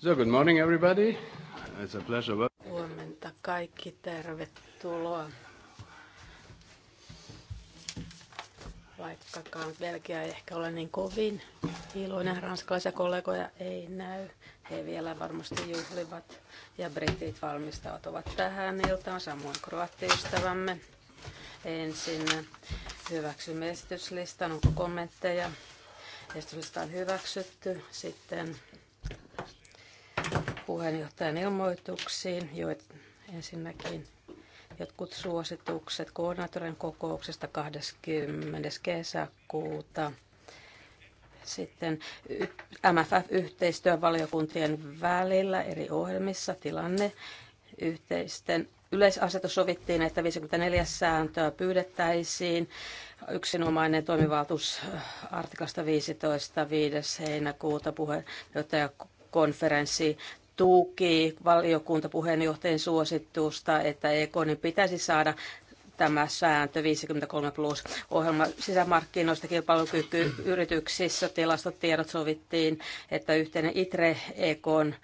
So, good morning everybody. It's a pleasure. Huomenta kaikki, tervetuloa. Vaikkakaan Belgia ei ehkä ole niin kovin iloinen, ranskalaisia kollegoja ei näy. He vielä varmasti juhlivat ja britit valmistautuvat tähän iltaan, samoin kroattiystävämme. Ensin hyväksymme esityslistan, onko kommentteja? Esityslista on hyväksytty, sitten puheenjohtajan ilmoituksiin, joit ensinnäkin jotkut suositukset koordinaattorin kokouksesta 20. kesäkuuta. Sitten MFF-yhteistyövaliokuntien välillä eri ohjelmissa tilanne yhteisten yleisasetus sovittiin, että 54 sääntöä pyydettäisiin. Yksinomainen toimivaltuus äh, artiklasta 15.5. heinäkuuta puheenjohtajakonferenssi tuki valiokuntapuheenjohtajan suositusta, että EKONin pitäisi saada tämä sääntö 53 plus ohjelma sisämarkkinoista kilpailukyky yrityksissä tilastotiedot sovittiin, että yhteinen ITRE EKON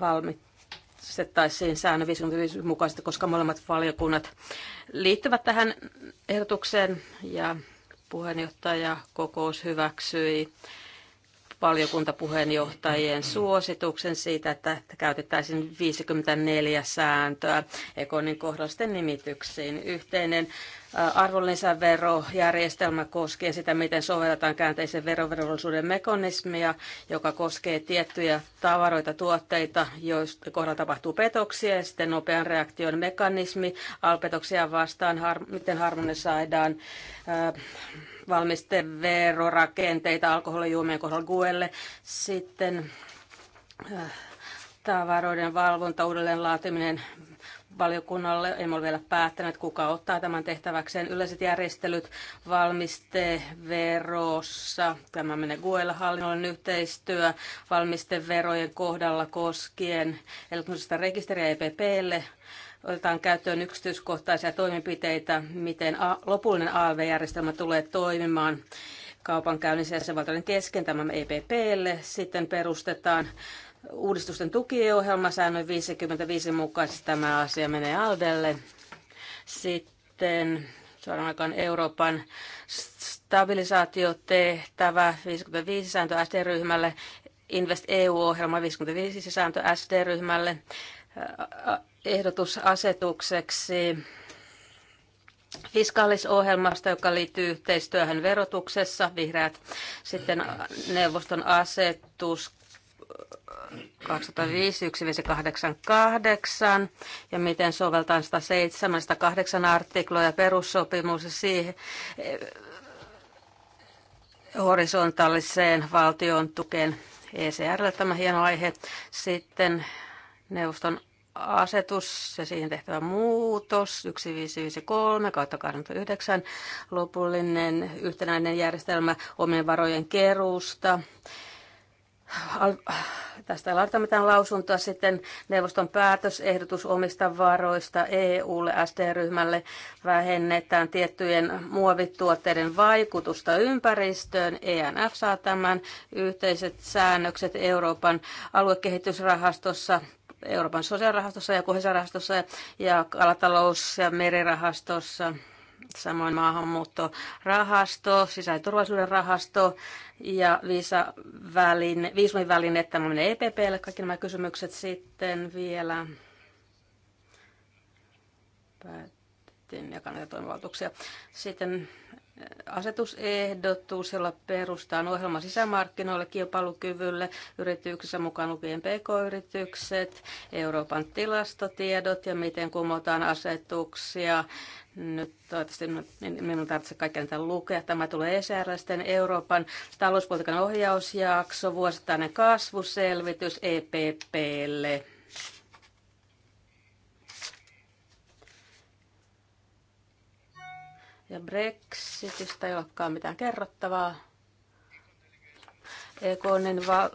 valmistettaisiin säännön 55 mukaisesti, koska molemmat valiokunnat liittyvät tähän ehdotukseen ja kokous hyväksyi valiokuntapuheenjohtajien suosituksen siitä, että käytettäisiin 54 sääntöä Ekonin kohdallisten nimityksiin. Yhteinen arvonlisäverojärjestelmä koskee sitä, miten sovelletaan käänteisen veroverollisuuden mekanismia, joka koskee tiettyjä tavaroita, tuotteita, joista kohdalla tapahtuu petoksia ja sitten nopean reaktion mekanismi, alpetoksia vastaan, miten harmonisoidaan valmisteverorakenteita alkoholijuomien kohdalla GUElle. Sitten äh, tavaroiden valvonta, uudelleen laatiminen valiokunnalle. En ole vielä päättänyt, kuka ottaa tämän tehtäväkseen. Yleiset järjestelyt valmisteverossa. Tämä menee GUElla hallinnollinen yhteistyö valmisteverojen kohdalla koskien elektronisesta rekisteriä EPPlle otetaan käyttöön yksityiskohtaisia toimenpiteitä, miten lopullinen ALV-järjestelmä tulee toimimaan kaupankäynnissä jäsenvaltioiden kesken tämän EPPlle. Sitten perustetaan uudistusten tukiohjelma säännön 55 mukaisesti tämä asia menee Aldelle. Sitten saadaan aikaan Euroopan stabilisaatiotehtävä 55 sääntö SD-ryhmälle, Invest EU-ohjelma 55 sääntö SD-ryhmälle, ehdotusasetukseksi fiskaalisohjelmasta, joka liittyy yhteistyöhön verotuksessa, vihreät, sitten neuvoston asetus 2005-1588 ja miten soveltaan 178 artikloja perussopimus ja siihen eh, horisontaaliseen valtion tukeen ECR, tämä hieno aihe. Sitten neuvoston asetus ja siihen tehtävä muutos 1553 kautta 89, lopullinen yhtenäinen järjestelmä omien varojen keruusta. Tästä ei laita mitään lausuntoa sitten neuvoston päätösehdotus omista varoista EUlle, SD-ryhmälle vähennetään tiettyjen muovituotteiden vaikutusta ympäristöön. ENF saa tämän yhteiset säännökset Euroopan aluekehitysrahastossa Euroopan sosiaalirahastossa ja kohesarahastossa ja kalatalous- ja merirahastossa, samoin maahanmuuttorahasto, sisäinen rahasto ja viisumiväline, viisumiväline tämä menee e kaikki nämä kysymykset sitten vielä. Päätin ja kannatetoimivaltuuksia. Sitten asetusehdotus, jolla perustaan ohjelma sisämarkkinoille, kilpailukyvylle, yrityksissä mukaan lukien pk-yritykset, Euroopan tilastotiedot ja miten kumotaan asetuksia. Nyt toivottavasti minun tarvitsee kaikkea näitä lukea. Tämä tulee ECR, Euroopan talouspolitiikan ohjausjakso, vuosittainen kasvuselvitys EPPlle Ja Brexitistä ei olekaan mitään kerrottavaa. EKNin va-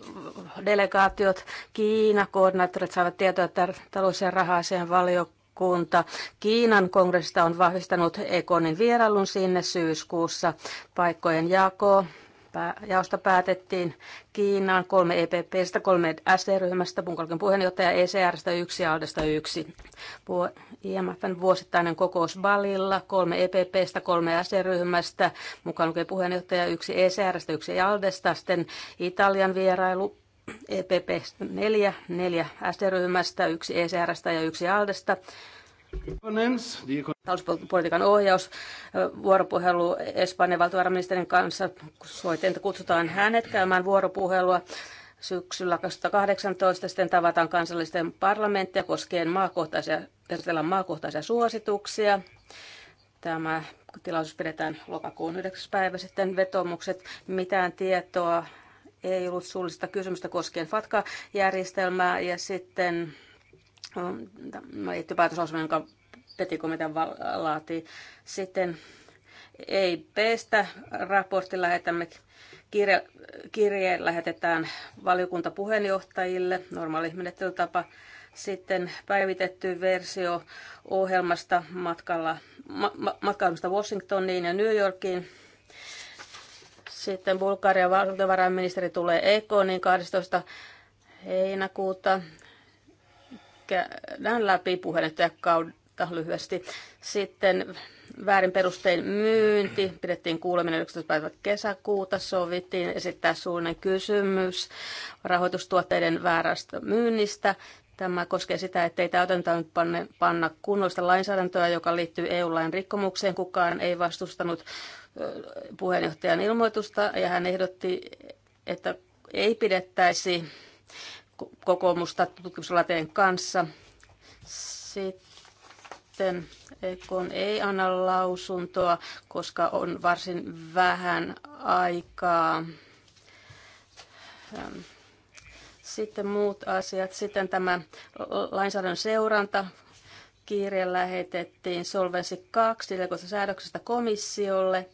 delegaatiot, Kiina-koordinaattorit saavat tietoa, että talous- ja raha valiokunta Kiinan kongressista on vahvistanut EKNin vierailun sinne syyskuussa. Paikkojen jako jaosta päätettiin Kiinaan kolme EPPstä, kolme SD-ryhmästä, Punkalkin puheenjohtaja ECRstä yksi ja Aldesta yksi. IMFn vuosittainen kokous Balilla, kolme EPPstä, kolme SD-ryhmästä, mukaan lukee puheenjohtaja yksi ECRstä, yksi Aldesta, sitten Italian vierailu, EPP 4, 4 SD-ryhmästä, yksi ECRstä ja yksi Aldesta. Talouspolitiikan ohjaus, vuoropuhelu Espanjan valtiovarainministerin kanssa. että kutsutaan hänet käymään vuoropuhelua syksyllä 2018. Sitten tavataan kansallisten parlamenttia koskien maakohtaisia, käsitellään maakohtaisia suosituksia. Tämä tilaisuus pidetään lokakuun 9. päivä sitten vetomukset. Mitään tietoa ei ollut suullista kysymystä koskien FATKA-järjestelmää ja sitten Tämä liittyy päätöslausumaan, jonka petikomitea laatii. Sitten ei peestä raportti lähetämme kirje, kirje lähetetään valiokuntapuheenjohtajille, normaali menettelytapa. Sitten päivitetty versio ohjelmasta matkalla, ma, matkailusta Washingtoniin ja New Yorkiin. Sitten Bulgarian valtiovarainministeri tulee EK niin 12. heinäkuuta käydään läpi kautta lyhyesti. Sitten väärin perustein myynti. Pidettiin kuuleminen 11. päivä kesäkuuta. Sovittiin esittää suunnan kysymys rahoitustuotteiden väärästä myynnistä. Tämä koskee sitä, ettei täytäntöön panna kunnollista lainsäädäntöä, joka liittyy EU-lain rikkomukseen. Kukaan ei vastustanut puheenjohtajan ilmoitusta ja hän ehdotti, että ei pidettäisi kokoomusta tutkimuslateen kanssa. Sitten EKon ei anna lausuntoa, koska on varsin vähän aikaa. Sitten muut asiat. Sitten tämä lainsäädännön seuranta. Kiire lähetettiin Solvensi 2 säädöksestä komissiolle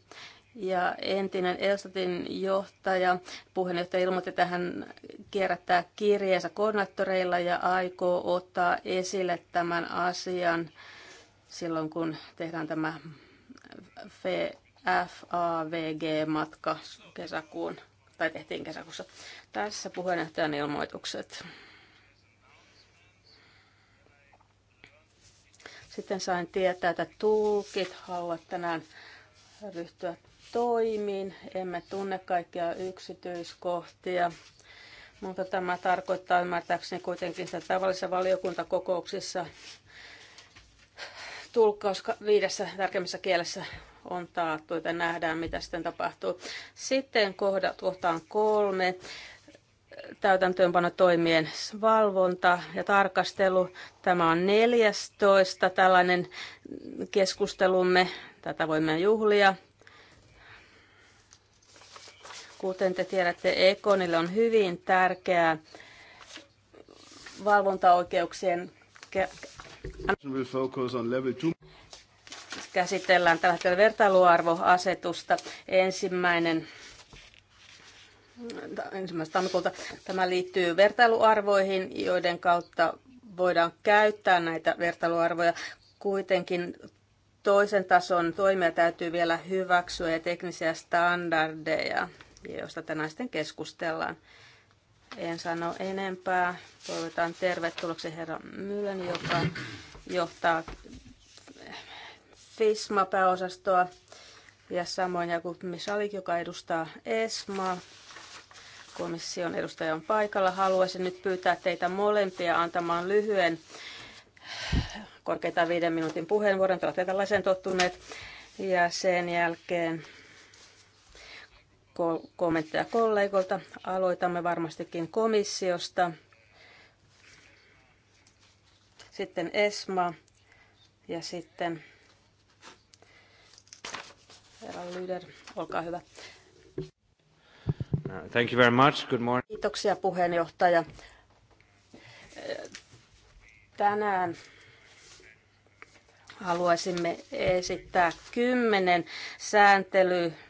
ja entinen Elstatin johtaja, puheenjohtaja ilmoitti, että hän kierrättää kirjeensä koordinaattoreilla ja aikoo ottaa esille tämän asian silloin, kun tehdään tämä FAVG-matka kesäkuun, tai tehtiin kesäkuussa. Tässä puheenjohtajan ilmoitukset. Sitten sain tietää, että tulkit haluavat tänään ryhtyä toimiin. Emme tunne kaikkia yksityiskohtia, mutta tämä tarkoittaa ymmärtääkseni kuitenkin sitä tavallisessa valiokuntakokouksessa tulkkaus viidessä tärkeimmässä kielessä on taattu, että nähdään, mitä sitten tapahtuu. Sitten kohdat, kohtaan kolme täytäntöönpanotoimien valvonta ja tarkastelu. Tämä on 14. tällainen keskustelumme. Tätä voimme juhlia. Kuten te tiedätte, Ekonille on hyvin tärkeää valvontaoikeuksien käsitellään tällä hetkellä vertailuarvoasetusta. Ensimmäinen ensimmäistä tammikuuta tämä liittyy vertailuarvoihin, joiden kautta voidaan käyttää näitä vertailuarvoja. Kuitenkin toisen tason toimia täytyy vielä hyväksyä ja teknisiä standardeja josta tänään sitten keskustellaan. En sano enempää. Toivotan tervetulleeksi herra Mylän, joka johtaa FISMA-pääosastoa ja samoin Jakub Misalik, joka edustaa ESMA. Komission edustaja on paikalla. Haluaisin nyt pyytää teitä molempia antamaan lyhyen korkeintaan viiden minuutin puheenvuoron. Te olette tällaiseen tottuneet. Ja sen jälkeen kommentteja kollegoilta. Aloitamme varmastikin komissiosta. Sitten ESMA ja sitten herra Lyder, olkaa hyvä. Uh, thank you very much. Good morning. Kiitoksia puheenjohtaja. Tänään haluaisimme esittää kymmenen sääntely-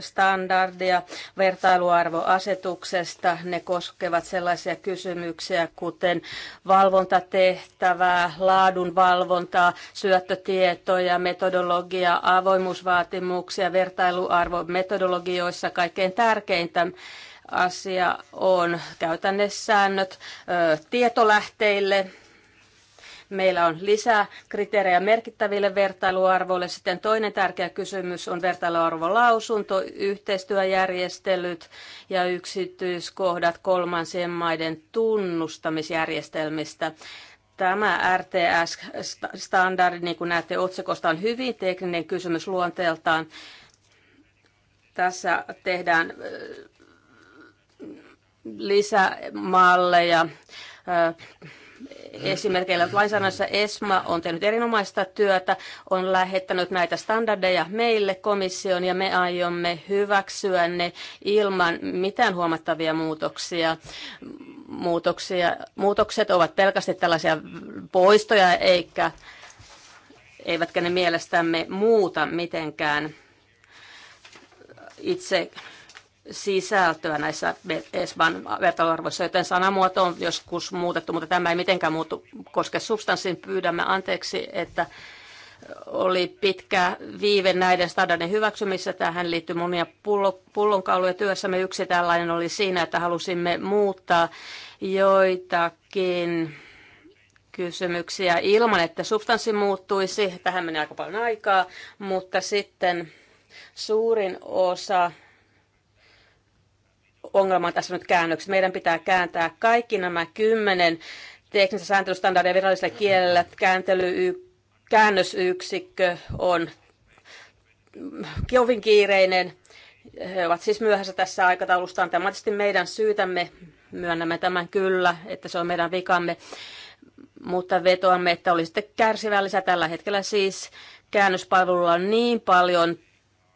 standardia vertailuarvoasetuksesta. Ne koskevat sellaisia kysymyksiä kuten valvontatehtävää, laadunvalvontaa, syöttötietoja, metodologiaa, avoimuusvaatimuksia, vertailuarvometodologioissa kaikkein tärkeintä asia on käytännössäännöt tietolähteille, Meillä on lisää kriteerejä merkittäville vertailuarvoille. Sitten toinen tärkeä kysymys on vertailuarvolausunto, yhteistyöjärjestelyt ja yksityiskohdat kolmansien maiden tunnustamisjärjestelmistä tämä RTS-standardi, niin kuin näette otsikosta, on hyvin tekninen kysymys luonteeltaan. Tässä tehdään lisämalleja esimerkkeillä lainsäädännössä ESMA on tehnyt erinomaista työtä, on lähettänyt näitä standardeja meille komissioon ja me aiomme hyväksyä ne ilman mitään huomattavia muutoksia. Muutoksia, muutokset ovat pelkästään tällaisia poistoja eikä, eivätkä ne mielestämme muuta mitenkään itse sisältöä näissä ESBAN vertailuarvoissa, joten sanamuoto on joskus muutettu, mutta tämä ei mitenkään muutu koske substanssin. Pyydämme anteeksi, että oli pitkä viive näiden standardien hyväksymissä. Tähän liittyy monia pullonkauluja työssämme. Yksi tällainen oli siinä, että halusimme muuttaa joitakin kysymyksiä ilman, että substanssi muuttuisi. Tähän meni aika paljon aikaa, mutta sitten suurin osa ongelma on tässä nyt käännöksi. Meidän pitää kääntää kaikki nämä kymmenen teknistä sääntelystandardia virallisella kielellä. Kääntely, käännösyksikkö on kovin kiireinen. He ovat siis myöhässä tässä aikataulustaan. Tämä on tietysti meidän syytämme. Myönnämme tämän kyllä, että se on meidän vikamme. Mutta vetoamme, että olisitte kärsivällisiä tällä hetkellä siis käännöspalvelulla on niin paljon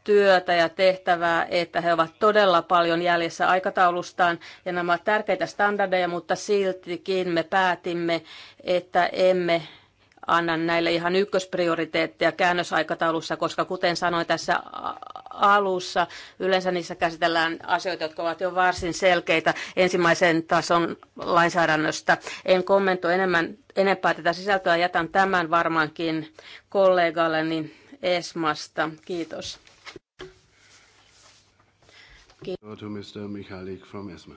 työtä ja tehtävää, että he ovat todella paljon jäljessä aikataulustaan ja nämä ovat tärkeitä standardeja, mutta siltikin me päätimme, että emme anna näille ihan ykkösprioriteetteja käännösaikataulussa, koska kuten sanoin tässä alussa, yleensä niissä käsitellään asioita, jotka ovat jo varsin selkeitä ensimmäisen tason lainsäädännöstä. En kommentoi enemmän, enempää tätä sisältöä, jätän tämän varmaankin kollegalleni Esmasta. Kiitos. Kiitos. To Mr. Michalik from ESMA.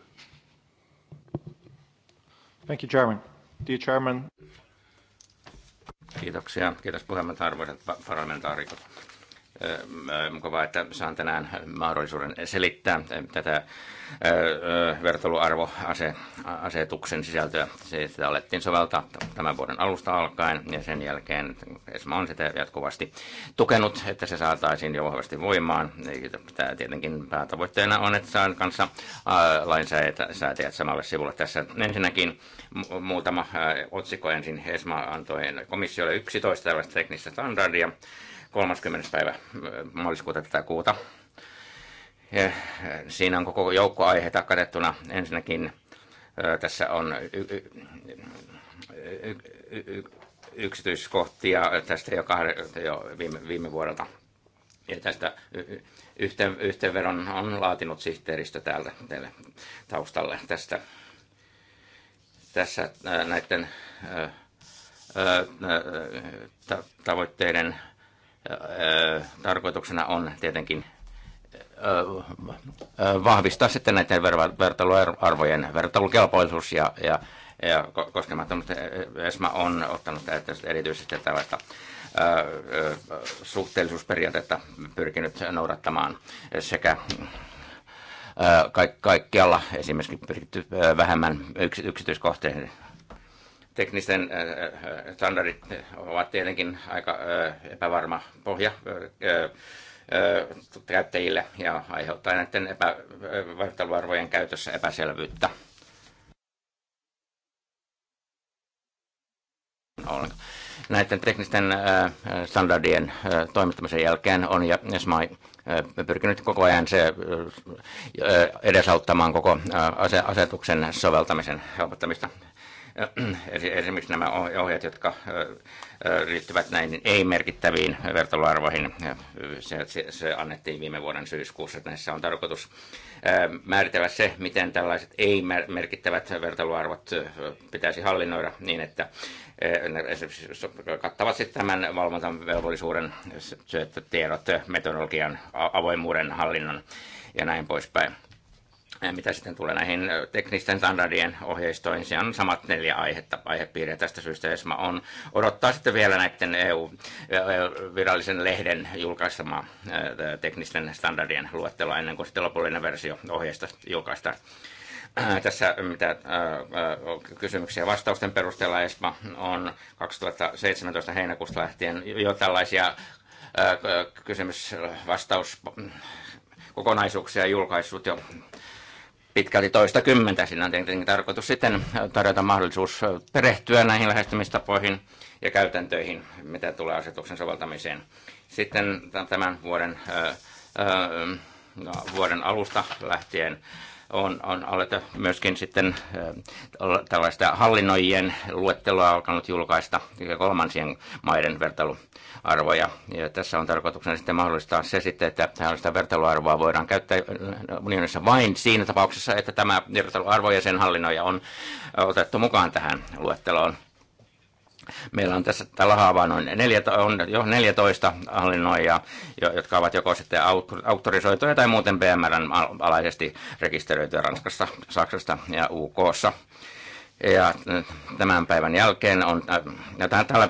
Thank you, Chairman. Dear Chairman. Kiitoksia. Kiitos puhemmat arvoisat parlamentaarikot. Mukavaa, että saan tänään mahdollisuuden selittää tätä vertailuarvoasetuksen sisältöä. Sitä alettiin soveltaa tämän vuoden alusta alkaen ja sen jälkeen ESMA on sitä jatkuvasti tukenut, että se saataisiin jo vahvasti voimaan. Tämä tietenkin päätavoitteena on, että saan kanssa lainsäätäjät samalle sivulle tässä. Ensinnäkin muutama otsikko ensin. ESMA antoi komissiolle 11 tällaista teknistä standardia 30. päivä äh, maaliskuuta tätä kuuta. Ja äh, siinä on koko joukko aiheita katettuna. Ensinnäkin äh, tässä on yksityiskohtia tästä jo, kahde, jo viime, viime vuodelta. Ja tästä yhteen, yhteenveron on laatinut sihteeristö täällä teille taustalle tästä. Tässä näiden tavoitteiden tarkoituksena on tietenkin vahvistaa sitten näiden vertailuarvojen vertailukelpoisuus ja, ja, ja koskemattomuus. ESMA on ottanut erityisesti tällaista suhteellisuusperiaatetta pyrkinyt noudattamaan sekä ka- kaikkialla esimerkiksi pyritty vähemmän yksityiskohteen teknisten äh, äh, standardit ovat tietenkin aika äh, epävarma pohja käyttäjille ja aiheuttaa näiden epä, vaihteluarvojen käytössä epäselvyyttä. Näiden teknisten standardien toimittamisen jälkeen on ja SMAI pyrkinyt koko ajan se edesauttamaan koko asetuksen soveltamisen helpottamista Esimerkiksi nämä ohjeet, jotka liittyvät näin, ei-merkittäviin vertailuarvoihin, se, annettiin viime vuoden syyskuussa. Että näissä on tarkoitus määritellä se, miten tällaiset ei-merkittävät vertailuarvot pitäisi hallinnoida niin, että kattavat sitten tämän velvollisuuden, tiedot, metodologian, avoimuuden, hallinnon ja näin poispäin Eh, mitä sitten tulee näihin eh, teknisten standardien ohjeistoihin, se on samat neljä aihetta, aihepiiriä tästä syystä. mä on, odottaa sitten vielä näiden EU-virallisen eh, lehden julkaisemaa teknisten standardien luettelua ennen kuin sitten lopullinen versio ohjeista julkaistaan äh, tässä mitä äh, kysymyksiä vastausten perusteella ESMA on 2017 heinäkuusta lähtien jo tällaisia äh, kysymysvastaus kokonaisuuksia julkaissut jo pitkälti toista kymmentä. Siinä on tietenkin tarkoitus sitten tarjota mahdollisuus perehtyä näihin lähestymistapoihin ja käytäntöihin, mitä tulee asetuksen soveltamiseen. Sitten tämän vuoden, no, vuoden alusta lähtien on, on alettu myöskin sitten tällaista hallinnoijien luetteloa alkanut julkaista kolmansien maiden vertailuarvoja. Ja tässä on tarkoituksena sitten mahdollistaa se sitten, että tällaista vertailuarvoa voidaan käyttää unionissa vain siinä tapauksessa, että tämä vertailuarvo ja sen hallinnoija on otettu mukaan tähän luetteloon. Meillä on tässä tällä haavaa noin neljä, on jo 14 hallinnoijaa, jotka ovat joko sitten auktorisoituja tai muuten PMRn alaisesti rekisteröityjä Ranskassa, Saksasta ja UKssa. Ja mm, tämän päivän jälkeen on, äh, ja tällä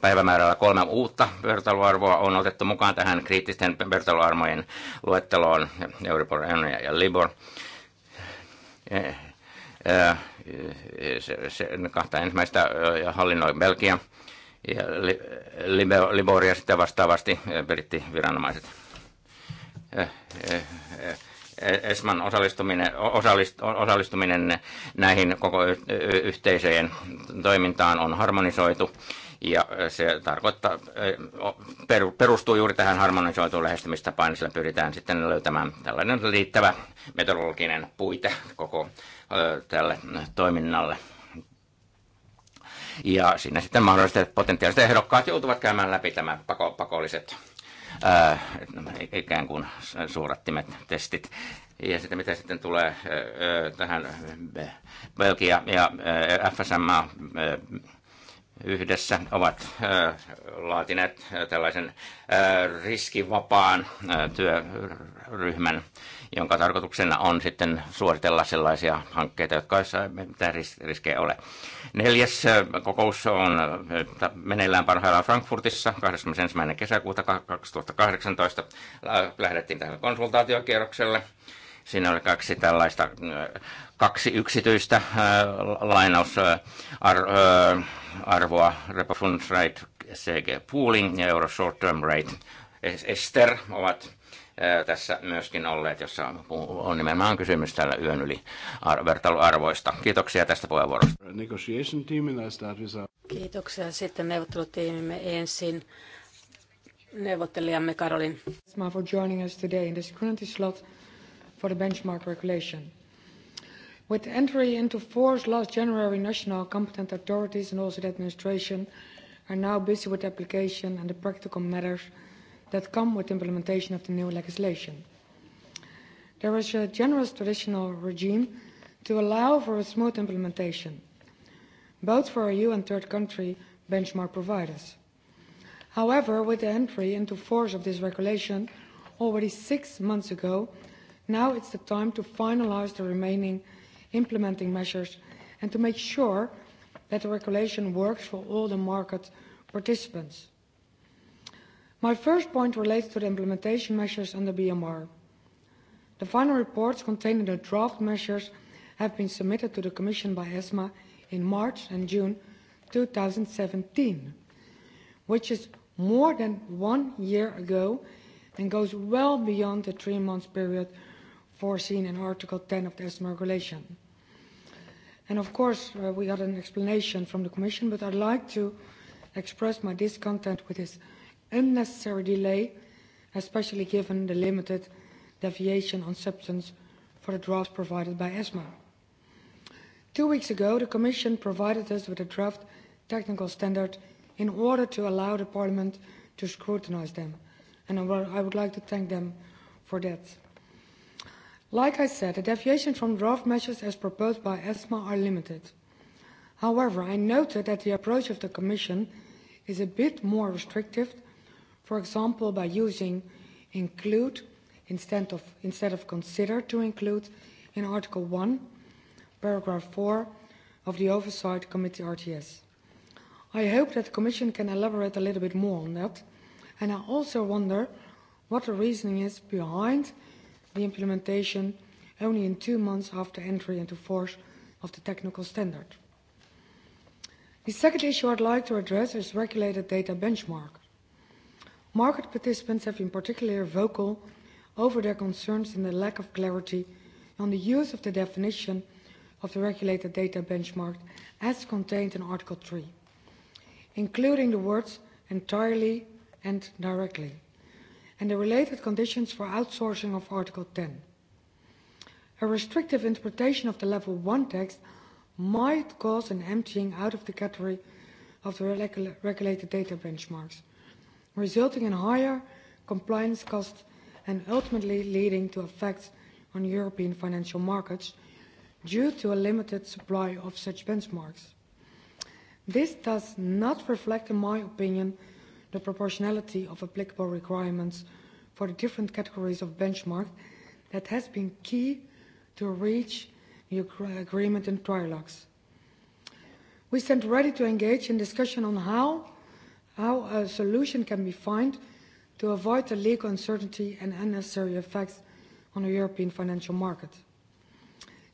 päivämäärällä kolme uutta vertailuarvoa on otettu mukaan tähän kriittisten vertailuarmojen luetteloon, Euribor, Enon ja Libor. Eh, sen kahta ensimmäistä hallinnoi Belgia ja Liboria sitten vastaavasti brittiviranomaiset. Esman osallistuminen, osallist, osallistuminen näihin koko yhteisöjen toimintaan on harmonisoitu ja se tarkoittaa, perustuu juuri tähän harmonisoituun lähestymistapaan, niin sillä pyritään sitten löytämään tällainen liittävä metodologinen puite koko tälle toiminnalle. Ja siinä sitten mahdolliset potentiaaliset ehdokkaat joutuvat käymään läpi tämän pako, pakolliset ää, e-, ikään kuin suurattimet testit. Ja sitten mitä sitten tulee ää, tähän Belgia ja ää, FSM ää, yhdessä ovat ää, laatineet tällaisen ää, riskivapaan ää, työryhmän jonka tarkoituksena on sitten suositella sellaisia hankkeita, jotka mitään riskejä ole. Neljäs kokous on meneillään parhaillaan Frankfurtissa 21. kesäkuuta 2018. Lähdettiin tähän konsultaatiokierrokselle. Siinä oli kaksi tällaista, kaksi yksityistä lainausarvoa, Repo Funds Rate CG Pooling ja Euro Short Term Rate Ester ovat tässä myöskin olleet, jossa on on nimenomaan kysymys tällä yön yli vertailuarvoista. Kiitoksia tästä puheenvuorosta. Kiitoksia. Sitten neuvottelutiimimme ensin neuvottelijamme Karolin. for joining us today in this current slot for the benchmark regulation. With entry into force last January, national competent authorities and also the administration are now busy with application and the practical matters that come with implementation of the new legislation. There is a generous traditional regime to allow for a smooth implementation, both for EU and third country benchmark providers. However, with the entry into force of this regulation already six months ago, now it's the time to finalise the remaining implementing measures and to make sure that the regulation works for all the market participants. My first point relates to the implementation measures under BMR. The final reports containing the draft measures have been submitted to the Commission by ESMA in March and June 2017, which is more than one year ago and goes well beyond the three-month period foreseen in Article 10 of the ESMA regulation. And of course, uh, we got an explanation from the Commission, but I'd like to express my discontent with this unnecessary delay, especially given the limited deviation on substance for the drafts provided by ESMA. Two weeks ago, the Commission provided us with a draft technical standard in order to allow the Parliament to scrutinise them, and I would like to thank them for that. Like I said, the deviations from draft measures as proposed by ESMA are limited. However, I noted that the approach of the Commission is a bit more restrictive for example by using include instead of, instead of consider to include in Article 1, paragraph 4 of the Oversight Committee RTS. I hope that the Commission can elaborate a little bit more on that, and I also wonder what the reasoning is behind the implementation only in two months after entry into force of the technical standard. The second issue I'd like to address is regulated data benchmark. Market participants have been particularly vocal over their concerns in the lack of clarity on the use of the definition of the regulated data benchmark as contained in Article 3, including the words entirely and directly, and the related conditions for outsourcing of Article 10. A restrictive interpretation of the Level 1 text might cause an emptying out of the category of the regulated data benchmarks resulting in higher compliance costs and ultimately leading to effects on European financial markets due to a limited supply of such benchmarks. This does not reflect, in my opinion, the proportionality of applicable requirements for the different categories of benchmark that has been key to reach the agreement in trilogues. We stand ready to engage in discussion on how how a solution can be found to avoid the legal uncertainty and unnecessary effects on the European financial market.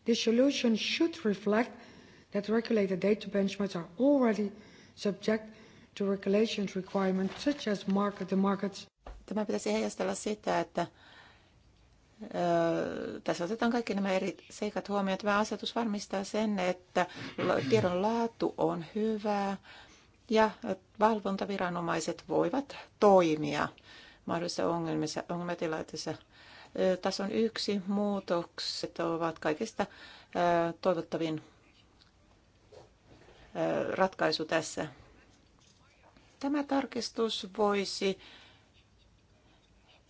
This solution should reflect that regulated data benchmarks are already subject to regulations requirements such as market the markets. Tämä pitäisi heijastella sitä, että ö, tässä otetaan kaikki nämä eri seikat huomioon. Tämä asetus varmistaa sen, että tiedon laatu on hyvää, ja valvontaviranomaiset voivat toimia mahdollisissa ongelmissa, ongelmatilanteissa. Tason yksi muutokset ovat kaikista toivottavin ratkaisu tässä. Tämä tarkistus voisi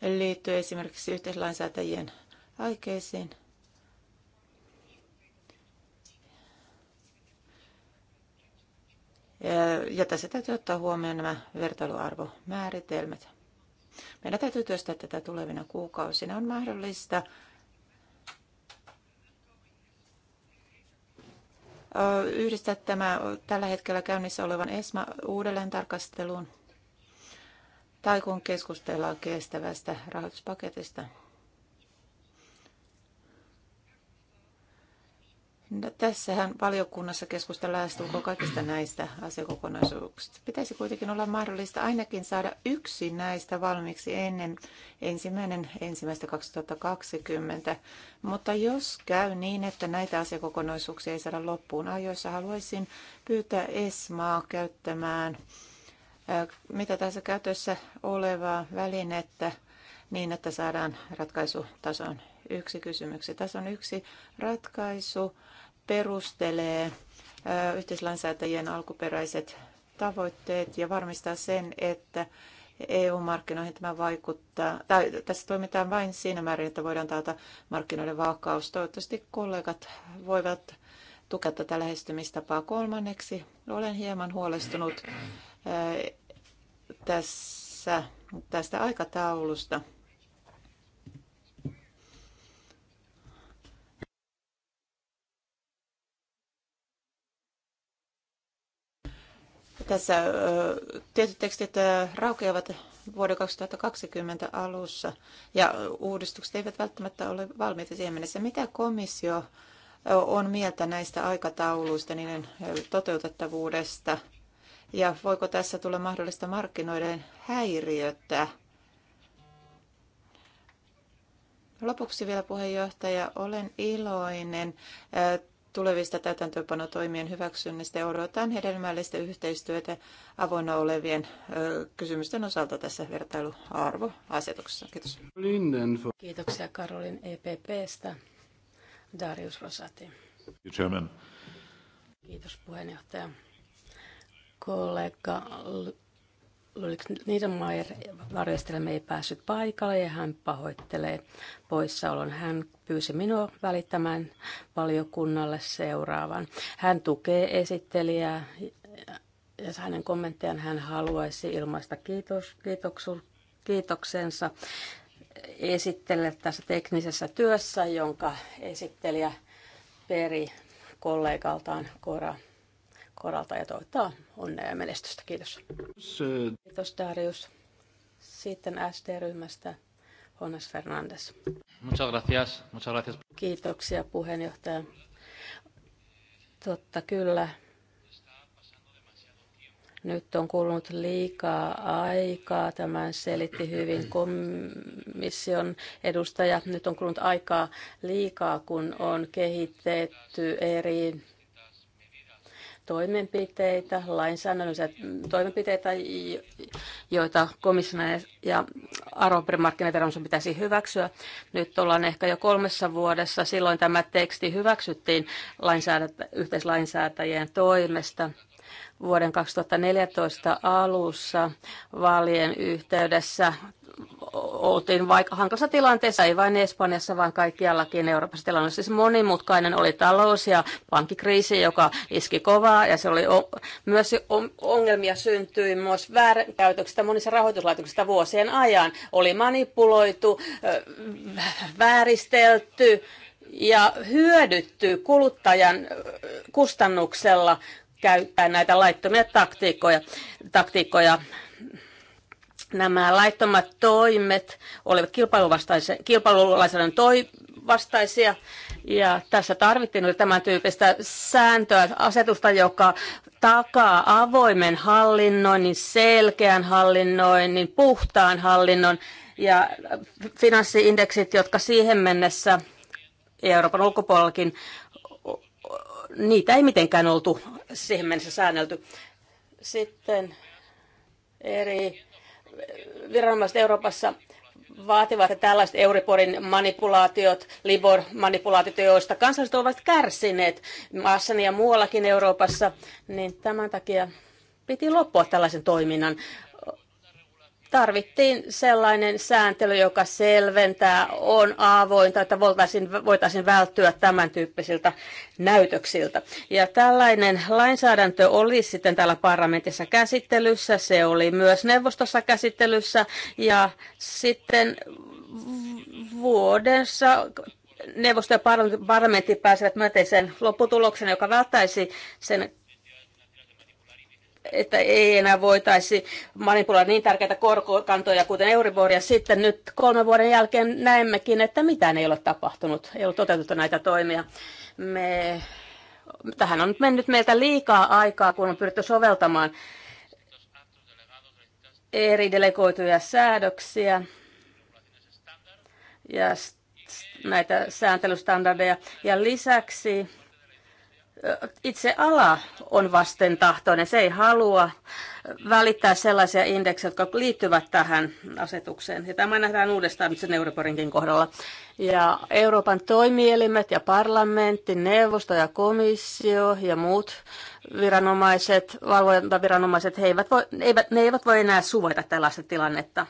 liittyä esimerkiksi yhteislainsäätäjien aikeisiin Ja tässä täytyy ottaa huomioon nämä vertailuarvomääritelmät. Meidän täytyy työstää tätä tulevina kuukausina. On mahdollista yhdistää tämä tällä hetkellä käynnissä olevan ESMA uudelleen tarkasteluun tai kun keskustellaan kestävästä rahoituspaketista. No, tässähän valiokunnassa keskustellaan lähestulkoon kaikista näistä asiakokonaisuuksista. Pitäisi kuitenkin olla mahdollista ainakin saada yksi näistä valmiiksi ennen ensimmäinen ensimmäistä 2020. Mutta jos käy niin, että näitä asiakokonaisuuksia ei saada loppuun ajoissa, haluaisin pyytää Esmaa käyttämään mitä tässä käytössä olevaa välinettä niin, että saadaan ratkaisutason yksi kysymyksi. Tässä on yksi ratkaisu, perustelee yhteislainsäätäjien alkuperäiset tavoitteet ja varmistaa sen, että EU-markkinoihin tämä vaikuttaa, tai tässä toimitaan vain siinä määrin, että voidaan taata markkinoiden vakaus. Toivottavasti kollegat voivat tukea tätä lähestymistapaa kolmanneksi. Olen hieman huolestunut tässä, tästä aikataulusta. Tässä tietyt tekstit raukeavat vuoden 2020 alussa ja uudistukset eivät välttämättä ole valmiita siihen mennessä. Mitä komissio on mieltä näistä aikatauluista, niiden toteutettavuudesta ja voiko tässä tulla mahdollista markkinoiden häiriötä? Lopuksi vielä puheenjohtaja, olen iloinen tulevista täytäntöönpanotoimien hyväksynnistä. Odotan hedelmällistä yhteistyötä avoinna olevien ö, kysymysten osalta tässä vertailuarvoasetuksessa. Kiitos. Kiitoksia Karolin EPPstä. Darius Rosati. Kiitos puheenjohtaja. Kollega Lulik Niedermayer varjostelemme ei päässyt paikalle ja hän pahoittelee poissaolon. Hän pyysi minua välittämään valiokunnalle seuraavan. Hän tukee esittelijää ja hänen kommenttiaan hän haluaisi ilmaista kiitos, kiitoksu, kiitoksensa esittelijä tässä teknisessä työssä, jonka esittelijä peri kollegaltaan Kora koralta ja toivottaa onnea ja menestystä. Kiitos. Kiitos Darius. Sitten SD-ryhmästä Jonas Fernandes. Muchas gracias. Muchas gracias. Kiitoksia puheenjohtaja. Totta kyllä. Nyt on kulunut liikaa aikaa. Tämän selitti hyvin komission edustaja. Nyt on kulunut aikaa liikaa, kun on kehitetty eri toimenpiteitä, lainsäädännöllisiä toimenpiteitä, joita komission ja arvopaperimarkkinaviranomaisen pitäisi hyväksyä. Nyt ollaan ehkä jo kolmessa vuodessa. Silloin tämä teksti hyväksyttiin yhteislainsäätäjien toimesta vuoden 2014 alussa vaalien yhteydessä oltiin vaikka hankalassa tilanteessa, ei vain Espanjassa, vaan kaikkiallakin Euroopassa. Tilanne siis monimutkainen, oli talous- ja pankkikriisi, joka iski kovaa, ja se oli o- myös ongelmia syntyi myös väärinkäytöksistä monissa rahoituslaitoksista vuosien ajan. Oli manipuloitu, vääristelty, ja hyödytty kuluttajan kustannuksella, käyttää näitä laittomia taktiikkoja. taktiikkoja. Nämä laittomat toimet olivat kilpailulainsäädännön toi vastaisia ja tässä tarvittiin tämän tyyppistä sääntöä, asetusta, joka takaa avoimen hallinnoinnin, selkeän hallinnoinnin, puhtaan hallinnon ja finanssiindeksit, jotka siihen mennessä Euroopan ulkopuolellakin niitä ei mitenkään oltu siihen mennessä säännelty. Sitten eri viranomaiset Euroopassa vaativat, että tällaiset Euriporin manipulaatiot, Libor-manipulaatiot, joista kansalaiset ovat kärsineet maassani ja muuallakin Euroopassa, niin tämän takia piti loppua tällaisen toiminnan tarvittiin sellainen sääntely, joka selventää, on avointa, että voitaisiin, voitaisiin välttyä tämän tyyppisiltä näytöksiltä. Ja tällainen lainsäädäntö oli sitten täällä parlamentissa käsittelyssä, se oli myös neuvostossa käsittelyssä ja sitten vuodessa neuvosto ja parlamentti pääsevät myönteiseen lopputulokseen, joka välttäisi sen että ei enää voitaisi manipuloida niin tärkeitä korkokantoja kuten Euriboria. Sitten nyt kolmen vuoden jälkeen näemmekin, että mitään ei ole tapahtunut, ei ole toteutettu näitä toimia. Me, tähän on mennyt meiltä liikaa aikaa, kun on pyritty soveltamaan eri delegoituja säädöksiä ja näitä sääntelystandardeja. Ja lisäksi itse ala on vastentahtoinen. Se ei halua välittää sellaisia indeksejä, jotka liittyvät tähän asetukseen. Ja tämä nähdään uudestaan sen Europorinkin kohdalla. Ja Euroopan toimielimet ja parlamentti, neuvosto ja komissio ja muut viranomaiset, valvontaviranomaiset, he eivät voi, eivät, ne eivät voi enää suvaita tällaista tilannetta.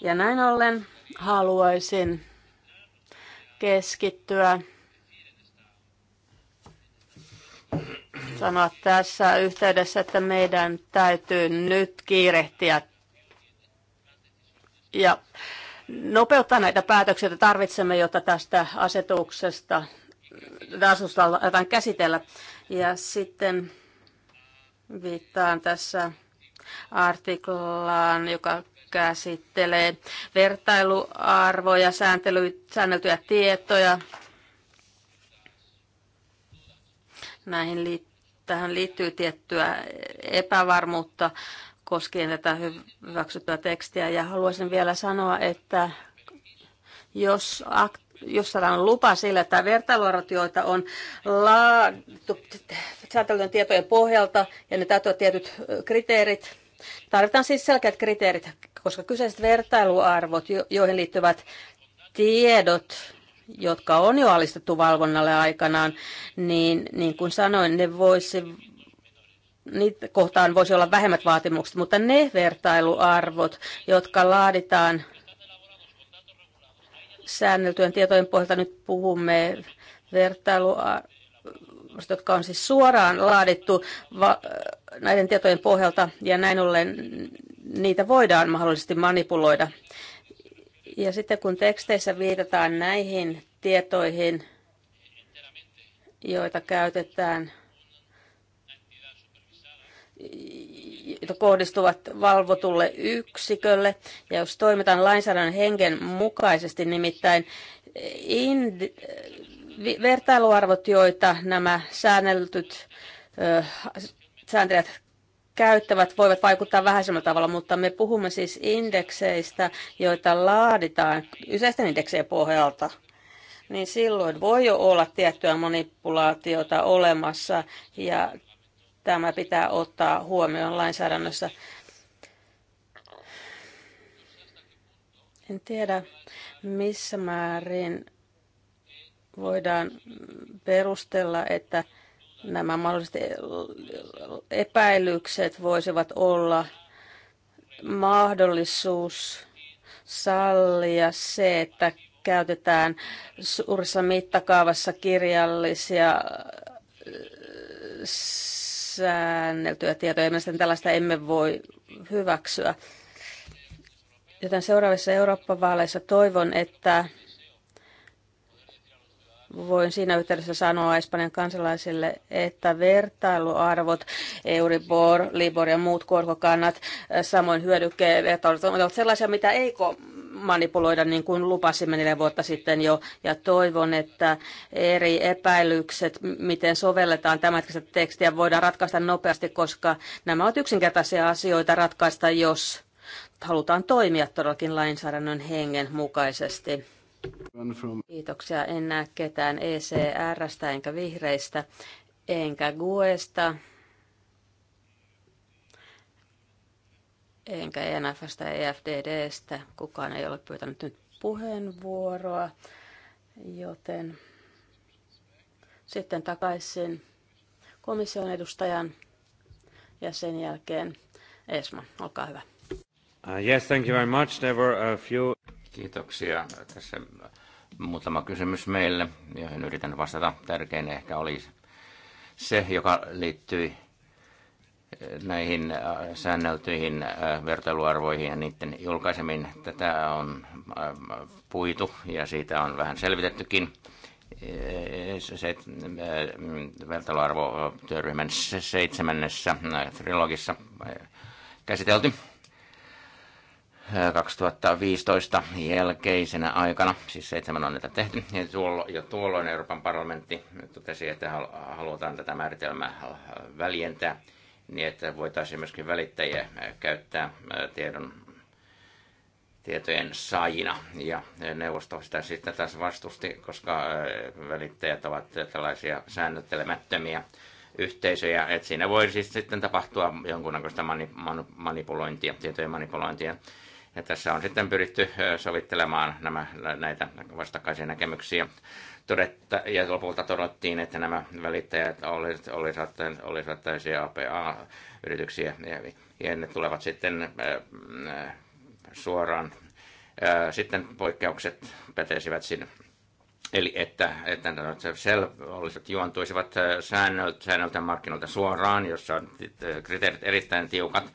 Ja näin ollen haluaisin keskittyä sanoa tässä yhteydessä, että meidän täytyy nyt kiirehtiä ja nopeuttaa näitä päätöksiä, joita tarvitsemme, jotta tästä asetuksesta asusta aletaan käsitellä. Ja sitten viittaan tässä artiklaan, joka käsittelee vertailuarvoja, sääntely, säänneltyjä tietoja. Näihin liittyy tähän liittyy tiettyä epävarmuutta koskien tätä hyväksyttyä tekstiä. Ja haluaisin vielä sanoa, että jos akt- jos saadaan lupa sille, että vertailuarvot, joita on laadittu säätelyn tietojen pohjalta, ja ne täytyy tietyt kriteerit, tarvitaan siis selkeät kriteerit, koska kyseiset vertailuarvot, joihin liittyvät tiedot, jotka on jo alistettu valvonnalle aikanaan, niin niin kuin sanoin, ne voisi, niitä kohtaan voisi olla vähemmät vaatimukset, mutta ne vertailuarvot, jotka laaditaan säänneltyjen tietojen pohjalta, nyt puhumme vertailuarvoista, jotka on siis suoraan laadittu näiden tietojen pohjalta, ja näin ollen niitä voidaan mahdollisesti manipuloida ja sitten kun teksteissä viitataan näihin tietoihin, joita käytetään, jotka kohdistuvat valvotulle yksikölle, ja jos toimitaan lainsäädännön hengen mukaisesti, nimittäin in, vertailuarvot, joita nämä säännellyt sääntelijät käyttävät voivat vaikuttaa vähäisemmällä tavalla, mutta me puhumme siis indekseistä, joita laaditaan yleisten indeksien pohjalta niin silloin voi jo olla tiettyä manipulaatiota olemassa ja tämä pitää ottaa huomioon lainsäädännössä. En tiedä, missä määrin voidaan perustella, että nämä mahdolliset epäilykset voisivat olla mahdollisuus sallia se, että käytetään suuressa mittakaavassa kirjallisia äh, säänneltyjä tietoja. Mielestäni tällaista emme voi hyväksyä. Joten seuraavissa Eurooppa-vaaleissa toivon, että voin siinä yhteydessä sanoa Espanjan kansalaisille, että vertailuarvot, Euribor, Libor ja muut korkokannat, samoin hyödykkeet ovat sellaisia, mitä ei manipuloida niin kuin lupasimme neljä vuotta sitten jo. Ja toivon, että eri epäilykset, miten sovelletaan tämänhetkistä tekstiä, voidaan ratkaista nopeasti, koska nämä ovat yksinkertaisia asioita ratkaista, jos halutaan toimia todellakin lainsäädännön hengen mukaisesti Kiitoksia. En näe ketään ECRstä enkä vihreistä enkä GUEsta. enkä ENFstä ja EFDDstä. Kukaan ei ole pyytänyt nyt puheenvuoroa, joten sitten takaisin komission edustajan ja sen jälkeen Esma, olkaa hyvä. Uh, yes, thank you very much. There were a few... Kiitoksia. Tässä muutama kysymys meille, joihin yritän vastata. Tärkein ehkä oli se, joka liittyi eh, näihin eh, säänneltyihin eh, vertailuarvoihin ja niiden julkaisemiin. Tätä on puitu ja siitä on vähän selvitettykin. Se vertailuarvotyöryhmän seitsemännessä trilogissa käsitelty 2015 jälkeisenä aikana, siis seitsemän on näitä tehty, ja tuolloin, jo tuolloin Euroopan parlamentti totesi, että halutaan tätä määritelmää väljentää niin, että voitaisiin myöskin välittäjiä käyttää tiedon, tietojen saajina. Ja neuvosto sitä sitten taas vastusti, koska välittäjät ovat tällaisia säännöttelemättömiä yhteisöjä, että siinä voi siis sitten tapahtua jonkunnäköistä manipulointia, tietojen manipulointia. Ja tässä on sitten pyritty sovittelemaan nämä, näitä vastakkaisia näkemyksiä. Todetta, ja lopulta todettiin, että nämä välittäjät olisivat, olisivat, oli täysiä APA-yrityksiä ja, ja ne tulevat sitten äh, suoraan. Äh, sitten poikkeukset pätesivät sinne. Eli että, että sel, olisivat, juontuisivat säännöltä, säännöltä markkinoilta suoraan, jossa on kriteerit erittäin tiukat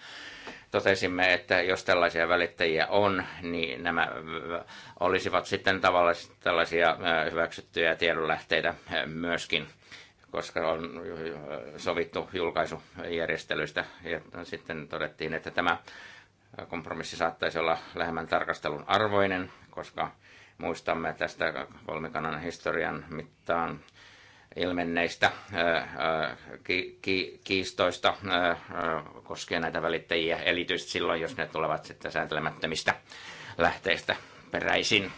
totesimme, että jos tällaisia välittäjiä on, niin nämä olisivat sitten tavallaan tällaisia hyväksyttyjä tiedonlähteitä myöskin, koska on sovittu julkaisujärjestelyistä Ja sitten todettiin, että tämä kompromissi saattaisi olla lähemmän tarkastelun arvoinen, koska muistamme tästä kolmikannan historian mittaan ilmenneistä ki, ki, kiistoista koskee näitä välittäjiä, erityisesti silloin, jos ne tulevat sitten sääntelemättömistä lähteistä peräisin.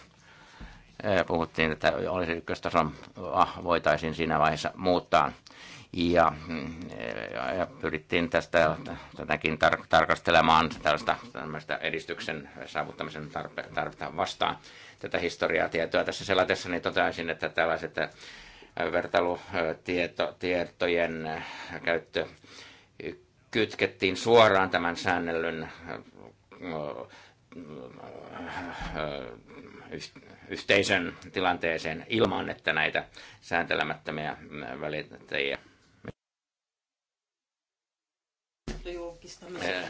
Puhuttiin, että olisi ykköstason, ah, voitaisiin siinä vaiheessa muuttaa. Ja, ja, mm, ja pyrittiin tästä tätäkin tar- tarkastelemaan tällaista edistyksen saavuttamisen tarpe- tarvetta vastaan tätä historiaa tietoa tässä selatessa, niin toteaisin, että tällaiset vertailutietojen äh, käyttö kytkettiin suoraan tämän säännellyn äh, äh, yhteisön tilanteeseen ilman, että näitä sääntelemättömiä välittäjiä me,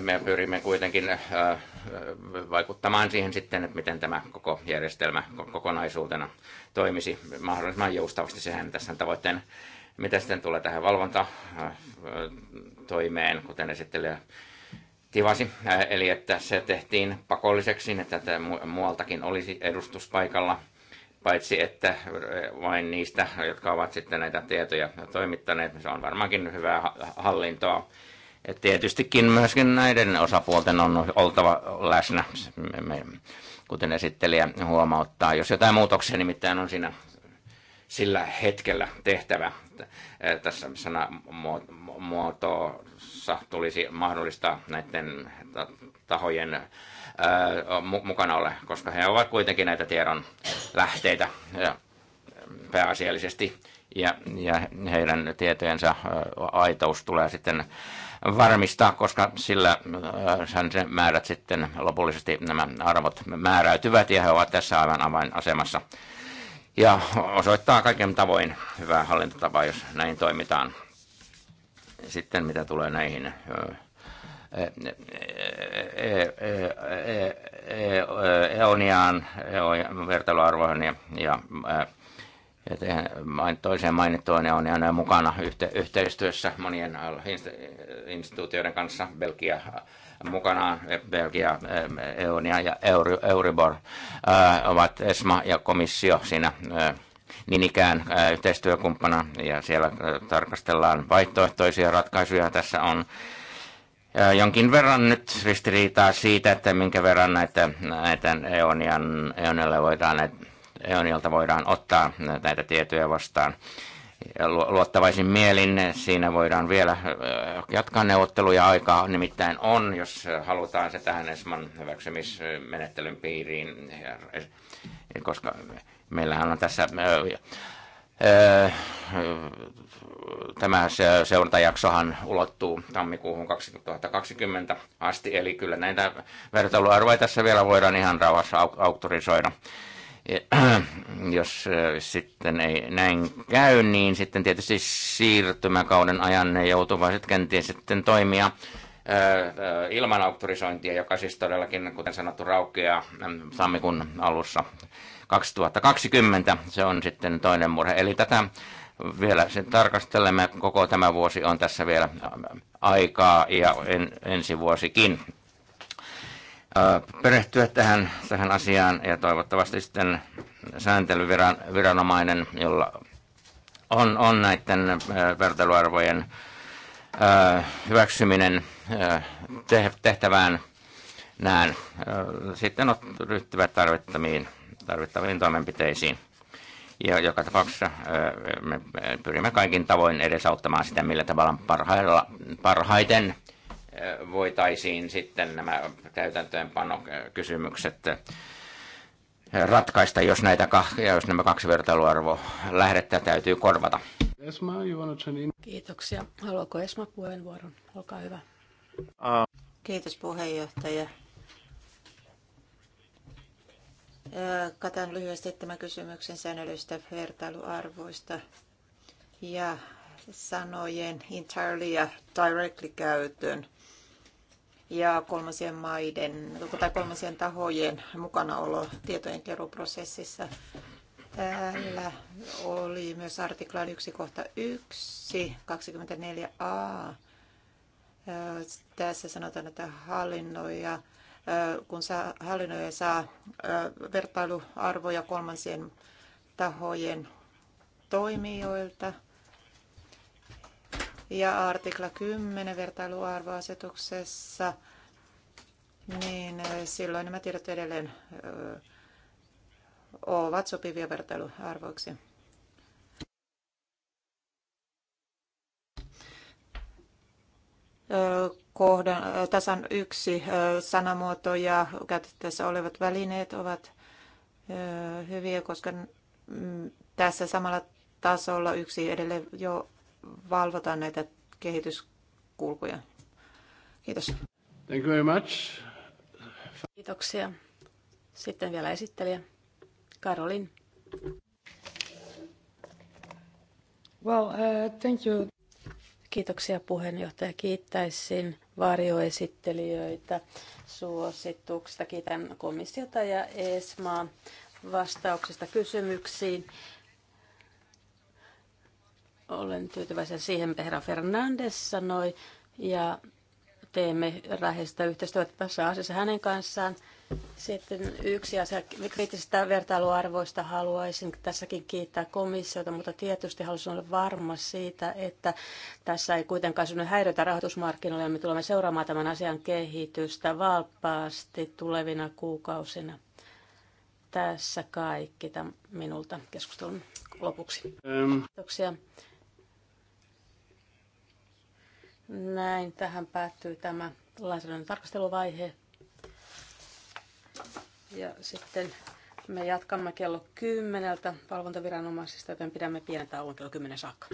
Me pyrimme kuitenkin äh, äh, vaikuttamaan siihen sitten, että miten tämä koko järjestelmä kokonaisuutena toimisi mahdollisimman joustavasti. Sehän tässä tavoitteen mitä sitten tulee tähän valvontatoimeen, äh, kuten esittelijä tivasi, eli että se tehtiin pakolliseksi, että muualtakin olisi edustuspaikalla, paitsi että vain niistä, jotka ovat sitten näitä tietoja toimittaneet, se on varmaankin hyvää hallintoa et tietystikin myöskin näiden osapuolten on oltava läsnä, kuten esittelijä huomauttaa. Jos jotain muutoksia nimittäin on siinä sillä hetkellä tehtävä, eh, tässä muotoossa tulisi mahdollista näiden tahojen eh, mukana ole, koska he ovat kuitenkin näitä tiedon lähteitä pääasiallisesti ja, ja heidän tietojensa eh, aitous tulee sitten varmistaa, koska sillä sen määrät sitten lopullisesti nämä arvot määräytyvät ja he ovat tässä aivan avainasemassa. Ja osoittaa kaiken tavoin hyvää hallintotapaa, jos näin toimitaan. Sitten mitä tulee näihin EONiaan, vertailuarvoihin ja, ja et toiseen mainittuun on aina mukana yhte, yhteistyössä monien äh, instituutioiden kanssa, Belgia äh, mukanaan, Belgia, ähm, Eonia ja Euribor äh, ovat ESMA ja komissio siinä niin ikään yhteistyökumppana ja siellä tarkastellaan vaihtoehtoisia ratkaisuja. Tässä on jonkin verran nyt ristiriitaa siitä, että minkä verran näitä, näitä Eonian, Eonille voidaan näitä EONilta voidaan ottaa näitä tietoja vastaan. Luottavaisin mielin siinä voidaan vielä jatkaa neuvotteluja. Aikaa nimittäin on, jos halutaan se tähän Esman hyväksymismenettelyn piiriin, e, koska meillähän on tässä tämä seurantajaksohan ulottuu tammikuuhun 2020 asti, eli kyllä näitä vertailuarvoja tässä vielä voidaan ihan rauhassa auktorisoida. jos äh, sitten ei näin käy, niin sitten tietysti siirtymäkauden ajan ne joutuvat kenties sitten toimia äh, äh, ilman auktorisointia, joka siis todellakin, kuten sanottu, raukeaa tammikuun alussa 2020. Se on sitten toinen murhe. Eli tätä vielä sen tarkastelemme. Koko tämä vuosi on tässä vielä aikaa ja en, ensi vuosikin perehtyä tähän, tähän asiaan ja toivottavasti sitten sääntelyviranomainen, jolla on, on näiden vertailuarvojen hyväksyminen tehtävään näin, sitten ryhtyvät tarvittaviin, tarvittaviin toimenpiteisiin. Ja joka tapauksessa me pyrimme kaikin tavoin edesauttamaan sitä, millä tavalla parhailla, parhaiten voitaisiin sitten nämä täytäntöönpanokysymykset eh, ratkaista, jos, näitä, jos nämä kaksi vertailuarvoa lähdettä täytyy korvata. Esma, Kiitoksia. Haluatko Esma puheenvuoron? Olkaa hyvä. Ah. Kiitos puheenjohtaja. Eh, Katan lyhyesti tämän kysymyksen säännöllistä vertailuarvoista ja sanojen entirely ja directly käytön ja kolmansien maiden tai kolmansien tahojen mukanaolo tietojen keruprosessissa. Täällä oli myös artiklan 1 kohta 1, 24a. Tässä sanotaan, että hallinnoija, kun saa, hallinnoija saa vertailuarvoja kolmansien tahojen toimijoilta – ja artikla 10 vertailuarvoasetuksessa, niin silloin nämä tiedot edelleen ovat sopivia vertailuarvoiksi. kohdan, tasan yksi sanamuoto ja käytettävissä olevat välineet ovat hyviä, koska mm, tässä samalla tasolla yksi edelleen jo valvotaan näitä kehityskulkuja. Kiitos. Thank you very much. Kiitoksia. Sitten vielä esittelijä Karolin. Well, uh, thank you. Kiitoksia puheenjohtaja. Kiittäisin varjoesittelijöitä suosituksista. Kiitän komissiota ja ESMAa vastauksista kysymyksiin olen tyytyväisiä siihen, mitä herra Fernandes sanoi, ja teemme läheistä yhteistyötä tässä asiassa hänen kanssaan. Sitten yksi asia kriittisistä vertailuarvoista haluaisin tässäkin kiittää komissiota, mutta tietysti haluaisin olla varma siitä, että tässä ei kuitenkaan synny häiriötä rahoitusmarkkinoille. Me tulemme seuraamaan tämän asian kehitystä valppaasti tulevina kuukausina. Tässä kaikki minulta keskustelun lopuksi. Kiitoksia. Näin tähän päättyy tämä lainsäädännön tarkasteluvaihe. Ja sitten me jatkamme kello kymmeneltä valvontaviranomaisista, joten pidämme pienen tauon kello kymmenen saakka.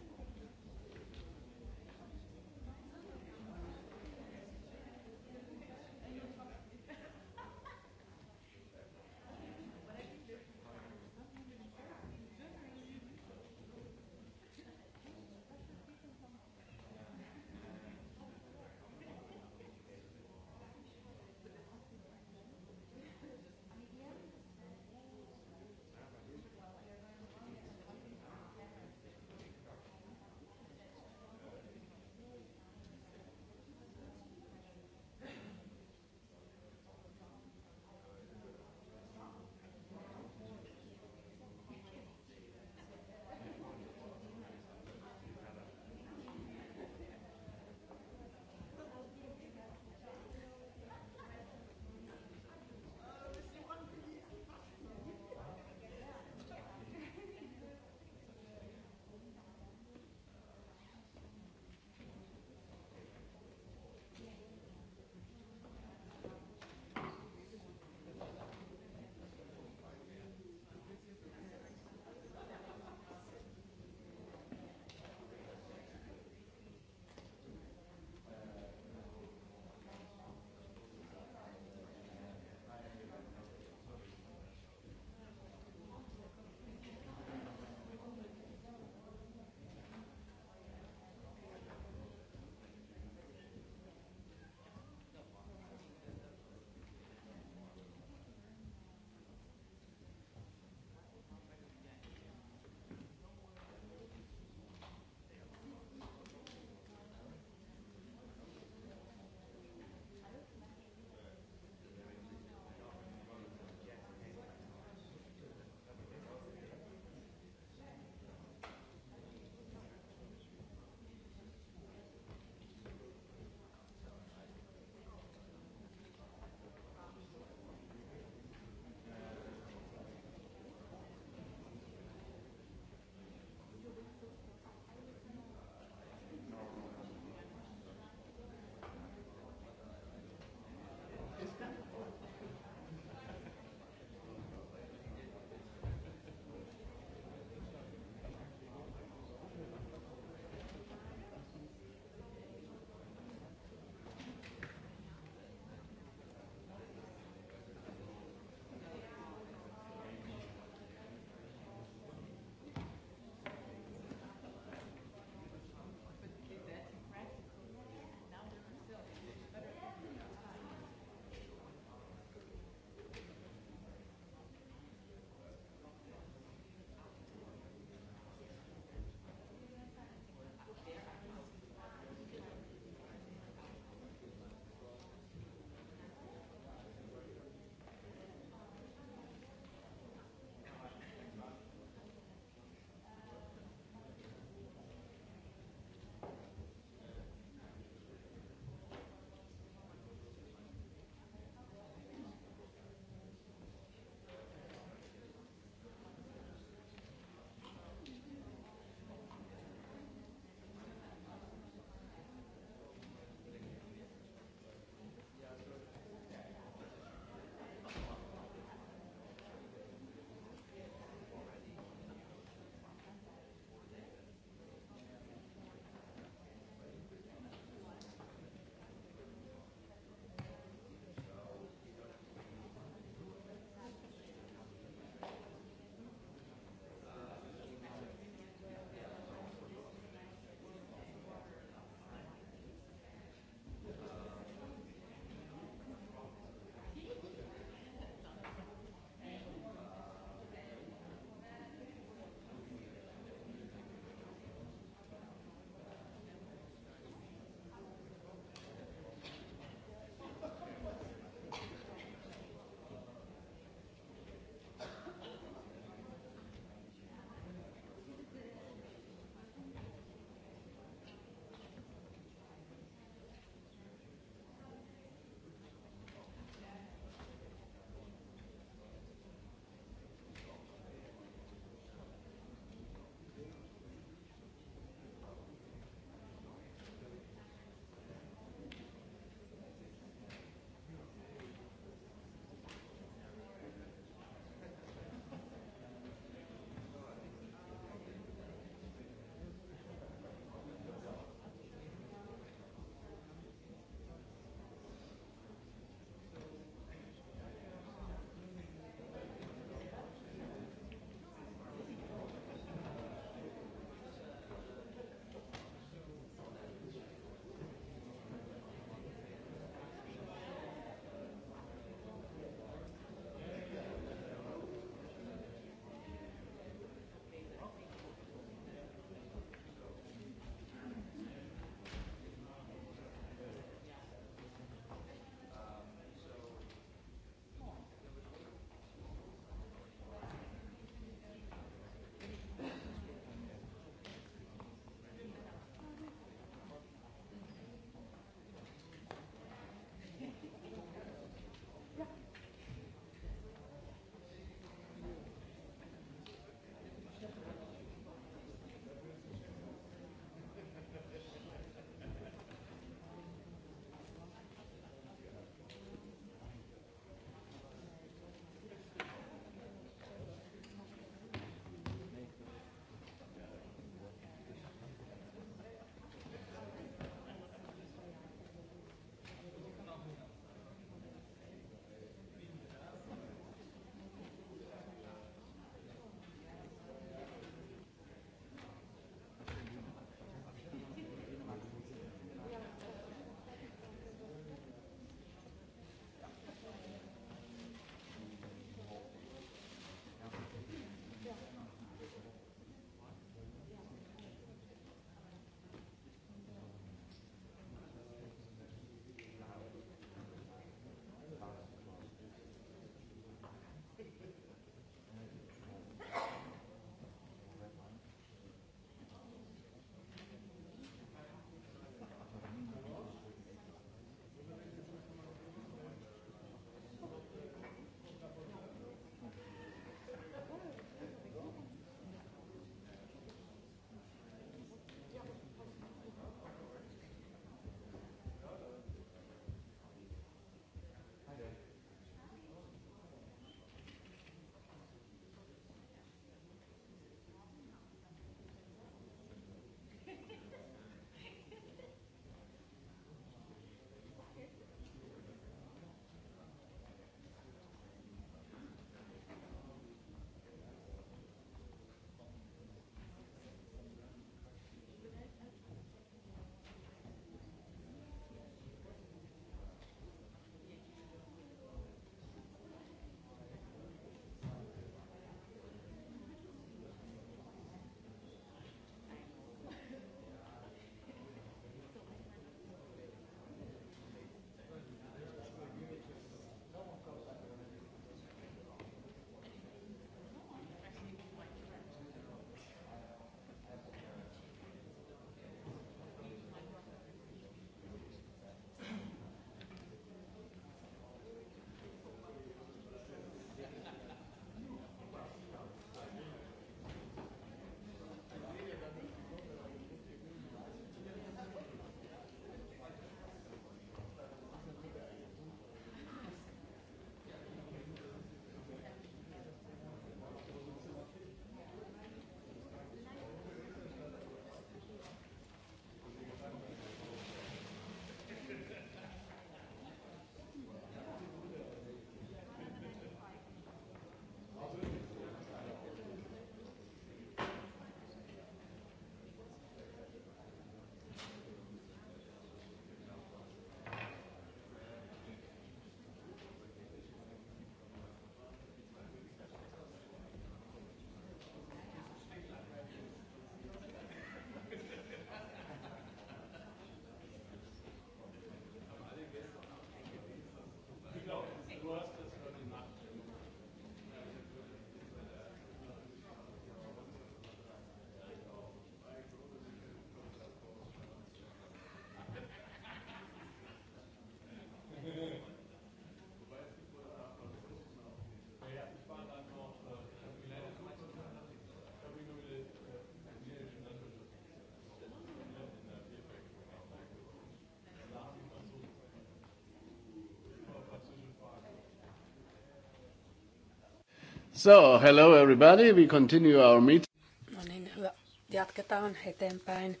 So, hello everybody. We continue our meeting. No niin, hyvä. Jatketaan eteenpäin.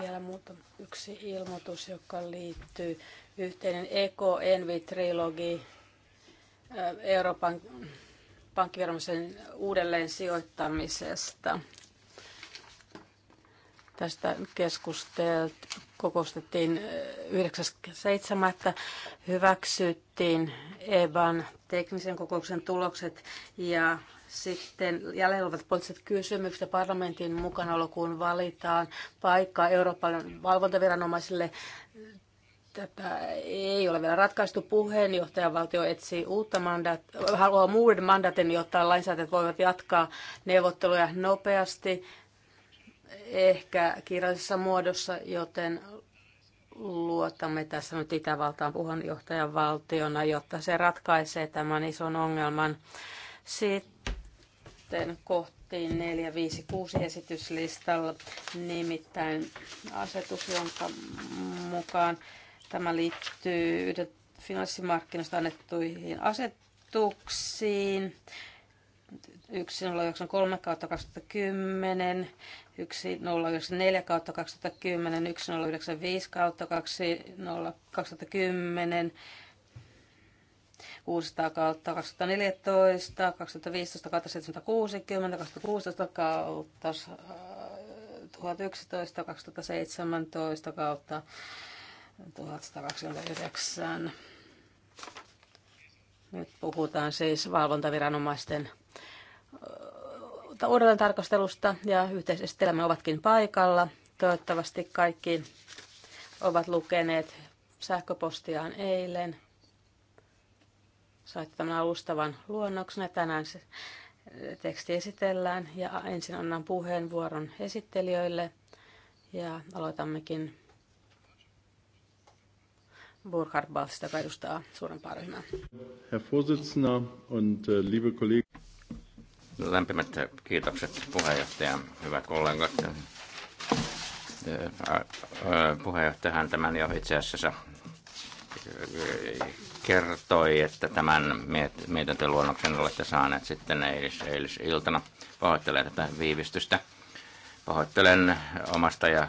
Vielä muuta yksi ilmoitus, joka liittyy yhteinen Eco Envy trilogi äh, Euroopan pankkiviranomaisen uudelleen sijoittamisesta. Tästä keskusteltiin, kokoustettiin 9.7. Äh, hyväksyttiin EBAN teknisen kokouksen tulokset ja sitten jäljellä olevat poliittiset kysymykset ja parlamentin mukanaolo, kun valitaan paikkaa Euroopan valvontaviranomaisille. Tätä ei ole vielä ratkaistu. Puheenjohtajavaltio etsii uutta mandaat, haluaa uuden mandatin, jotta lainsäätäjät voivat jatkaa neuvotteluja nopeasti ehkä kirjallisessa muodossa, joten luotamme tässä nyt Itävaltaan puheenjohtajan valtiona, jotta se ratkaisee tämän ison ongelman. Sitten kohtiin 4, 5, 6 esityslistalla, nimittäin asetus, jonka mukaan tämä liittyy finanssimarkkinoista annettuihin asetuksiin. 1093 kautta 2010, 1094 kautta 2010, 1095 kautta 2010, 600 kautta 2014, 2015 kautta 760, 2016 kautta 2011, äh, 2017 kautta 1129. Nyt puhutaan siis valvontaviranomaisten uudelleen tarkastelusta ja yhteisestelmä ovatkin paikalla. Toivottavasti kaikki ovat lukeneet sähköpostiaan eilen. Saitte tämän alustavan luonnoksen ja tänään se teksti esitellään ja ensin annan puheenvuoron esittelijöille ja aloitammekin Burkhard Balz, joka edustaa suurempaa ryhmää. Herr Vorsitzender und äh, liebe Kollegen. Lämpimät kiitokset puheenjohtajan hyvät kollegat. Puheenjohtajahan tämän jo itse asiassa kertoi, että tämän mietintöluonnoksen olette saaneet sitten eilis, eilis iltana. Pahoittelen tätä viivistystä. Pahoittelen omasta ja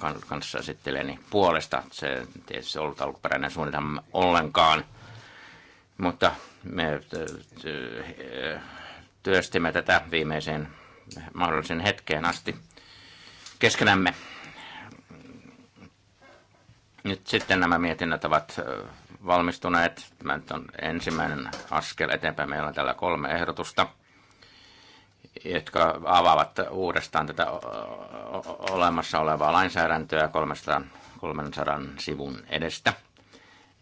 kanssa kanssaesittelijäni puolesta. Se ei tietysti ollut alkuperäinen suunnitelma ollenkaan. Mutta me työstimme tätä viimeiseen mahdollisen hetkeen asti keskenämme. Nyt sitten nämä mietinnät ovat valmistuneet. Tämä nyt on ensimmäinen askel eteenpäin. Meillä on täällä kolme ehdotusta, jotka avaavat uudestaan tätä olemassa olevaa lainsäädäntöä 300, 300 sivun edestä –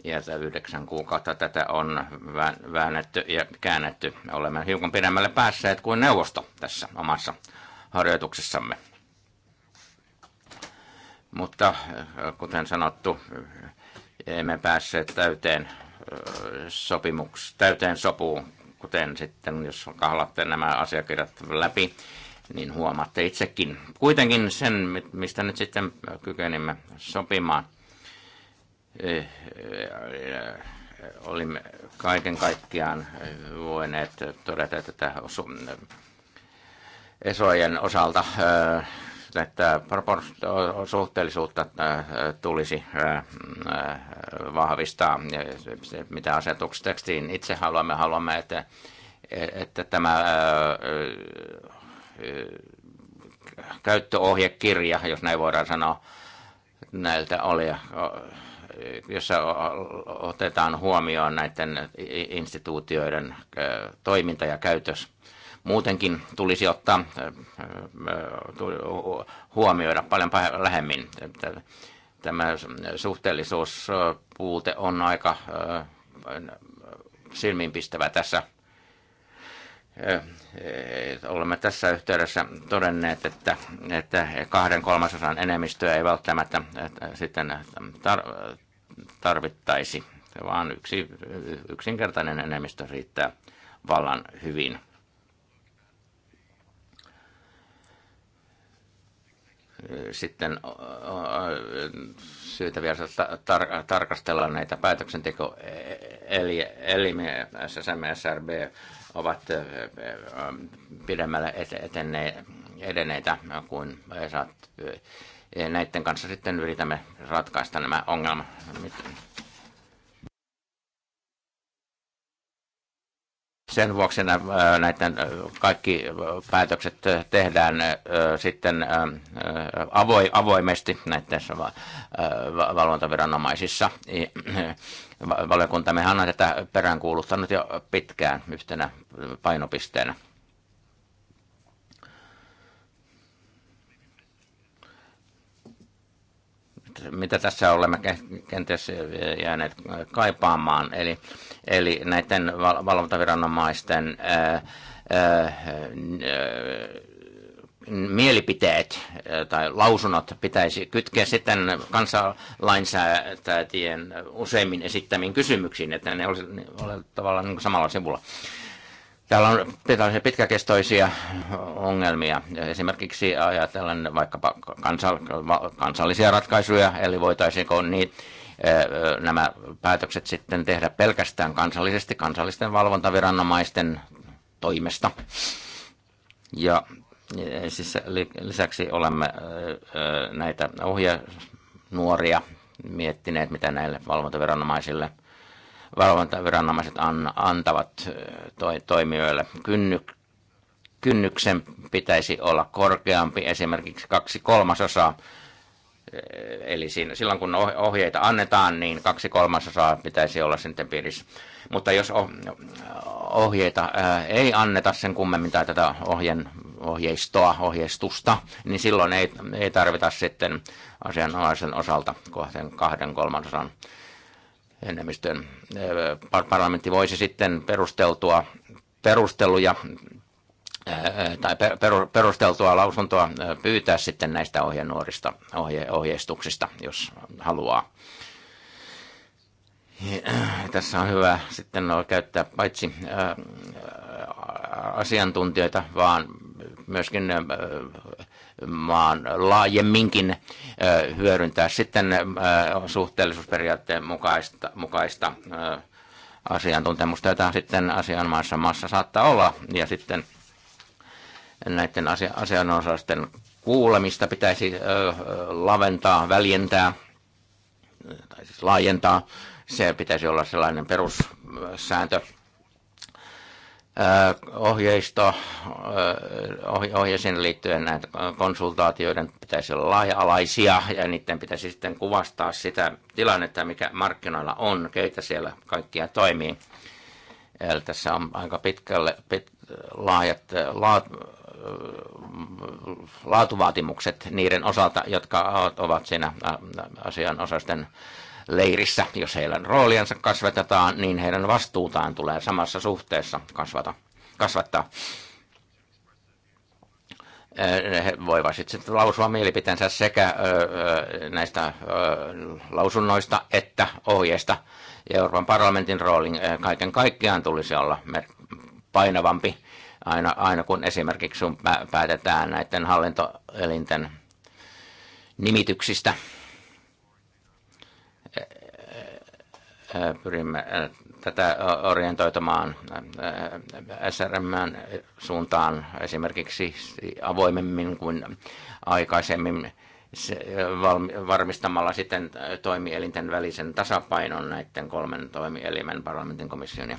iältä yhdeksän kuukautta tätä on väännetty ja käännetty. Olemme hiukan pidemmälle päässeet kuin neuvosto tässä omassa harjoituksessamme. Mutta äh, kuten sanottu, emme päässeet täyteen, äh, sopimuks, täyteen sopuun, kuten sitten jos kahlatte nämä asiakirjat läpi, niin huomaatte itsekin. Kuitenkin sen, mistä nyt sitten kykenimme sopimaan – Eh, eh, eh, olimme kaiken kaikkiaan voineet todeta, että tämä esojen osalta että suhteellisuutta tulisi vahvistaa, mitä asetukstekstiin itse haluamme. Haluamme, että, että tämä käyttöohjekirja, jos näin voidaan sanoa, näiltä oli jossa otetaan huomioon näiden instituutioiden toiminta ja käytös. Muutenkin tulisi ottaa huomioida paljon lähemmin. Tämä suhteellisuuspuute on aika silmiinpistävä tässä e, olemme tässä yhteydessä todenneet, että, että kahden kolmasosan enemmistöä ei välttämättä sitten tar- tarvittaisi, vaan yksi, yksinkertainen enemmistö riittää vallan hyvin. Sitten syytä vielä tar- tarkastella näitä päätöksentekoelimiä, SSM ja SRB ovat pidemmälle edenneitä kuin saat näiden kanssa sitten yritämme ratkaista nämä ongelmat. Sen vuoksi näiden kaikki päätökset tehdään sitten avoimesti näissä valvontaviranomaisissa. Valiokuntamme on tätä peräänkuuluttanut jo pitkään yhtenä painopisteenä. mitä tässä olemme kenties jääneet kaipaamaan, eli, eli näiden val- valvontaviranomaisten ää, äh, ää, äh, mielipiteet äh, tai lausunnot pitäisi kytkeä sitten kansalainsäätäjien useimmin esittämiin kysymyksiin, että ne olisivat tavallaan niin samalla sivulla. Täällä on tällaisia pitkäkestoisia ongelmia. Esimerkiksi ajatellaan vaikkapa kansallisia ratkaisuja, eli voitaisiinko niin, eh, eh, nämä päätökset sitten tehdä pelkästään kansallisesti kansallisten valvontaviranomaisten toimesta. Ja eh, siis lisäksi olemme näitä ohje nuoria miettineet, mitä näille valvontaviranomaisille valvontaviranomaiset an, antavat toi, toimijoille. Kynny, kynnyksen pitäisi olla korkeampi, esimerkiksi kaksi kolmasosaa. Eli siinä, silloin kun ohjeita annetaan, niin kaksi kolmasosaa pitäisi olla sitten piirissä. Mutta jos ohjeita ei anneta sen kummemmin tai tätä ohjen, ohjeistoa, ohjeistusta, niin silloin ei, ei tarvita sitten asianomaisen osalta kohteen kahden kolmasosan enemmistön eh, parlamentti voisi sitten perusteltua perusteluja eh, eh, tai perusteltua lausuntoa pyytää sitten näistä ohjenuorista, ohje, ohjeistuksista, jos haluaa. Tässä on hyvä sitten no käyttää paitsi asiantuntijoita, vaan myöskin maan laajemminkin hyödyntää sitten suhteellisuusperiaatteen mukaista, mukaista asiantuntemusta, jota sitten asianmaassa maassa saattaa olla. Ja sitten näiden asianosaisten kuulemista pitäisi laventaa, väljentää tai siis laajentaa. Se pitäisi olla sellainen perussääntö ohjeisto, ohjeisiin liittyen näitä konsultaatioiden pitäisi olla laaja-alaisia ja niiden pitäisi sitten kuvastaa sitä tilannetta, mikä markkinoilla on, keitä siellä kaikkia toimii. Eli tässä on aika pitkälle pit, laajat laat, laatuvaatimukset niiden osalta, jotka ovat siinä asianosaisten leirissä, jos heidän rooliansa kasvatetaan, niin heidän vastuutaan tulee samassa suhteessa kasvata, kasvattaa. He voivat sitten lausua mielipiteensä sekä näistä lausunnoista että ohjeista. Euroopan parlamentin roolin kaiken kaikkiaan tulisi olla painavampi aina, aina kun esimerkiksi päätetään näiden hallintoelinten nimityksistä pyrimme tätä orientoitumaan SRM suuntaan esimerkiksi avoimemmin kuin aikaisemmin varmistamalla sitten toimielinten välisen tasapainon näiden kolmen toimielimen, parlamentin komission ja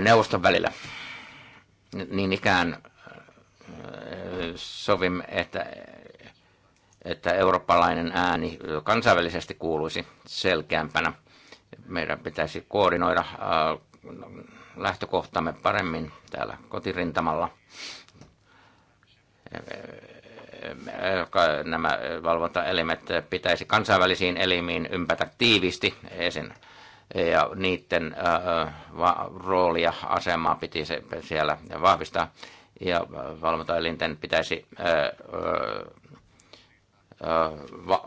neuvoston välillä. Niin ikään sovimme, että että eurooppalainen ääni kansainvälisesti kuuluisi selkeämpänä. Meidän pitäisi koordinoida äh, lähtökohtamme paremmin täällä kotirintamalla. Nämä valvontaelimet pitäisi kansainvälisiin elimiin ympätä tiivisti esin ja niiden äh, roolia, asemaa piti se siellä vahvistaa. Ja äh, valvontaelinten pitäisi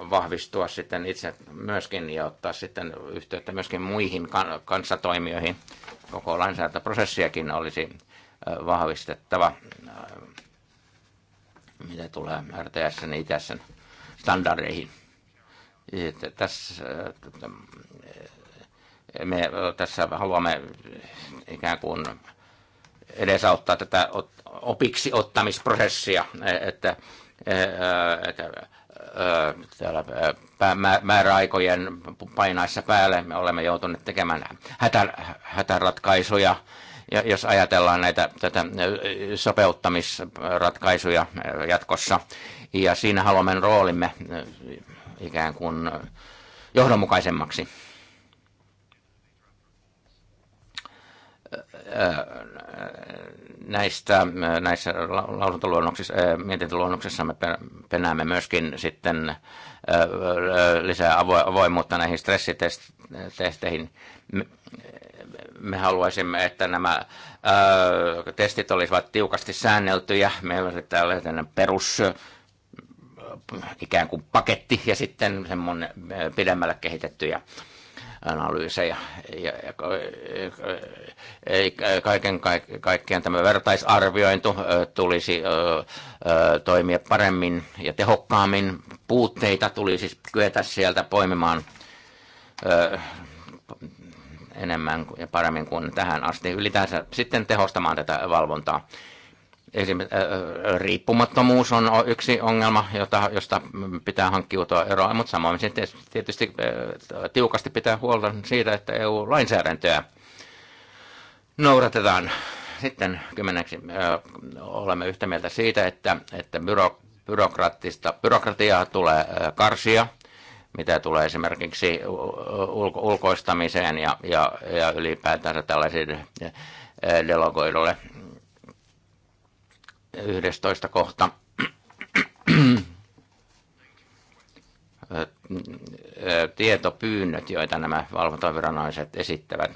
vahvistua sitten itse myöskin ja ottaa sitten yhteyttä myöskin muihin kanssatoimijoihin. Koko lainsäädäntöprosessiakin olisi vahvistettava, mitä tulee RTS ja ITS standardeihin. Tässä, me tässä haluamme ikään kuin edesauttaa tätä opiksi ottamisprosessia, että, että täällä määräaikojen painaessa päälle me olemme joutuneet tekemään hätär, hätäratkaisuja. Ja jos ajatellaan näitä tätä sopeuttamisratkaisuja jatkossa, ja siinä haluamme roolimme ikään kuin johdonmukaisemmaksi näistä, äh, näissä lausuntoluonnoksissa, äh, mietintöluonnoksissa me penäämme myöskin sitten äh, lisää avoimuutta näihin stressitesteihin. Me haluaisimme, että nämä testit olisivat tiukasti säänneltyjä. Meillä on olla perus ikään kuin paketti ja sitten semmoinen pidemmälle kehitettyjä analyysejä. Ja, ja, ja kaiken kaikkiaan tämä vertaisarviointi tulisi toimia paremmin ja tehokkaammin. Puutteita tulisi siis kyetä sieltä poimimaan enemmän ja paremmin kuin tähän asti. Ylipäänsä sitten tehostamaan tätä valvontaa riippumattomuus on yksi ongelma, jota, josta pitää hankkiutua eroa, mutta samoin tietysti tiukasti pitää huolta siitä, että EU-lainsäädäntöä noudatetaan. Sitten kymmeneksi olemme yhtä mieltä siitä, että, että byro, byrokraattista, byrokratiaa tulee karsia, mitä tulee esimerkiksi ulko, ulkoistamiseen ja, ja, ja ylipäätänsä tällaisiin delegoidulle 11 kohta. tietopyynnöt, joita nämä valvontaviranaiset esittävät.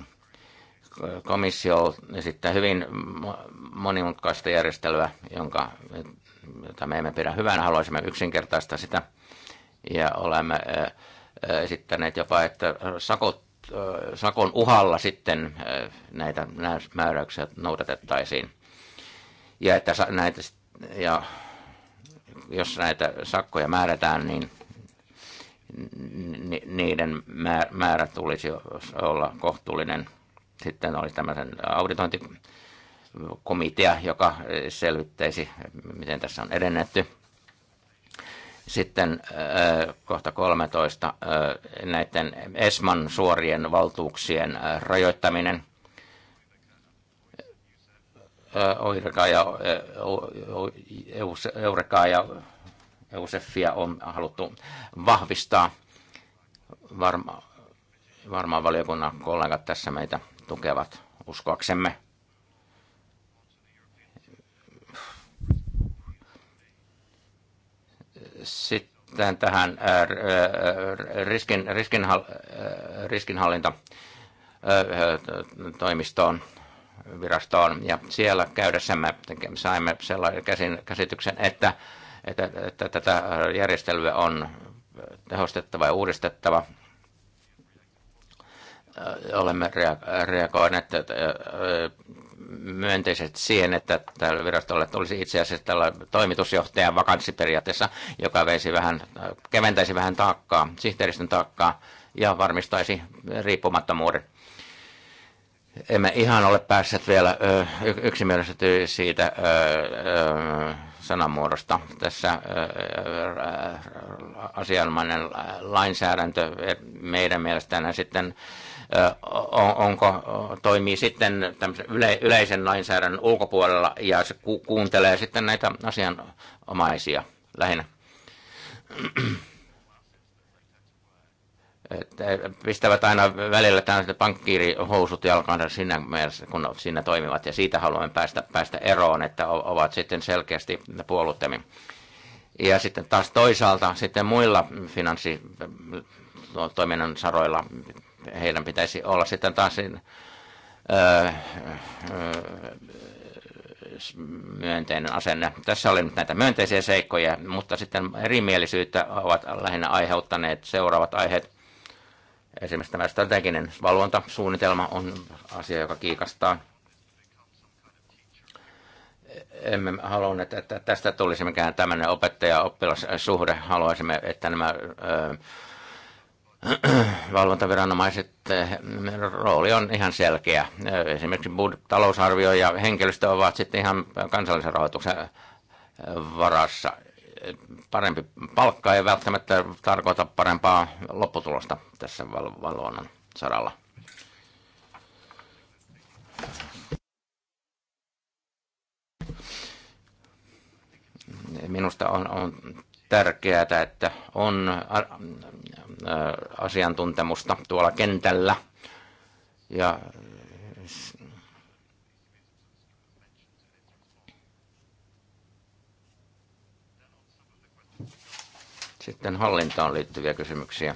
Komissio esittää hyvin monimutkaista järjestelyä, jonka, jota me emme pidä hyvän, haluaisimme yksinkertaista sitä. Ja olemme esittäneet jopa, että sakot, sakon uhalla sitten näitä määräyksiä noudatettaisiin ja että näitä, ja jos näitä sakkoja määrätään, niin niiden määrä tulisi olla kohtuullinen. Sitten olisi tämmöisen auditointikomitea, joka selvittäisi, miten tässä on edennetty. Sitten äh, kohta 13 äh, näiden ESMAN suorien valtuuksien äh, rajoittaminen – Oirekaa ja Eurekaa ja Euseffia on haluttu vahvistaa. Varma, varmaan valiokunnan kollegat tässä meitä tukevat uskoaksemme. Sitten tähän riskin, riskinhal, riskinhallinta toimistoon virastoon ja siellä käydessämme saimme sellaisen käsityksen, että, että, että tätä järjestelyä on tehostettava ja uudistettava. Olemme reagoineet myönteiset siihen, että tällä virastolle tulisi itse asiassa tällä toimitusjohtajan vakanssiperiaatteessa, joka veisi vähän, keventäisi vähän taakkaa, sihteeristön taakkaa ja varmistaisi riippumattomuuden emme ihan ole päässeet vielä yksimielisesti siitä sanamuodosta. Tässä asianomainen lainsäädäntö e, meidän mielestämme sitten onko, toimii sitten yleisen lainsäädännön ulkopuolella ja se kuuntelee sitten näitä asianomaisia lähinnä pistävät aina välillä tämmöiset pankkiirihousut jalkaan siinä mielessä, kun siinä toimivat, ja siitä haluamme päästä, päästä eroon, että ovat sitten selkeästi puolueettomia. Ja sitten taas toisaalta sitten muilla finanssitoiminnan saroilla heidän pitäisi olla sitten taas öö, öö, myönteinen asenne. Tässä oli nyt näitä myönteisiä seikkoja, mutta sitten erimielisyyttä ovat lähinnä aiheuttaneet seuraavat aiheet. Esimerkiksi tämä strateginen valvontasuunnitelma on asia, joka kiikastaa. Emme halunneet, että tästä tulisi mikään tämmöinen opettaja-oppilassuhde. Haluaisimme, että nämä valvontaviranomaiset rooli on ihan selkeä. Esimerkiksi talousarvio ja henkilöstö ovat sitten ihan kansallisen rahoituksen varassa parempi palkka ei välttämättä tarkoita parempaa lopputulosta tässä valvonnan saralla. Minusta on, on tärkeää, että on äh, äh, asiantuntemusta tuolla kentällä ja Sitten hallintaan liittyviä kysymyksiä.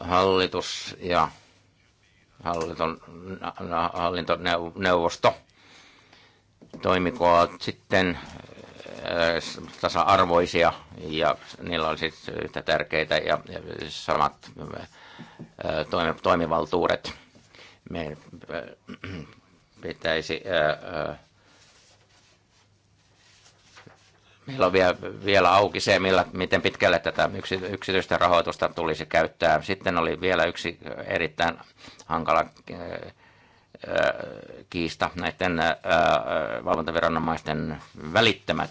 Hallitus ja halliton, hallintoneuvosto toimikoot sitten äh, tasa-arvoisia ja niillä on yhtä tärkeitä ja, samat äh, toimivaltuudet. Meidän äh, pitäisi ää, meillä on vielä, vielä auki se, millä, miten pitkälle tätä yksityistä rahoitusta tulisi käyttää. Sitten oli vielä yksi erittäin hankala äh, äh, kiista näiden äh, valvontaviranomaisten välittämät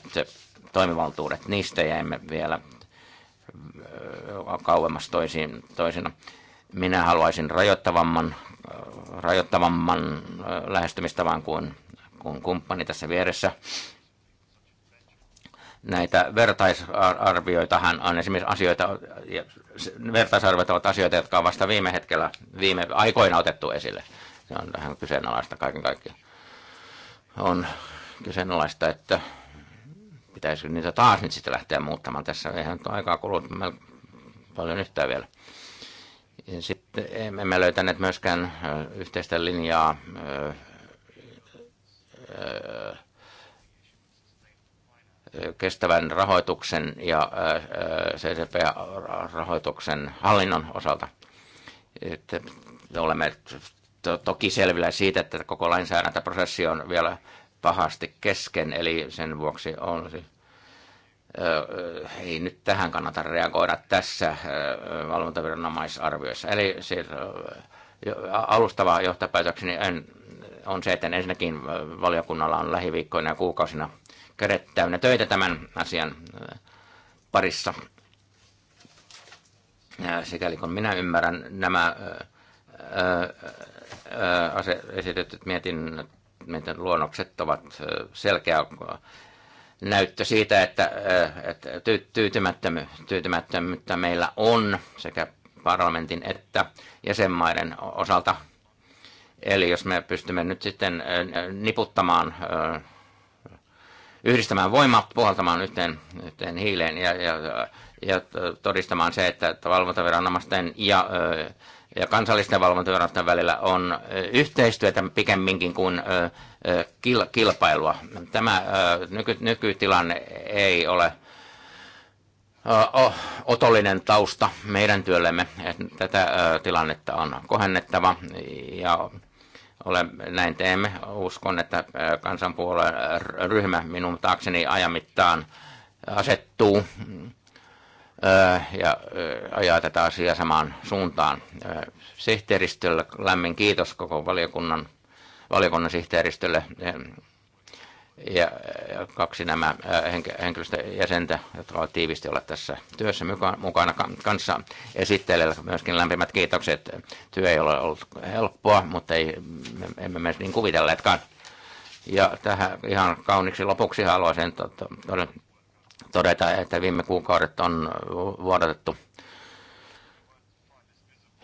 toimivaltuudet. Niistä jäimme vielä kauemmas toisiin, toisina. Minä haluaisin rajoittavamman, rajoittavamman lähestymistavan kuin, kuin kumppani tässä vieressä näitä vertaisarvioitahan on esimerkiksi asioita, vertaisarviot ovat asioita, jotka on vasta viime hetkellä, viime aikoina otettu esille. Se on vähän kyseenalaista kaiken kaikkiaan. On kyseenalaista, että pitäisikö niitä taas nyt sitten lähteä muuttamaan tässä. Eihän nyt aikaa kulunut paljon yhtään vielä. Ja sitten emme löytäneet myöskään yhteistä linjaa öö, öö, kestävän rahoituksen ja äh, äh, CCP-rahoituksen hallinnon osalta. Että olemme to- toki selvillä siitä, että koko lainsäädäntöprosessi on vielä pahasti kesken, eli sen vuoksi on siis ei nyt tähän kannata reagoida tässä valvontaviranomaisarvioissa. Eli siis alustava johtopäätökseni on se, että ensinnäkin valiokunnalla on lähiviikkoina ja kuukausina kädet täynnä töitä tämän asian äh, parissa. Sikäli kun minä ymmärrän nämä äh, äh, esitetyt mietinnöt, luonnokset ovat selkeä näyttö siitä, että, että tyytymättömyyttä meillä on sekä parlamentin että jäsenmaiden osalta. Eli jos me pystymme nyt sitten niputtamaan yhdistämään voimaa puhaltamaan yhteen, yhteen hiileen ja, ja, ja todistamaan se, että, että valvontaviranomaisten ja, ja kansallisten valvontaviranomaisten välillä on yhteistyötä pikemminkin kuin kilpailua. Tämä nyky, nykytilanne ei ole otollinen tausta meidän työllemme. Tätä tilannetta on kohennettava ja ole, näin teemme. Uskon, että kansanpuolueen ryhmä minun taakseni ajan mittaan asettuu ja ajaa tätä asiaa samaan suuntaan. Sihteeristölle lämmin kiitos koko valiokunnan, valiokunnan sihteeristölle ja kaksi nämä jäsentä, jotka ovat tiivisti olleet tässä työssä mukana kanssa esittelijällä. Myöskin lämpimät kiitokset. Työ ei ole ollut helppoa, mutta ei, emme myös niin kuvitelleetkaan. Ja tähän ihan kauniksi lopuksi haluaisin todeta, että viime kuukaudet on vuodatettu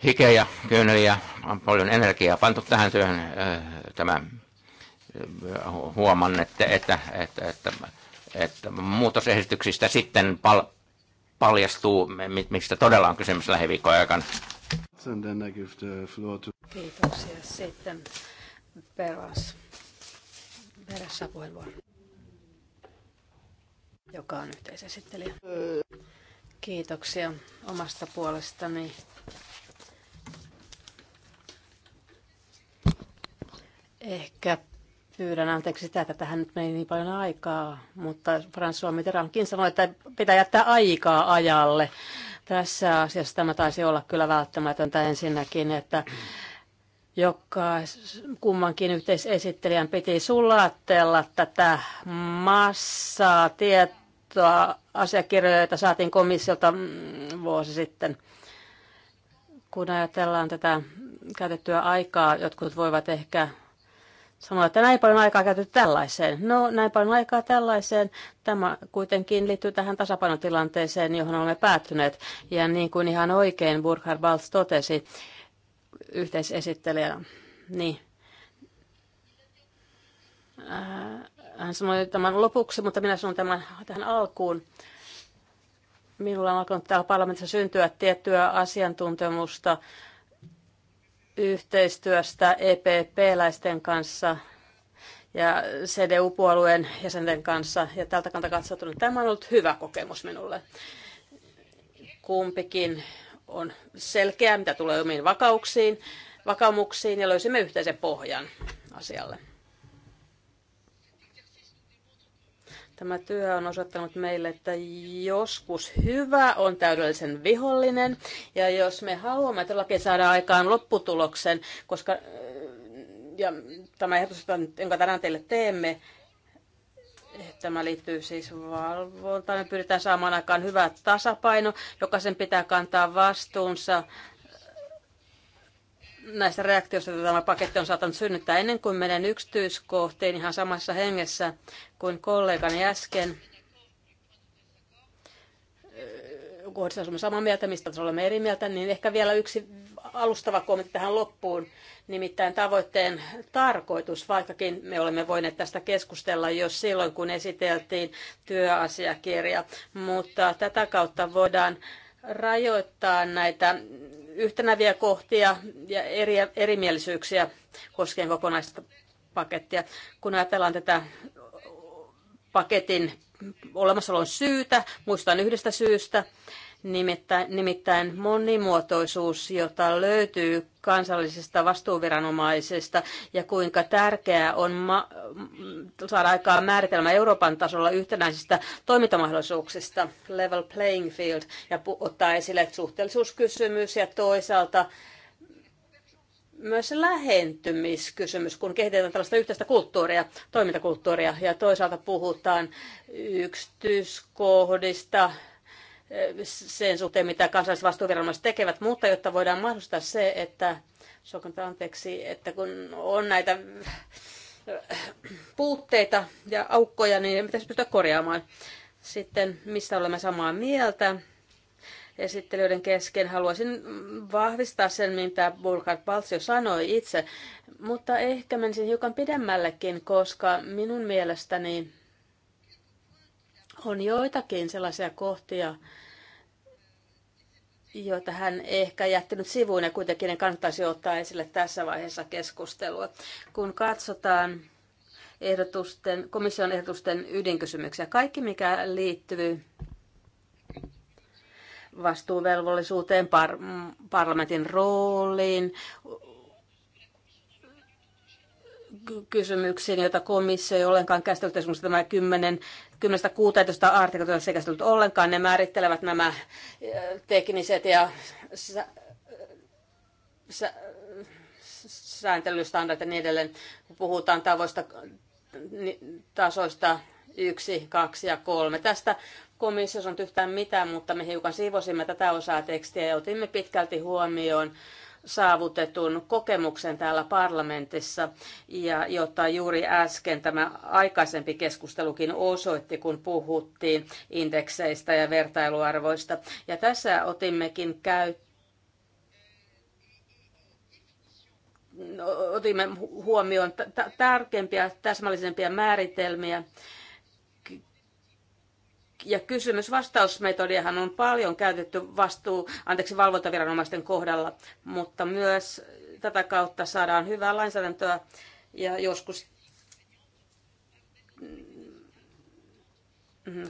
hikejä, kyyneliä, on paljon energiaa pantu tähän työhön. Tämä huomannette, että, että, että, että muutosesityksistä sitten pal- paljastuu, mistä todella on kysymys lähiviikkojen aikana. Kiitoksia. Sitten peräs, perässä puheenvuoro, joka on yhteisesittelijä. Kiitoksia omasta puolestani. Ehkä Pyydän anteeksi sitä, että tähän nyt meni niin paljon aikaa, mutta François Mitterrandkin sanoi, että pitää jättää aikaa ajalle. Tässä asiassa tämä taisi olla kyllä välttämätöntä ensinnäkin, että joka kummankin yhteisesittelijän piti sulattella tätä massaa tietoa asiakirjoja, joita saatiin komissiolta mm, vuosi sitten. Kun ajatellaan tätä käytettyä aikaa, jotkut voivat ehkä sanoi, että näin paljon aikaa käytetty tällaiseen. No, näin paljon aikaa tällaiseen. Tämä kuitenkin liittyy tähän tasapainotilanteeseen, johon olemme päättyneet. Ja niin kuin ihan oikein Burkhard Waltz totesi yhteisesittelijänä, niin äh, hän sanoi tämän lopuksi, mutta minä sanon tämän tähän alkuun. Minulla on alkanut täällä parlamentissa syntyä tiettyä asiantuntemusta yhteistyöstä EPP-läisten kanssa ja CDU-puolueen jäsenten kanssa. Ja tältä kanta katsottuna tämä on ollut hyvä kokemus minulle. Kumpikin on selkeä, mitä tulee omiin vakauksiin, vakaumuksiin ja löysimme yhteisen pohjan asialle. Tämä työ on osoittanut meille, että joskus hyvä on täydellisen vihollinen, ja jos me haluamme todellakin saada aikaan lopputuloksen, koska äh, ja tämä ehdotus, jonka tänään teille teemme, Tämä liittyy siis valvontaan. Me pyritään saamaan aikaan hyvä tasapaino. Jokaisen pitää kantaa vastuunsa näistä reaktioista, joita tämä paketti on saattanut synnyttää. Ennen kuin menen yksityiskohtiin ihan samassa hengessä kuin kollegani äsken, äh, kohdassa olemme samaa mieltä, mistä olemme eri mieltä, niin ehkä vielä yksi alustava kommentti tähän loppuun, nimittäin tavoitteen tarkoitus, vaikkakin me olemme voineet tästä keskustella jo silloin, kun esiteltiin työasiakirja, mutta tätä kautta voidaan rajoittaa näitä yhtenäviä kohtia ja eri, erimielisyyksiä koskien kokonaista pakettia. Kun ajatellaan tätä paketin olemassaolon syytä, muistan yhdestä syystä, Nimittäin, nimittäin monimuotoisuus, jota löytyy kansallisesta vastuuviranomaisesta ja kuinka tärkeää on ma- mm, saada aikaan määritelmä Euroopan tasolla yhtenäisistä toimintamahdollisuuksista, level playing field, ja ottaa esille suhteellisuuskysymys ja toisaalta myös lähentymiskysymys, kun kehitetään tällaista yhteistä kulttuuria, toimintakulttuuria ja toisaalta puhutaan yksityiskohdista, sen suhteen, mitä kansallisvastuuviranomaiset tekevät, mutta jotta voidaan mahdollistaa se, että, anteeksi, että kun on näitä puutteita ja aukkoja, niin ne pitäisi pystyä korjaamaan. Sitten, mistä olemme samaa mieltä esittelyiden kesken, haluaisin vahvistaa sen, mitä Burkhard Balz jo sanoi itse, mutta ehkä menisin hiukan pidemmällekin, koska minun mielestäni on joitakin sellaisia kohtia, joita hän ehkä jättänyt sivuun ja kuitenkin ne kannattaisi ottaa esille tässä vaiheessa keskustelua. Kun katsotaan ehdotusten, komission ehdotusten ydinkysymyksiä, kaikki mikä liittyy vastuuvelvollisuuteen, par- parlamentin rooliin, kysymyksiin, joita komissio ei ollenkaan käsitellyt, esimerkiksi tämä 10, 10-16 artikla, ei käsitellyt ollenkaan, ne määrittelevät nämä äh, tekniset ja sä, sä, sääntelystandardit ja niin edelleen. Puhutaan tavoista, tasoista yksi, kaksi ja kolme Tästä komissiossa on yhtään mitään, mutta me hiukan siivosimme tätä osaa tekstiä ja otimme pitkälti huomioon saavutetun kokemuksen täällä parlamentissa ja jota juuri äsken tämä aikaisempi keskustelukin osoitti, kun puhuttiin indekseistä ja vertailuarvoista. Ja tässä otimmekin käyttöön otimme huomioon tarkempia, täsmällisempiä määritelmiä ja kysymys-vastausmetodiahan on paljon käytetty vastuu, anteeksi, valvontaviranomaisten kohdalla, mutta myös tätä kautta saadaan hyvää lainsäädäntöä ja joskus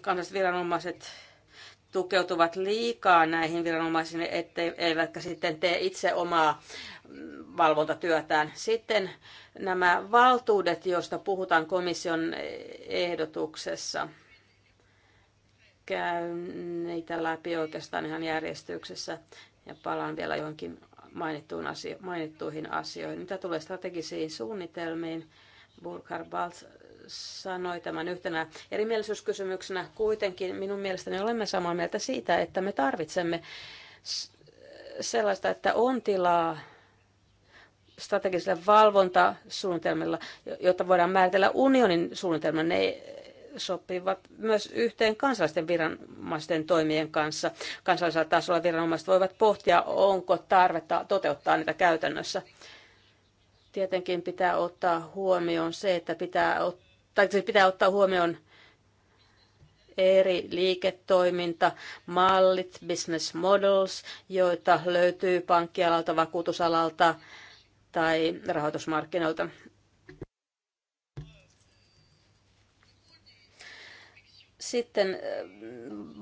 kansalliset viranomaiset tukeutuvat liikaa näihin viranomaisiin, ettei, eivätkä sitten tee itse omaa valvontatyötään. Sitten nämä valtuudet, joista puhutaan komission ehdotuksessa – käy niitä läpi oikeastaan ihan järjestyksessä ja palaan vielä johonkin mainittuun asio- mainittuihin asioihin. Mitä tulee strategisiin suunnitelmiin, Burkhard Balz sanoi tämän yhtenä erimielisyyskysymyksenä. Kuitenkin minun mielestäni olemme samaa mieltä siitä, että me tarvitsemme sellaista, että on tilaa strategisille valvontasuunnitelmilla, jotta voidaan määritellä unionin suunnitelma. Ne sopivat myös yhteen kansallisten viranomaisten toimien kanssa. Kansallisella tasolla viranomaiset voivat pohtia, onko tarvetta toteuttaa niitä käytännössä. Tietenkin pitää ottaa huomioon se, että pitää, tai siis pitää ottaa huomioon eri liiketoiminta mallit business models, joita löytyy pankkialalta, vakuutusalalta tai rahoitusmarkkinoilta. Sitten äh,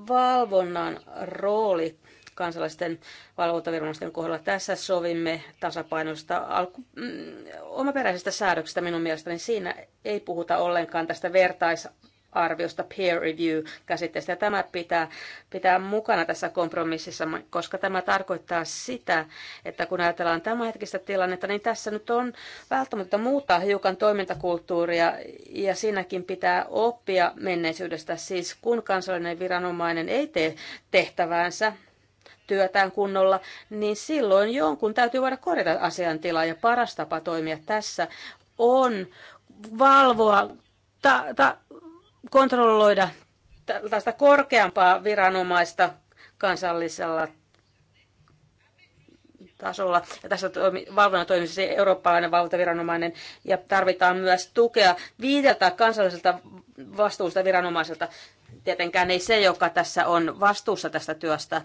valvonnan rooli kansalaisten valvontaviranomaisten kohdalla. Tässä sovimme tasapainoista alku, mm, omaperäisistä säädöksistä minun mielestäni. Siinä ei puhuta ollenkaan tästä vertais, arviosta peer review-käsitteestä. Tämä pitää pitää mukana tässä kompromississa, koska tämä tarkoittaa sitä, että kun ajatellaan tämänhetkistä tilannetta, niin tässä nyt on välttämättä muuttaa hiukan toimintakulttuuria ja siinäkin pitää oppia menneisyydestä. Siis kun kansallinen viranomainen ei tee tehtäväänsä, työtään kunnolla, niin silloin jonkun täytyy voida korjata asiantilaa ja paras tapa toimia tässä on valvoa ta, ta, kontrolloida tällaista korkeampaa viranomaista kansallisella tasolla. Ja tässä toimi, valvonnan toimisi eurooppalainen valvontaviranomainen ja tarvitaan myös tukea viideltä kansalliselta vastuusta viranomaiselta. Tietenkään ei se, joka tässä on vastuussa tästä työstä.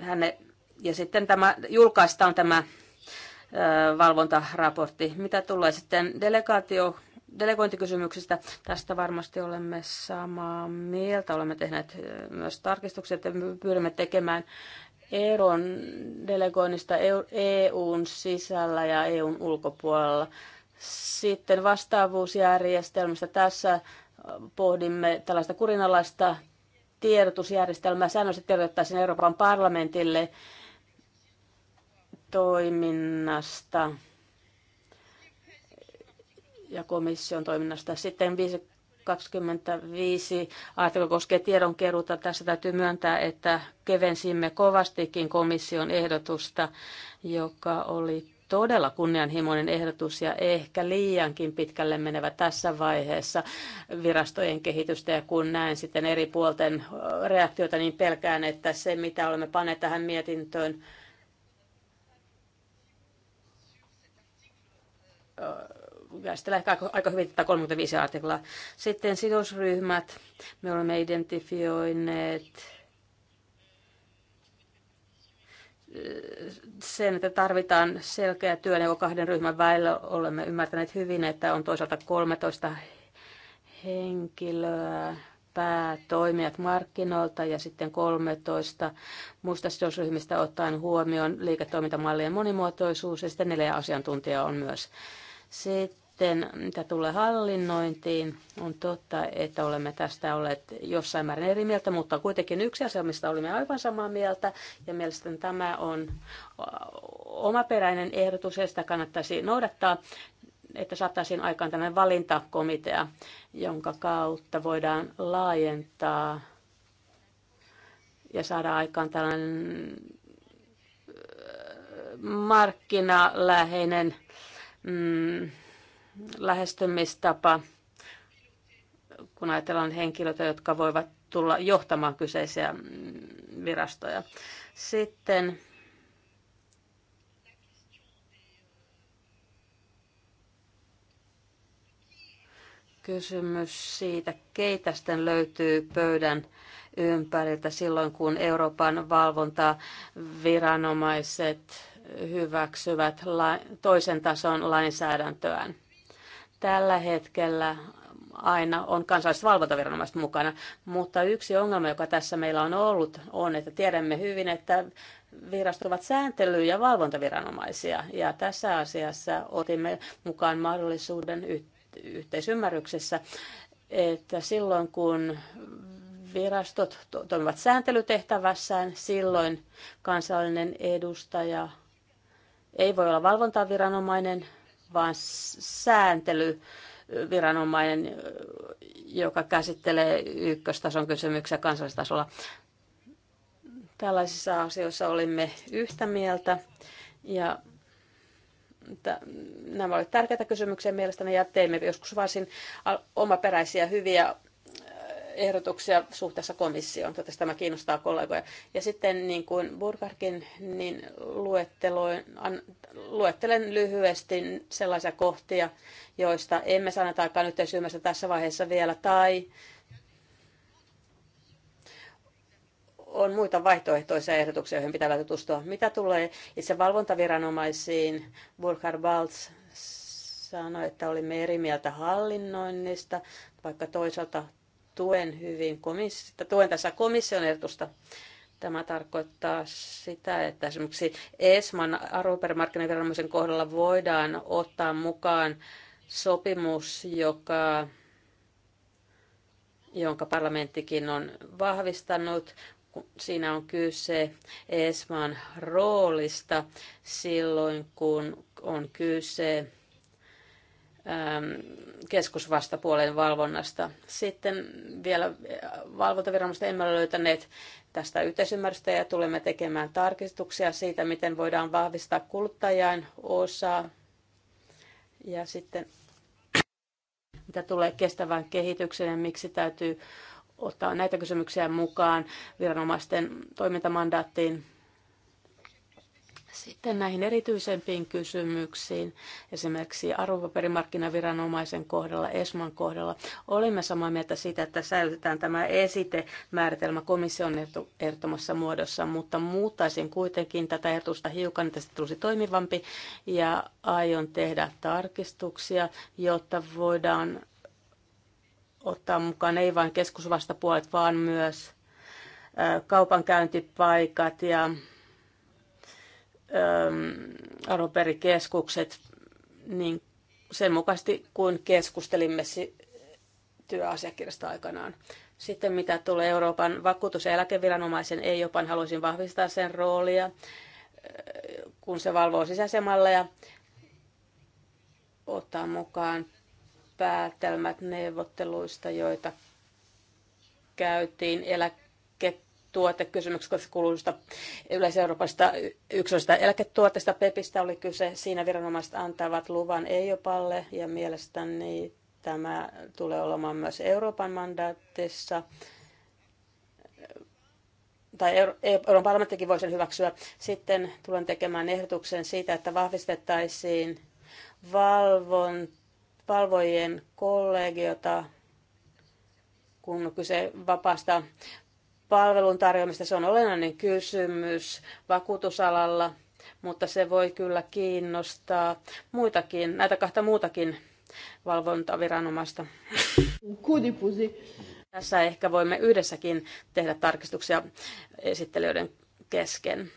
Häne, ja sitten tämä julkaistaan tämä ö, valvontaraportti. Mitä tulee sitten delegaatio delegointikysymyksistä. Tästä varmasti olemme samaa mieltä. Olemme tehneet myös tarkistukset että pyrimme tekemään eron delegoinnista EUn sisällä ja EUn ulkopuolella. Sitten vastaavuusjärjestelmästä. Tässä pohdimme tällaista kurinalaista tiedotusjärjestelmää. Säännöllisesti tiedotettaisiin Euroopan parlamentille toiminnasta ja komission toiminnasta. Sitten 25 artikla koskee tiedonkeruuta. Tässä täytyy myöntää, että kevensimme kovastikin komission ehdotusta, joka oli todella kunnianhimoinen ehdotus ja ehkä liiankin pitkälle menevä tässä vaiheessa virastojen kehitystä. Ja kun näen sitten eri puolten reaktiota, niin pelkään, että se mitä olemme panneet tähän mietintöön, käsitellään ehkä aika hyvin tätä 35 artiklaa. Sitten sidosryhmät. Me olemme identifioineet äh, sen, että tarvitaan selkeä työnjako niin kahden ryhmän välillä. Olemme ymmärtäneet hyvin, että on toisaalta 13 henkilöä päätoimijat markkinoilta ja sitten 13 muista sidosryhmistä ottaen huomioon liiketoimintamallien monimuotoisuus ja sitten neljä asiantuntijaa on myös. Sitten sitten mitä tulee hallinnointiin, on totta, että olemme tästä olleet jossain määrin eri mieltä, mutta kuitenkin yksi asia, mistä olimme aivan samaa mieltä, ja mielestäni tämä on äh, omaperäinen ehdotus, ja sitä kannattaisi noudattaa, että saataisiin aikaan tämmöinen valintakomitea, jonka kautta voidaan laajentaa ja saada aikaan tällainen äh, markkinaläheinen mm, lähestymistapa, kun ajatellaan henkilöitä, jotka voivat tulla johtamaan kyseisiä virastoja. Sitten kysymys siitä, keitä sitten löytyy pöydän ympäriltä silloin, kun Euroopan valvontaviranomaiset hyväksyvät toisen tason lainsäädäntöään. Tällä hetkellä aina on kansalliset valvontaviranomaiset mukana, mutta yksi ongelma, joka tässä meillä on ollut, on, että tiedämme hyvin, että virastot ovat sääntely- ja valvontaviranomaisia, ja tässä asiassa otimme mukaan mahdollisuuden yhteisymmärryksessä, että silloin kun virastot to- toimivat sääntelytehtävässään, silloin kansallinen edustaja ei voi olla valvontaviranomainen, vaan sääntely viranomainen, joka käsittelee ykköstason kysymyksiä kansallistasolla. Tällaisissa asioissa olimme yhtä mieltä ja nämä olivat tärkeitä kysymyksiä mielestäni ja teimme joskus varsin omaperäisiä hyviä ehdotuksia suhteessa komissioon. Toivottavasti tämä kiinnostaa kollegoja. Ja sitten niin kuin Burkarkin, niin luettelen lyhyesti sellaisia kohtia, joista emme saaneet aikaan yhteisymmärrystä tässä vaiheessa vielä, tai on muita vaihtoehtoisia ehdotuksia, joihin pitää tutustua. Mitä tulee itse valvontaviranomaisiin, Burkhard Baltz sanoi, että olimme eri mieltä hallinnoinnista, vaikka toisaalta tuen hyvin komissiota, tuen tässä komission ehdotusta. Tämä tarkoittaa sitä, että esimerkiksi ESMAn arvopaperimarkkinaviranomaisen kohdalla voidaan ottaa mukaan sopimus, joka, jonka parlamenttikin on vahvistanut. Siinä on kyse ESMAn roolista silloin, kun on kyse Ähm, keskusvastapuolen valvonnasta. Sitten vielä äh, valvontaviranomaista emme ole löytäneet tästä yhteisymmärrystä ja tulemme tekemään tarkistuksia siitä, miten voidaan vahvistaa kuluttajan osaa. Ja sitten mitä tulee kestävään kehitykseen ja miksi täytyy ottaa näitä kysymyksiä mukaan viranomaisten toimintamandaattiin sitten näihin erityisempiin kysymyksiin, esimerkiksi arvopaperimarkkinaviranomaisen kohdalla, ESMAn kohdalla, olemme samaa mieltä siitä, että säilytetään tämä esitemääritelmä komission ehdottomassa muodossa, mutta muuttaisin kuitenkin tätä ehdotusta hiukan, että se tulisi toimivampi ja aion tehdä tarkistuksia, jotta voidaan ottaa mukaan ei vain keskusvastapuolet, vaan myös kaupankäyntipaikat ja arvoperikeskukset niin sen mukaisesti, kuin keskustelimme työasiakirjasta aikanaan. Sitten mitä tulee Euroopan vakuutus- ja eläkeviranomaisen EIOPAN, haluaisin vahvistaa sen roolia, kun se valvoo sisäisemalla ja ottaa mukaan päätelmät neuvotteluista, joita käytiin eläke tuotekysymykset, koska kuuluisesta yleiseurooppalaisesta yksilöistä eläketuotteista, PEPistä oli kyse. Siinä viranomaiset antavat luvan EIOPalle ja mielestäni tämä tulee olemaan myös Euroopan mandaattissa tai Euroopan parlamenttikin voi sen hyväksyä. Sitten tulen tekemään ehdotuksen siitä, että vahvistettaisiin valvon, valvojien kollegiota, kun kyse vapaasta palvelun tarjoamista. Se on olennainen kysymys vakuutusalalla, mutta se voi kyllä kiinnostaa muitakin, näitä kahta muutakin valvontaviranomaista. Kudipusi. Tässä ehkä voimme yhdessäkin tehdä tarkistuksia esittelijöiden kesken.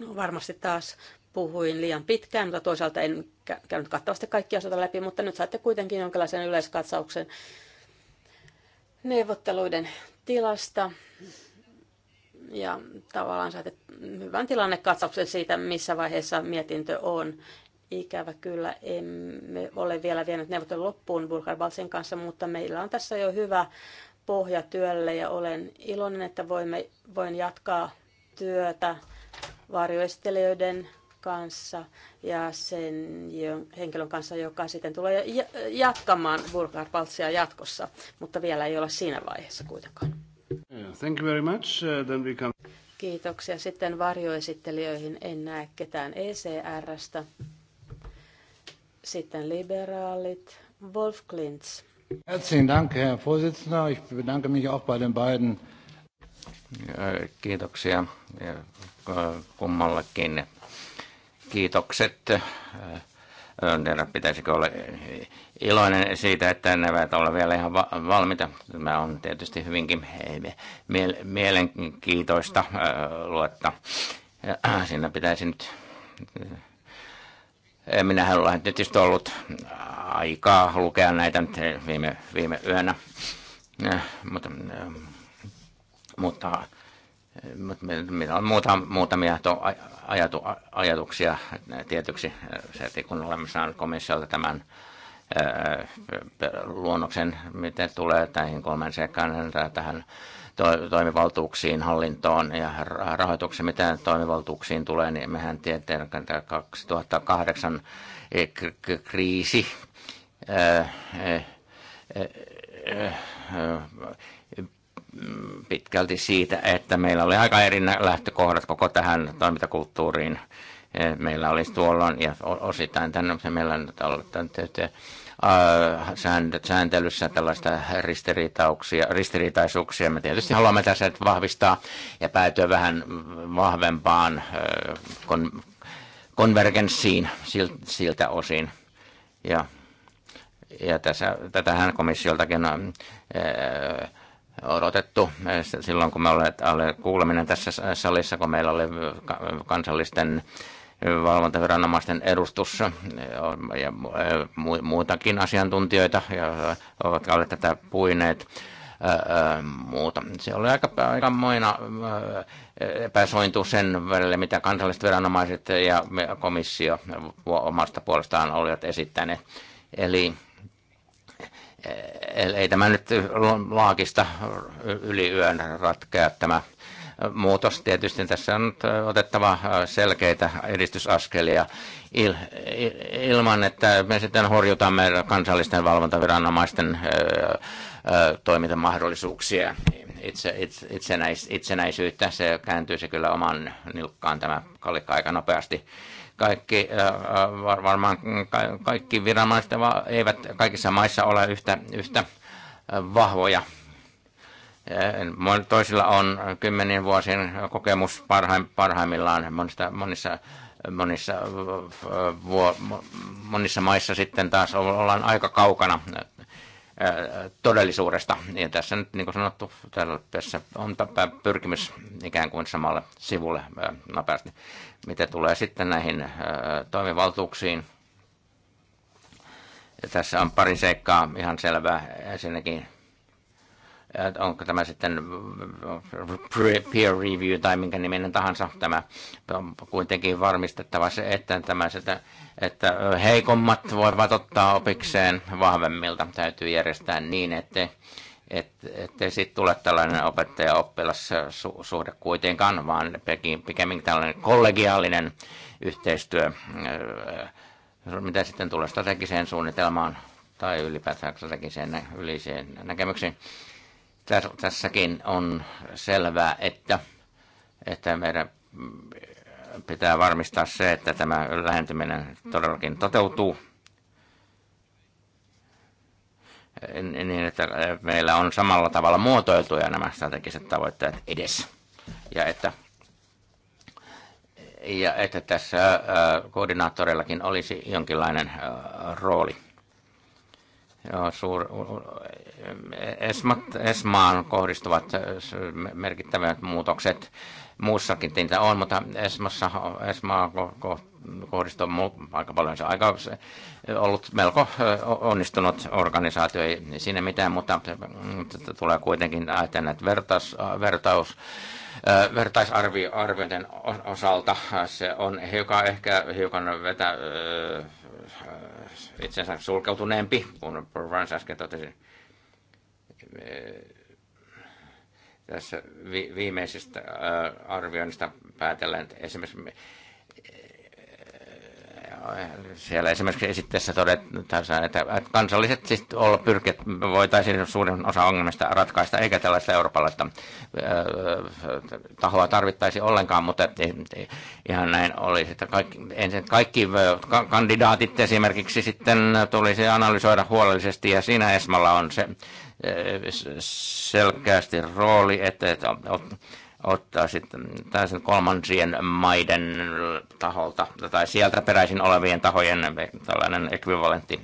No, varmasti taas puhuin liian pitkään, mutta toisaalta en käynyt kattavasti kaikkia asioita läpi, mutta nyt saatte kuitenkin jonkinlaisen yleiskatsauksen neuvotteluiden tilasta ja tavallaan saatte hyvän tilannekatsauksen siitä, missä vaiheessa mietintö on. Ikävä kyllä emme ole vielä vienyt neuvottelun loppuun Burkhard Balsin kanssa, mutta meillä on tässä jo hyvä pohja työlle ja olen iloinen, että voimme, voin jatkaa työtä varjoistelijoiden kanssa ja sen henkilön kanssa, joka sitten tulee jatkamaan Burkhard Paltsia jatkossa, mutta vielä ei ole siinä vaiheessa kuitenkaan. Thank you very much. Uh, then we come... Kiitoksia. Sitten varjoesittelijöihin en näe ketään ECRstä. Sitten liberaalit. Wolf Klintz. Herzlichen Dank, Herr Vorsitzender. Ich bedanke mich auch bei den beiden. Kiitoksia äh, kummallekin kiitokset. tiedä, pitäisikö olla iloinen siitä, että ne eivät ole vielä ihan valmiita. Tämä on tietysti hyvinkin mielenkiintoista luetta. Äh, siinä pitäisi nyt... Minä olen tietysti ollut aikaa lukea näitä nyt viime, viime yönä, äh, mutta, mutta mutta meillä on muuta, muutamia to, ajatu, ajatuksia tietyksi, äh, se, kun olemme saaneet komissiolta tämän ää, äh, luonnoksen, miten tulee näihin kolmen sekaan, niin tähän to, toimivaltuuksiin, hallintoon ja rahoituksen, mitä toimivaltuuksiin tulee, niin mehän tietää, että 2008 eh, kriisi ää, äh, ää, eh, eh, pitkälti siitä, että meillä oli aika eri lähtökohdat koko tähän toimintakulttuuriin. Eh, meillä oli tuolloin ja osittain tänne, meillä on ollut äh, sääntelyssä tällaista ristiriitauksia, ristiriitaisuuksia. Me tietysti haluamme tässä nyt vahvistaa ja päätyä vähän vahvempaan äh, kon, konvergenssiin siltä osin. Ja, ja tässä, tätähän komissioltakin on, ää, äh, odotettu silloin, kun me olemme kuuleminen tässä salissa, kun meillä oli kansallisten valvontaviranomaisten edustus ja muutakin asiantuntijoita, ja ovat olleet tätä puineet muuta. Se oli aika, aika moina epäsointu sen välillä, mitä kansalliset viranomaiset ja komissio omasta puolestaan olivat esittäneet. Eli ei tämä nyt laakista yli yön ratkea tämä muutos. Tietysti tässä on otettava selkeitä edistysaskelia il, ilman, että me sitten horjutamme kansallisten valvontaviranomaisten toimintamahdollisuuksia itse, itse, itsenäis, itsenäisyyttä. Se kääntyisi kyllä oman nilkkaan tämä kalikka aika nopeasti kaikki, äh, äh, varmaan kaikki viranomaiset eivät kaikissa maissa ole yhtä, yhtä äh, vahvoja. Toisilla on kymmenien vuosien kokemus parhaimmillaan monista, monissa, monissa, monissa maissa sitten taas ollaan aika kaukana todellisuudesta. Ja tässä nyt, niin kuin sanottu, tässä on pyrkimys ikään kuin samalle sivulle nopeasti. Mitä tulee sitten näihin toimivaltuuksiin, tässä on pari seikkaa ihan selvää. Ensinnäkin, onko tämä sitten peer review tai minkä niminen tahansa, tämä on kuitenkin varmistettava se, että, tämä sitä, että heikommat voivat ottaa opikseen vahvemmilta. Täytyy järjestää niin, että että ettei sitten tule tällainen opettaja-oppilassuhde äh, kuitenkaan, vaan pikemminkin tällainen kollegiaalinen yhteistyö, äh, äh, mitä sitten tulee strategiseen suunnitelmaan tai ylipäätään strategiseen yleiseen näkemyksiin. Tässäkin on selvää, että, että meidän pitää varmistaa se, että tämä lähentyminen todellakin toteutuu – niin, että äh, meillä on samalla tavalla muotoiltuja nämä strategiset tavoitteet edes. Ja että, ja että tässä äh, koordinaattoreillakin olisi jonkinlainen äh, rooli. Joo, suur, Esmat, Esmaan kohdistuvat merkittävät muutokset muussakin niitä on, mutta Esmassa, Esmaa kohdistuu aika paljon. Se on aika ollut melko onnistunut organisaatio, ei siinä mitään, mutta, tulee kuitenkin ajatella, että vertaus, vertaus vertaisarvioiden osalta se on hiukan ehkä hiukan vetä, itsensä sulkeutuneempi, kun Provence äsken totesi tässä viimeisestä äh, arvioinnista päätellen, että esimerkiksi äh, siellä esimerkiksi esitteessä todetaan, että kansalliset siis olla pyrkivät voitaisiin suurin osa ongelmista ratkaista, eikä tällaista eurooppalaista äh, tahoa tarvittaisi ollenkaan, mutta ihan näin oli. että kaikki, ensin kaikki kandidaatit esimerkiksi sitten tulisi analysoida huolellisesti, ja siinä Esmalla on se selkeästi rooli, että, ot, ottaa sitten täysin kolmansien maiden taholta tai sieltä peräisin olevien tahojen tällainen ekvivalentti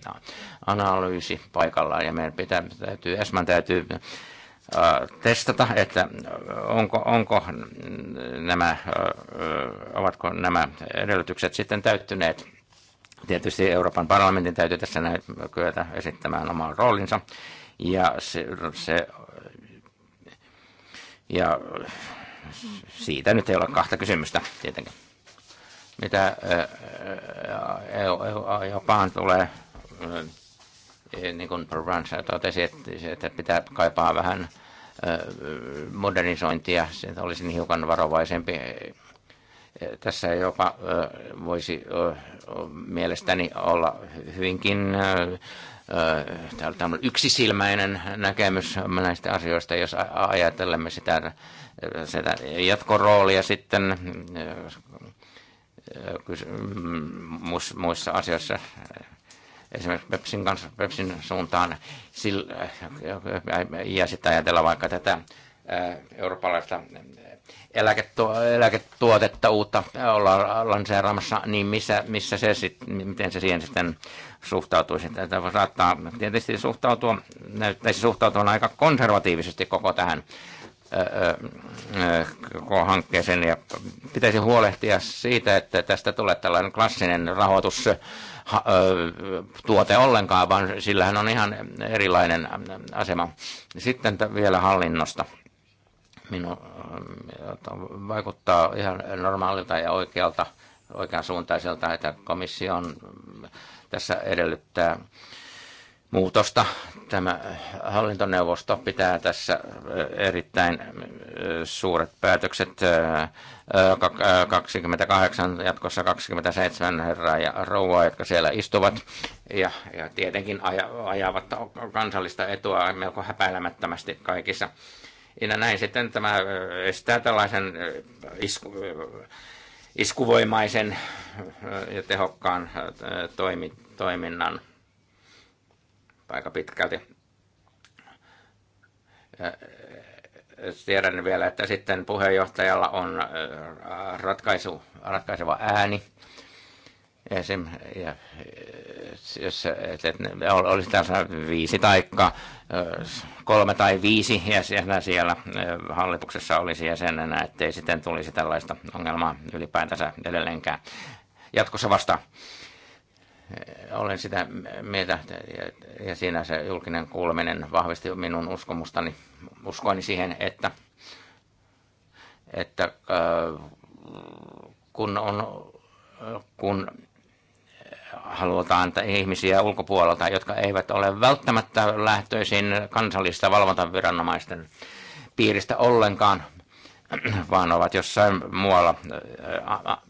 analyysi paikallaan ja meidän pitää, täytyy, Esman täytyy äh, testata, että onko, onko nämä, äh, ovatko nämä edellytykset sitten täyttyneet. Tietysti Euroopan parlamentin täytyy tässä näin kyetä esittämään oman roolinsa ja se, se ja siitä nyt ei ole kahta kysymystä tietenkin. Mitä Japan tulee, niin kuin Provence totesi, että pitää kaipaa vähän modernisointia, se olisi hiukan varovaisempi. Tässä jopa voisi mielestäni olla hyvinkin Tämä on yksisilmäinen näkemys näistä asioista, jos ajatellemme sitä, sitä jatkoroolia sitten mm, muissa asioissa esimerkiksi Pepsin, kanssa, Pepsin suuntaan ja sitten ajatella vaikka tätä eurooppalaista eläketu- eläketuotetta uutta ollaan lanseeraamassa, niin missä, missä se sit, miten se siihen sitten suhtautuisi? Tätä saattaa tietysti suhtautua, näyttäisi suhtautua aika konservatiivisesti koko tähän koko hankkeeseen ja pitäisi huolehtia siitä, että tästä tulee tällainen klassinen rahoitustuote ollenkaan, vaan sillähän on ihan erilainen asema. Sitten vielä hallinnosta minu, vaikuttaa ihan normaalilta ja oikealta, oikean suuntaiselta, että komissio on tässä edellyttää muutosta. Tämä hallintoneuvosto pitää tässä erittäin suuret päätökset 28, jatkossa 27 herraa ja rouvaa, jotka siellä istuvat ja, ja tietenkin ajavat kansallista etua melko häpäilemättömästi kaikissa ja näin sitten tämä estää tällaisen isku, iskuvoimaisen ja tehokkaan toimi, toiminnan aika pitkälti. Tiedän vielä, että sitten puheenjohtajalla on ratkaisu, ratkaiseva ääni esim, ja, jos et, et, olisi tässä viisi tai kolme tai viisi jäsenä siellä hallituksessa olisi jäsenenä, ettei sitten tulisi tällaista ongelmaa ylipäätänsä edelleenkään. Jatkossa vasta olen sitä mieltä, ja siinä se julkinen kuuleminen vahvisti minun uskomustani, uskoani siihen, että, että kun on kun halutaan ihmisiä ulkopuolelta, jotka eivät ole välttämättä lähtöisin kansallista valvontaviranomaisten piiristä ollenkaan, vaan ovat jossain muualla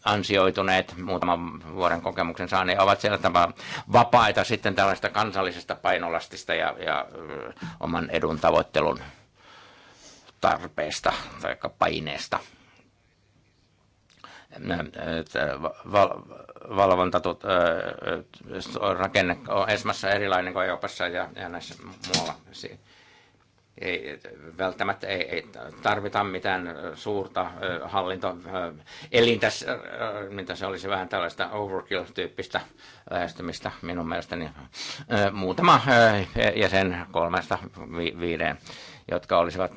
ansioituneet muutaman vuoden kokemuksen saaneet, ovat siellä tavalla vapaita sitten tällaista kansallisesta painolastista ja, ja oman edun tavoittelun tarpeesta tai paineesta val, valvonta rakenne on Esmassa erilainen kuin Euroopassa ja, ja näissä muualla. Ei, välttämättä ei, ei tarvita mitään suurta hallintoelintä, mitä se olisi vähän tällaista overkill-tyyppistä lähestymistä minun mielestäni. Muutama jäsen kolmesta vi, viideen jotka olisivat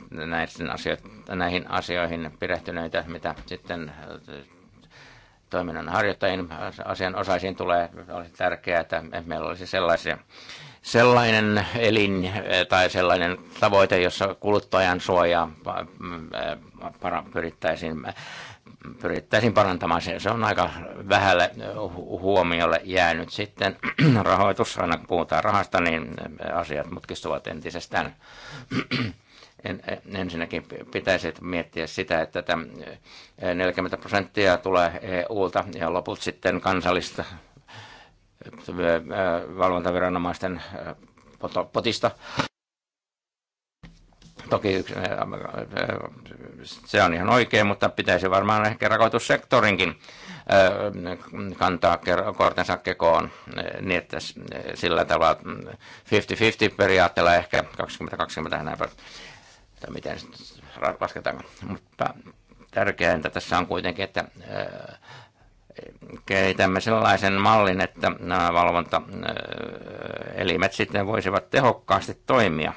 näihin asioihin perehtyneitä, mitä sitten toiminnan harjoittajien asianosaisiin tulee, olisi tärkeää, että meillä olisi sellaisia, sellainen elin tai sellainen tavoite, jossa kuluttajan suojaa pyrittäisiin, pyrittäisiin parantamaan. Se on aika vähälle huomiolle jäänyt sitten rahoitus. Aina kun puhutaan rahasta, niin asiat mutkistuvat entisestään en, ensinnäkin pitäisi miettiä sitä, että 40 eh, prosenttia tulee EUlta ja loput sitten kansallista eh, eh, valvontaviranomaisten potista. Toki se on ihan oikein, mutta pitäisi varmaan ehkä rakoitussektorinkin kantaa kortensa kekoon niin, että sillä tavalla 50-50 mm, periaatteella ehkä 20-20 näin tai miten lasketaan. Mutta tärkeintä tässä on kuitenkin, että kehitämme sellaisen mallin, että nämä valvontaelimet sitten voisivat tehokkaasti toimia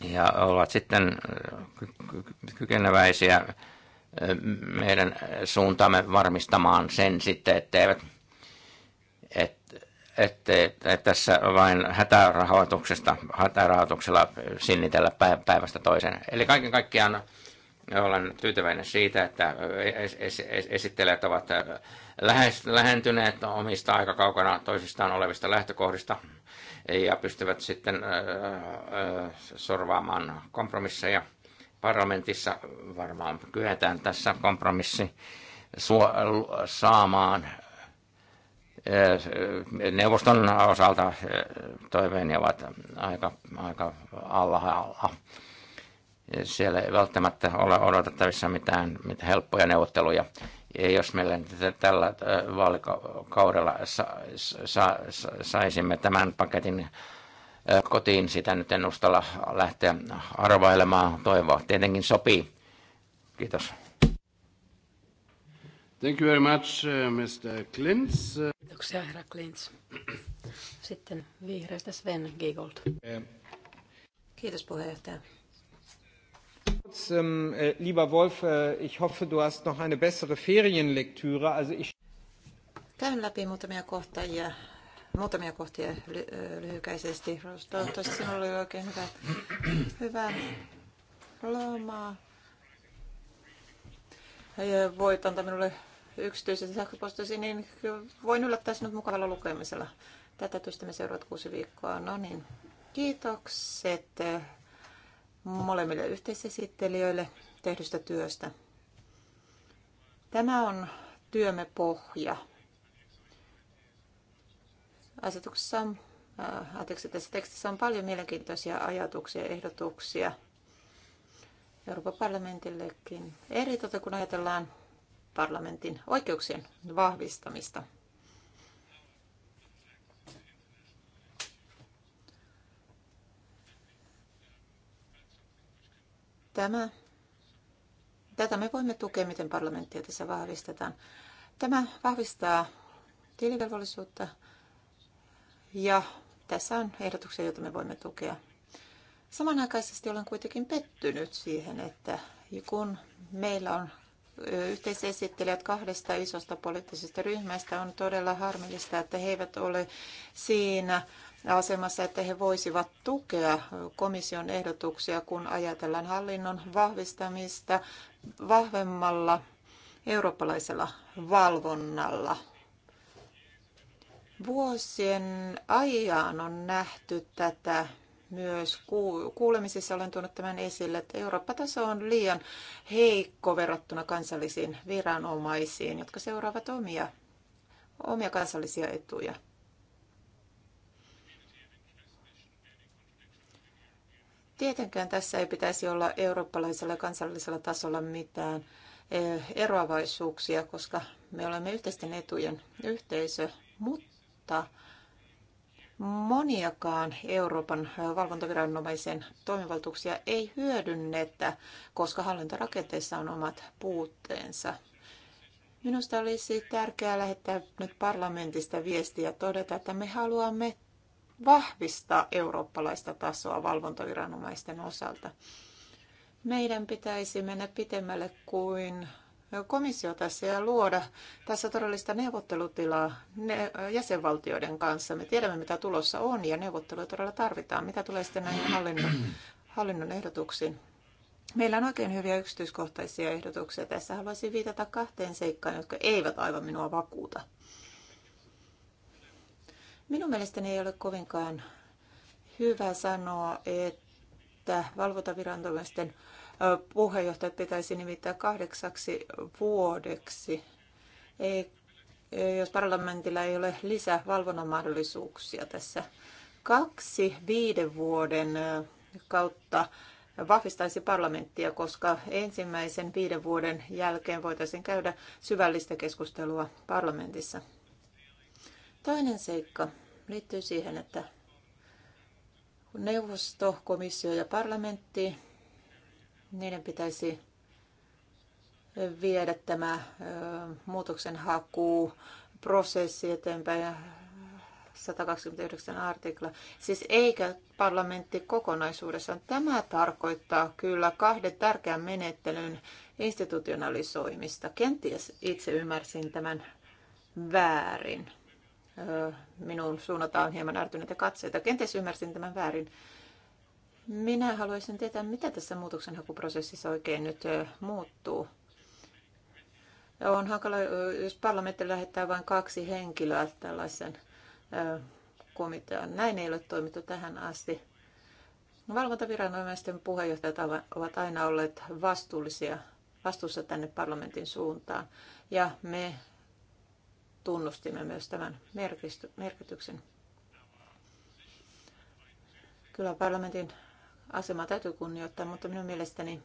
ja ovat sitten kykeneväisiä meidän suuntaamme varmistamaan sen sitten, eivät ettei tässä vain hätärahoituksesta, hätärahoituksella sinnitellä päivästä toiseen. Eli kaiken kaikkiaan olen tyytyväinen siitä, että esittelijät ovat lähentyneet omista aika kaukana toisistaan olevista lähtökohdista ja pystyvät sitten sorvaamaan kompromisseja. Parlamentissa varmaan kyetään tässä kompromissi saamaan neuvoston osalta toiveeni ovat aika, aika alhaalla. Siellä ei välttämättä ole odotettavissa mitään, mitään helppoja neuvotteluja. Ja jos meillä tällä vaalikaudella sa, sa, sa, saisimme tämän paketin kotiin, sitä nyt en uskalla lähteä arvailemaan. Toivoa tietenkin sopii. Kiitos. Thank you very much, uh, Mr. Klintz. Kiitoksia, herra Klintz. Sitten vihreästä Sven Giegold. Eh. Kiitos puheenjohtaja. Ähm, äh, lieber Wolf, äh, ich hoffe, du hast noch eine bessere Ferienlektüre. Also ich Käyn läpi muutamia kohtia, muutamia kohtia ly- äh, lyhykäisesti. Toivottavasti sinulla oli oikein hyvä, hyvä loma. Voit antaa minulle yksityisen sähköpostisi, niin voin yllättää sinut mukavalla lukemisella. Tätä työstämme seuraavat kuusi viikkoa. No niin, kiitokset eh, molemmille yhteisesittelijöille tehdystä työstä. Tämä on työmme pohja. Asetuksessa on, äh, tässä tekstissä on paljon mielenkiintoisia ajatuksia ja ehdotuksia Euroopan parlamentillekin. Eri kun ajatellaan parlamentin oikeuksien vahvistamista. Tämä, tätä me voimme tukea, miten parlamenttia tässä vahvistetaan. Tämä vahvistaa tilivelvollisuutta ja tässä on ehdotuksia, joita me voimme tukea. Samanaikaisesti olen kuitenkin pettynyt siihen, että kun meillä on yhteisesittelijät kahdesta isosta poliittisesta ryhmästä. On todella harmillista, että he eivät ole siinä asemassa, että he voisivat tukea komission ehdotuksia, kun ajatellaan hallinnon vahvistamista vahvemmalla eurooppalaisella valvonnalla. Vuosien ajan on nähty tätä myös kuulemisissa olen tuonut tämän esille, että Eurooppa-taso on liian heikko verrattuna kansallisiin viranomaisiin, jotka seuraavat omia, omia kansallisia etuja. Tietenkään tässä ei pitäisi olla eurooppalaisella ja kansallisella tasolla mitään eh, eroavaisuuksia, koska me olemme yhteisten etujen yhteisö, mutta moniakaan Euroopan valvontaviranomaisen toimivaltuuksia ei hyödynnetä, koska hallintorakenteessa on omat puutteensa. Minusta olisi tärkeää lähettää nyt parlamentista viestiä ja todeta, että me haluamme vahvistaa eurooppalaista tasoa valvontaviranomaisten osalta. Meidän pitäisi mennä pitemmälle kuin tässä ja luoda tässä todellista neuvottelutilaa jäsenvaltioiden kanssa. Me tiedämme, mitä tulossa on ja neuvotteluja todella tarvitaan. Mitä tulee sitten näihin hallinnon, hallinnon ehdotuksiin? Meillä on oikein hyviä yksityiskohtaisia ehdotuksia. Tässä haluaisin viitata kahteen seikkaan, jotka eivät aivan minua vakuuta. Minun mielestäni ei ole kovinkaan hyvä sanoa, että valvontaviranomaisten puheenjohtajat pitäisi nimittää kahdeksaksi vuodeksi. Ei, e, jos parlamentilla ei ole lisää valvonnan mahdollisuuksia tässä. Kaksi viiden vuoden kautta vahvistaisi parlamenttia, koska ensimmäisen viiden vuoden jälkeen voitaisiin käydä syvällistä keskustelua parlamentissa. Toinen seikka liittyy siihen, että neuvosto, komissio ja parlamentti niiden pitäisi viedä tämä muutoksenhaku prosessi eteenpäin 129 artikla. Siis eikä parlamentti kokonaisuudessaan. Tämä tarkoittaa kyllä kahden tärkeän menettelyn institutionalisoimista. Kenties itse ymmärsin tämän väärin. Minun suunnataan hieman ärtyneitä katseita. Kenties ymmärsin tämän väärin. Minä haluaisin tietää, mitä tässä muutoksenhakuprosessissa oikein nyt muuttuu. On hankala, jos parlamentti lähettää vain kaksi henkilöä tällaisen komitean. Näin ei ole toimittu tähän asti. Valvontaviranomaisten puheenjohtajat ovat aina olleet vastuullisia vastuussa tänne parlamentin suuntaan. Ja me tunnustimme myös tämän merkityksen. Kyllä parlamentin asemaa täytyy kunnioittaa, mutta minun mielestäni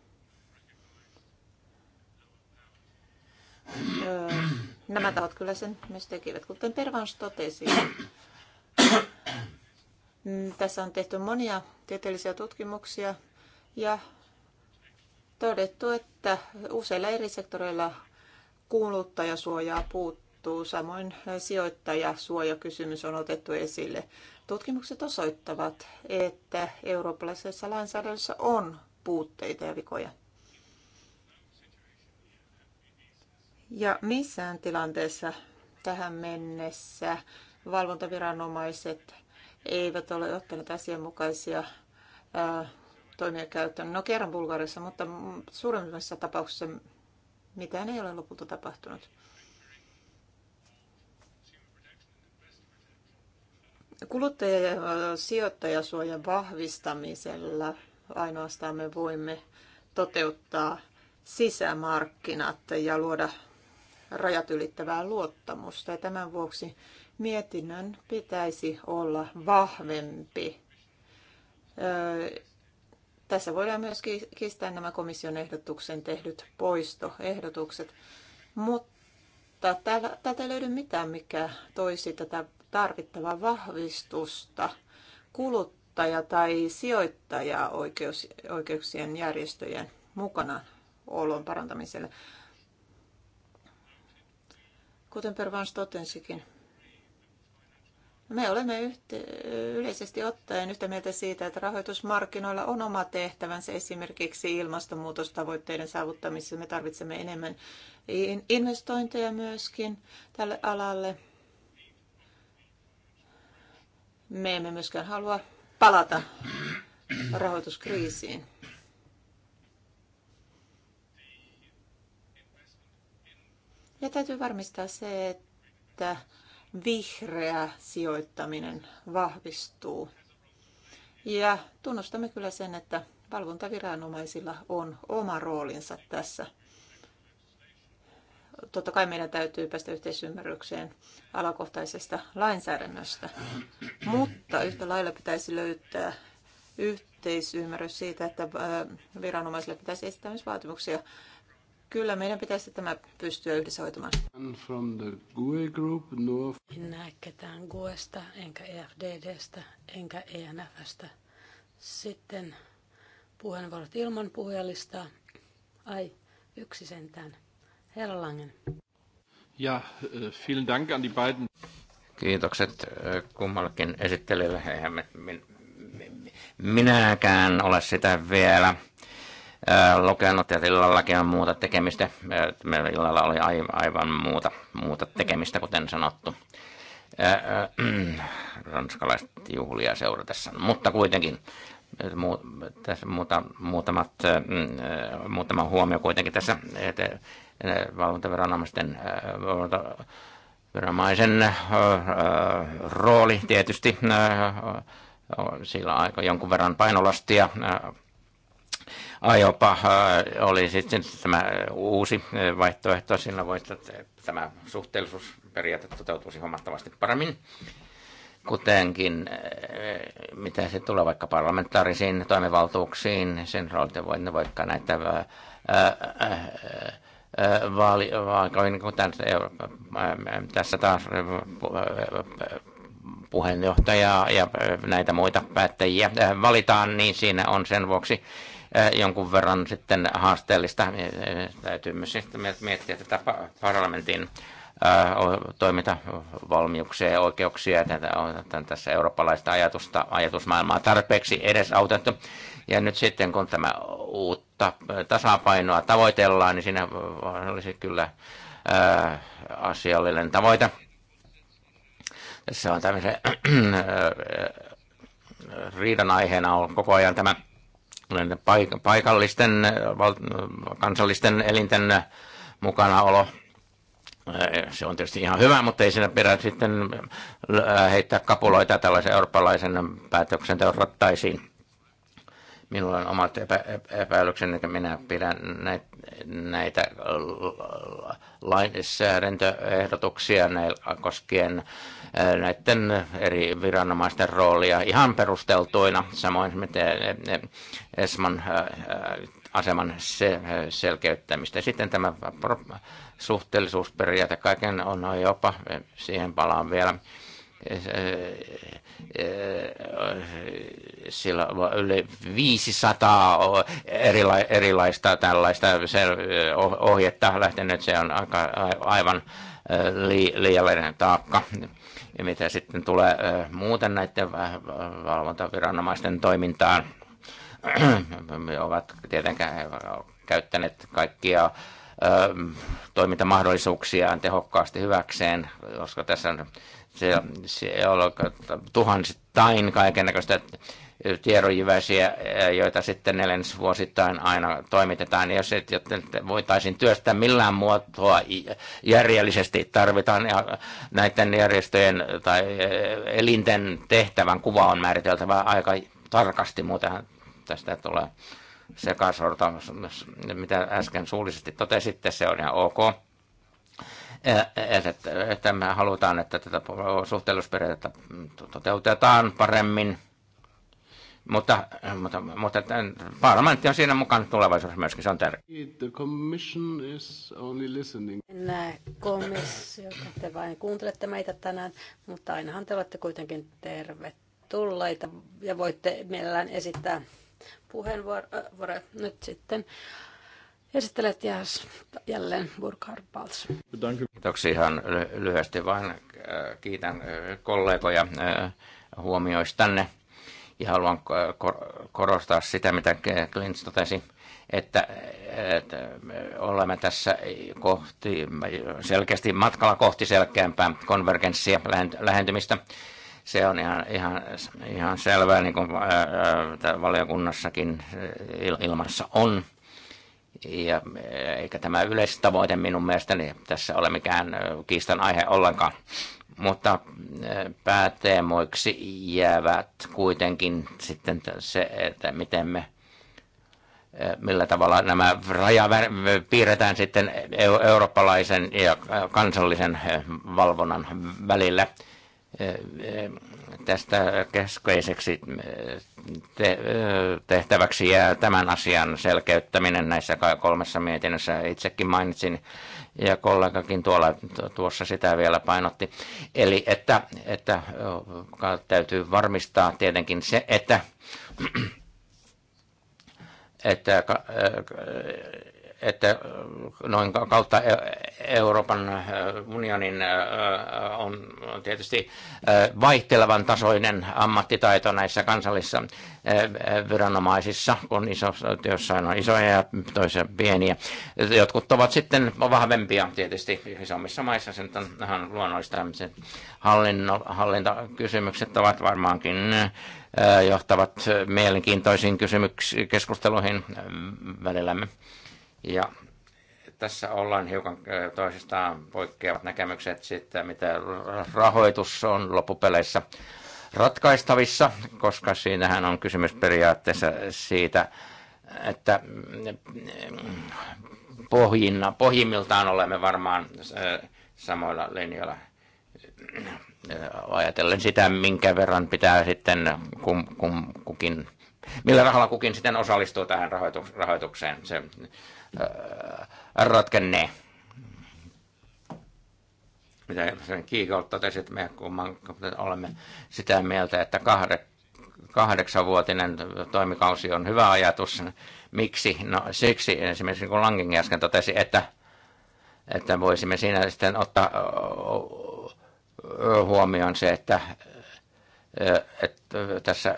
öö, nämä tahot kyllä sen myös tekivät. Kuten Pervans totesi, mm, tässä on tehty monia tieteellisiä tutkimuksia ja todettu, että useilla eri sektoreilla kuuluttajasuojaa puuttuu muuttuu. Samoin sijoittajasuojakysymys on otettu esille. Tutkimukset osoittavat, että eurooppalaisessa lainsäädännössä on puutteita ja vikoja. Ja missään tilanteessa tähän mennessä valvontaviranomaiset eivät ole ottaneet asianmukaisia toimia käyttöön. No kerran Bulgariassa, mutta suurimmassa tapauksessa mitään ei ole lopulta tapahtunut. Kuluttaja- ja sijoittajasuojan vahvistamisella ainoastaan me voimme toteuttaa sisämarkkinat ja luoda rajat ylittävää luottamusta. Ja tämän vuoksi mietinnön pitäisi olla vahvempi. Tässä voidaan myös kistää nämä komission ehdotuksen tehdyt poistoehdotukset, mutta täältä ei löydy mitään, mikä toisi tätä Tarvittava vahvistusta kuluttaja- tai oikeuksien järjestöjen mukana olon parantamiselle. Kuten Pervans totensikin, me olemme yhte- yleisesti ottaen yhtä mieltä siitä, että rahoitusmarkkinoilla on oma tehtävänsä esimerkiksi ilmastonmuutostavoitteiden saavuttamisessa. Me tarvitsemme enemmän investointeja myöskin tälle alalle. Me emme myöskään halua palata rahoituskriisiin. Ja täytyy varmistaa se, että vihreä sijoittaminen vahvistuu. Ja tunnustamme kyllä sen, että valvontaviranomaisilla on oma roolinsa tässä – totta kai meidän täytyy päästä yhteisymmärrykseen alakohtaisesta lainsäädännöstä, mutta yhtä lailla pitäisi löytää yhteisymmärrys siitä, että äh, viranomaisille pitäisi esittää myös vaatimuksia. Kyllä meidän pitäisi tämä pystyä yhdessä hoitamaan. From the GUE group, no... En näe ketään GUEsta, enkä EFDDstä, enkä ENFstä. Sitten puheenvuorot ilman puhujalistaa. Ai, yksi sentään. Herra Langen. Ja äh, vielen dank an die beiden. Kiitokset äh, kummallekin esittelylle. Minäkään ole sitä vielä äh, lukenut ja illallakin on muuta tekemistä. Meillä illalla oli aivan muuta, muuta tekemistä, kuten sanottu. Ranskalaiset juhlia seuratessa. Mutta kuitenkin muutamat, mm, muutama huomio kuitenkin tässä valvontaviranomaisten äh, viranomaisen äh, äh, rooli tietysti sillä aika jonkun verran painolastia ajopa oli sitten tämä uusi vaihtoehto, sillä voi, että tämä suhteellisuusperiaate toteutuisi huomattavasti paremmin, kutenkin mitä se tulee vaikka parlamentaarisiin toimivaltuuksiin, sen roolten voi vaikka näitä ää, ää, vaali, vaali, kun tässä, tässä taas puheenjohtajaa ja näitä muita päättäjiä valitaan, niin siinä on sen vuoksi jonkun verran sitten haasteellista. Täytyy myös miettiä tätä parlamentin toimintavalmiuksia ja oikeuksia. on tässä eurooppalaista ajatusta, ajatusmaailmaa tarpeeksi edesautettu. Ja nyt sitten kun tämä uutta tasapainoa tavoitellaan, niin siinä olisi kyllä ää, asiallinen tavoite. Tässä on tämmöisen riidan aiheena on koko ajan tämä paikallisten kansallisten elinten mukanaolo – se on tietysti ihan hyvä, mutta ei siinä pidä sitten heittää kapuloita tällaisen eurooppalaisen päätöksenteon rattaisiin. Minulla on omat epä, epäilykseni, että minä pidän näitä, näitä lainsäädäntöehdotuksia koskien näiden eri viranomaisten roolia ihan perusteltuina. Samoin miten Esman aseman se, selkeyttämistä. Sitten tämä suhteellisuusperiaate kaiken on jopa, siihen palaan vielä, sillä yli 500 erila, erilaista tällaista oh-, ohjetta lähtenyt, se on aika, aivan liiallinen taakka. Ja mitä sitten tulee muuten näiden valvontaviranomaisten toimintaan, ovat tietenkään käyttäneet kaikkia toimintamahdollisuuksiaan tehokkaasti hyväkseen, koska tässä on se, se on tuhansittain kaikennäköistä tiedonjyväisiä, joita sitten vuosittain aina toimitetaan. Jos et, jotta voitaisiin työstää millään muotoa järjellisesti, tarvitaan näiden järjestöjen tai elinten tehtävän kuva on määriteltävä aika tarkasti, muuten tästä tulee sekasorto, mitä äsken suullisesti totesitte, se on ihan ok. Että me halutaan, että tätä suhteellisuusperiaatetta toteutetaan paremmin, mutta, mutta, mutta parlamentti on siinä mukana tulevaisuudessa myöskin, se on tärkeää. commission is only listening. Näe komissio, te vain kuuntelette meitä tänään, mutta ainahan te olette kuitenkin tervetulleita ja voitte mielellään esittää puheenvuoro. Äh, Nyt sitten esittelet jääs jälleen Burkhard Pals. Kiitoksia ihan lyhyesti vain. Äh, kiitän äh, kollegoja huomioistanne ja haluan korostaa sitä, mitä Klintz totesi, että, että olemme tässä kohti, selkeästi matkalla kohti selkeämpää konvergenssia, lähentymistä se on ihan, ihan, ihan selvää, niin kuin ää, valiokunnassakin ilmassa on. Ja, eikä tämä yleistavoite minun mielestäni tässä ole mikään kiistan aihe ollenkaan. Mutta pääteemoiksi jäävät kuitenkin sitten se, että miten me millä tavalla nämä raja piirretään sitten eurooppalaisen ja kansallisen valvonnan välillä tästä keskeiseksi tehtäväksi jää tämän asian selkeyttäminen näissä kolmessa mietinnössä. Itsekin mainitsin ja kollegakin tuolla, tuossa sitä vielä painotti. Eli että, että täytyy varmistaa tietenkin se, että että että äh, noin kautta e-, Euroopan äh, unionin äh, on tietysti vaihtelevan tasoinen ammattitaito näissä kansallisissa viranomaisissa, kun iso, jossain on isoja ja toisia pieniä. Jotkut ovat sitten vahvempia tietysti isommissa maissa, sen on ihan luonnollista. Tämmöiset hallinno, hallintakysymykset ovat varmaankin johtavat mielenkiintoisiin kysymyksiin, keskusteluihin välillämme. Ja tässä ollaan hiukan äh, toisistaan poikkeavat näkemykset siitä, mitä rahoitus on loppupeleissä ratkaistavissa, koska siinähän on kysymys periaatteessa siitä, että äh, pohjinna, pohjimmiltaan olemme varmaan äh, samoilla linjoilla ajatellen sitä, minkä verran pitää sitten kum, kum, kukin, millä rahalla kukin sitten osallistuu tähän rahoitukseen. Se Äh, ratkennee. Mitä sen Kiikolt totesi, että me olemme sitä mieltä, että kahde, kahdeksanvuotinen toimikausi on hyvä ajatus. Miksi? No siksi esimerkiksi niin kun Langin äsken totesi, että, että voisimme siinä sitten ottaa huomioon se, että että tässä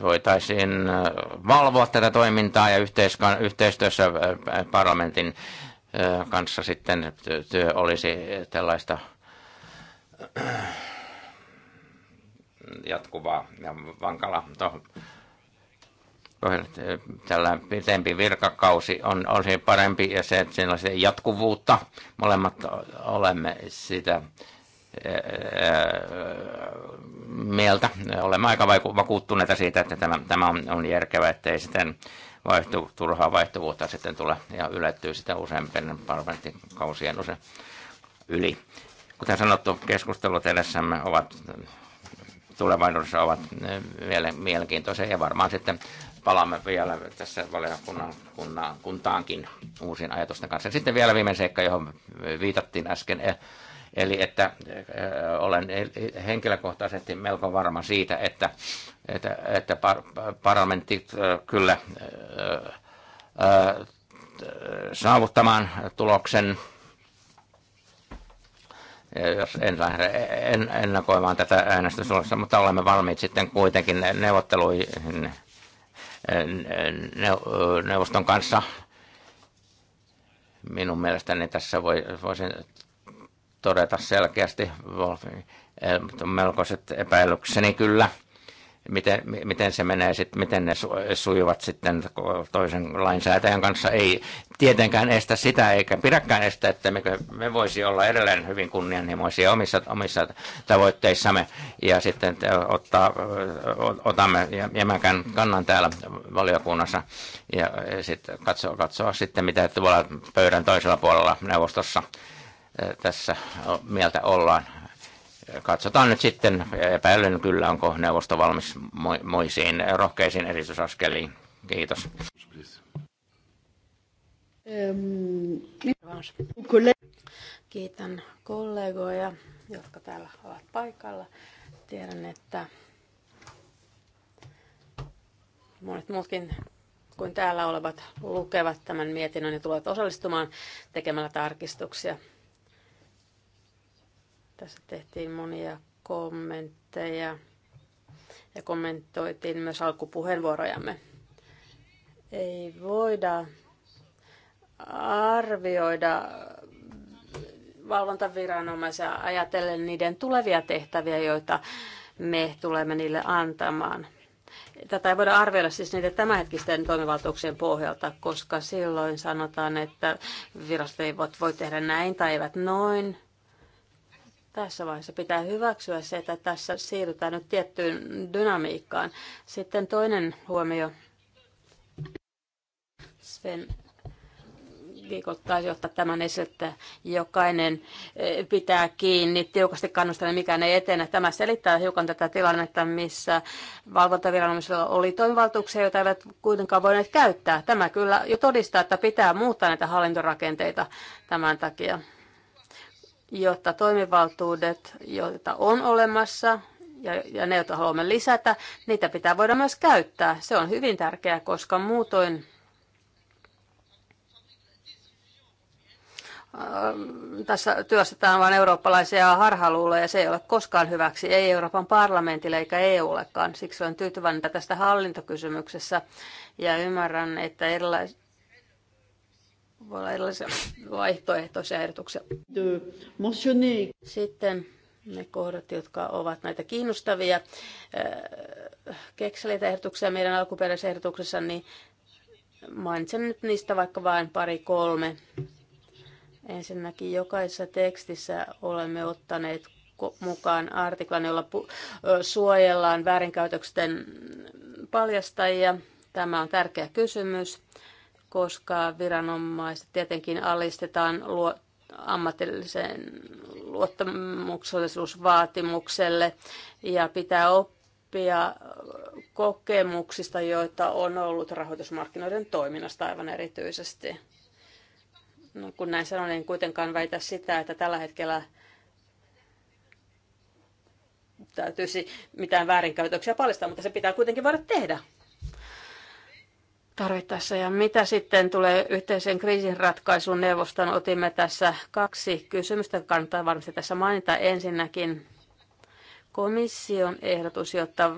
voitaisiin valvoa tätä toimintaa ja yhteistyössä parlamentin kanssa sitten työ olisi tällaista jatkuvaa ja vankala. Tällä pitempi virkakausi on, olisi parempi ja se, että siinä on jatkuvuutta. Molemmat olemme sitä mieltä. Olemme aika vakuuttuneita siitä, että tämä, tämä on, on järkevä, ettei sitten vaihtu, turhaa vaihtuvuutta sitten tule ja ylettyy sitä useampien parlamenttikausien usein yli. Kuten sanottu, keskustelut edessämme ovat tulevaisuudessa ovat vielä mielenkiintoisia ja varmaan sitten palaamme vielä tässä valiokunnan kuntaankin uusiin ajatusten kanssa. Sitten vielä viimeinen seikka, johon viitattiin äsken, Eli että olen henkilökohtaisesti melko varma siitä, että, että, että par, parlamentti kyllä saavuttamaan tuloksen jos en lähde en, ennakoimaan tätä äänestysulosta, mutta olemme valmiit sitten kuitenkin neuvotteluihin neuvoston kanssa. Minun mielestäni tässä voi, voisin todeta selkeästi eh, melkoiset epäilykseni kyllä, miten, miten se menee sitten, miten ne sujuvat sitten toisen lainsäätäjän kanssa. Ei tietenkään estä sitä, eikä pidäkään estä, että me, me voisi olla edelleen hyvin kunnianhimoisia omissa, omissa tavoitteissamme ja sitten ottaa, otamme jämäkän kannan täällä valiokunnassa ja sitten katsoa, katsoa sitten, mitä tuolla pöydän toisella puolella neuvostossa tässä mieltä ollaan. Katsotaan nyt sitten, epäilen kyllä, onko neuvosto valmis moisiin rohkeisiin erityisaskeliin. Kiitos. Kiitän kollegoja, jotka täällä ovat paikalla. Tiedän, että monet muutkin kuin täällä olevat lukevat tämän mietinnön ja tulevat osallistumaan tekemällä tarkistuksia. Tässä tehtiin monia kommentteja ja kommentoitiin myös alkupuheenvuorojamme. Ei voida arvioida valvontaviranomaisia ajatellen niiden tulevia tehtäviä, joita me tulemme niille antamaan. Tätä ei voida arvioida siis niiden tämänhetkisten toimivaltuuksien pohjalta, koska silloin sanotaan, että virastot eivät voi tehdä näin tai eivät noin. Tässä vaiheessa pitää hyväksyä se, että tässä siirrytään nyt tiettyyn dynamiikkaan. Sitten toinen huomio. Sven viikoittaisi ottaa tämän esille, että jokainen eh, pitää kiinni tiukasti kannustaa, niin mikään ei etene. Tämä selittää hiukan tätä tilannetta, missä valvontaviranomaisilla oli toimivaltuuksia, joita eivät kuitenkaan voineet käyttää. Tämä kyllä jo todistaa, että pitää muuttaa näitä hallintorakenteita tämän takia jotta toimivaltuudet, joita on olemassa ja, ja ne, joita haluamme lisätä, niitä pitää voida myös käyttää. Se on hyvin tärkeää, koska muutoin äh, tässä työstetään vain eurooppalaisia harhaluuloja ja se ei ole koskaan hyväksi, ei Euroopan parlamentille eikä EUllekaan. Siksi olen tyytyväinen tästä hallintokysymyksessä ja ymmärrän, että erilaiset voi olla erilaisia vaihtoehtoisia ehdotuksia. Sitten ne kohdat, jotka ovat näitä kiinnostavia äh, kekseleitä ehdotuksia meidän alkuperäisessä ehdotuksessa, niin mainitsen nyt niistä vaikka vain pari kolme. Ensinnäkin jokaisessa tekstissä olemme ottaneet mukaan artiklan, jolla suojellaan väärinkäytöksen paljastajia. Tämä on tärkeä kysymys koska viranomaiset tietenkin alistetaan luo, ammatilliseen luottamuksellisuusvaatimukselle ja pitää oppia kokemuksista, joita on ollut rahoitusmarkkinoiden toiminnasta aivan erityisesti. No, kun näin sanon, en kuitenkaan väitä sitä, että tällä hetkellä täytyisi mitään väärinkäytöksiä paljastaa, mutta se pitää kuitenkin voida tehdä tarvittaessa. Ja mitä sitten tulee yhteisen kriisinratkaisun neuvoston, otimme tässä kaksi kysymystä, kannattaa varmasti tässä mainita. Ensinnäkin komission ehdotus, jotta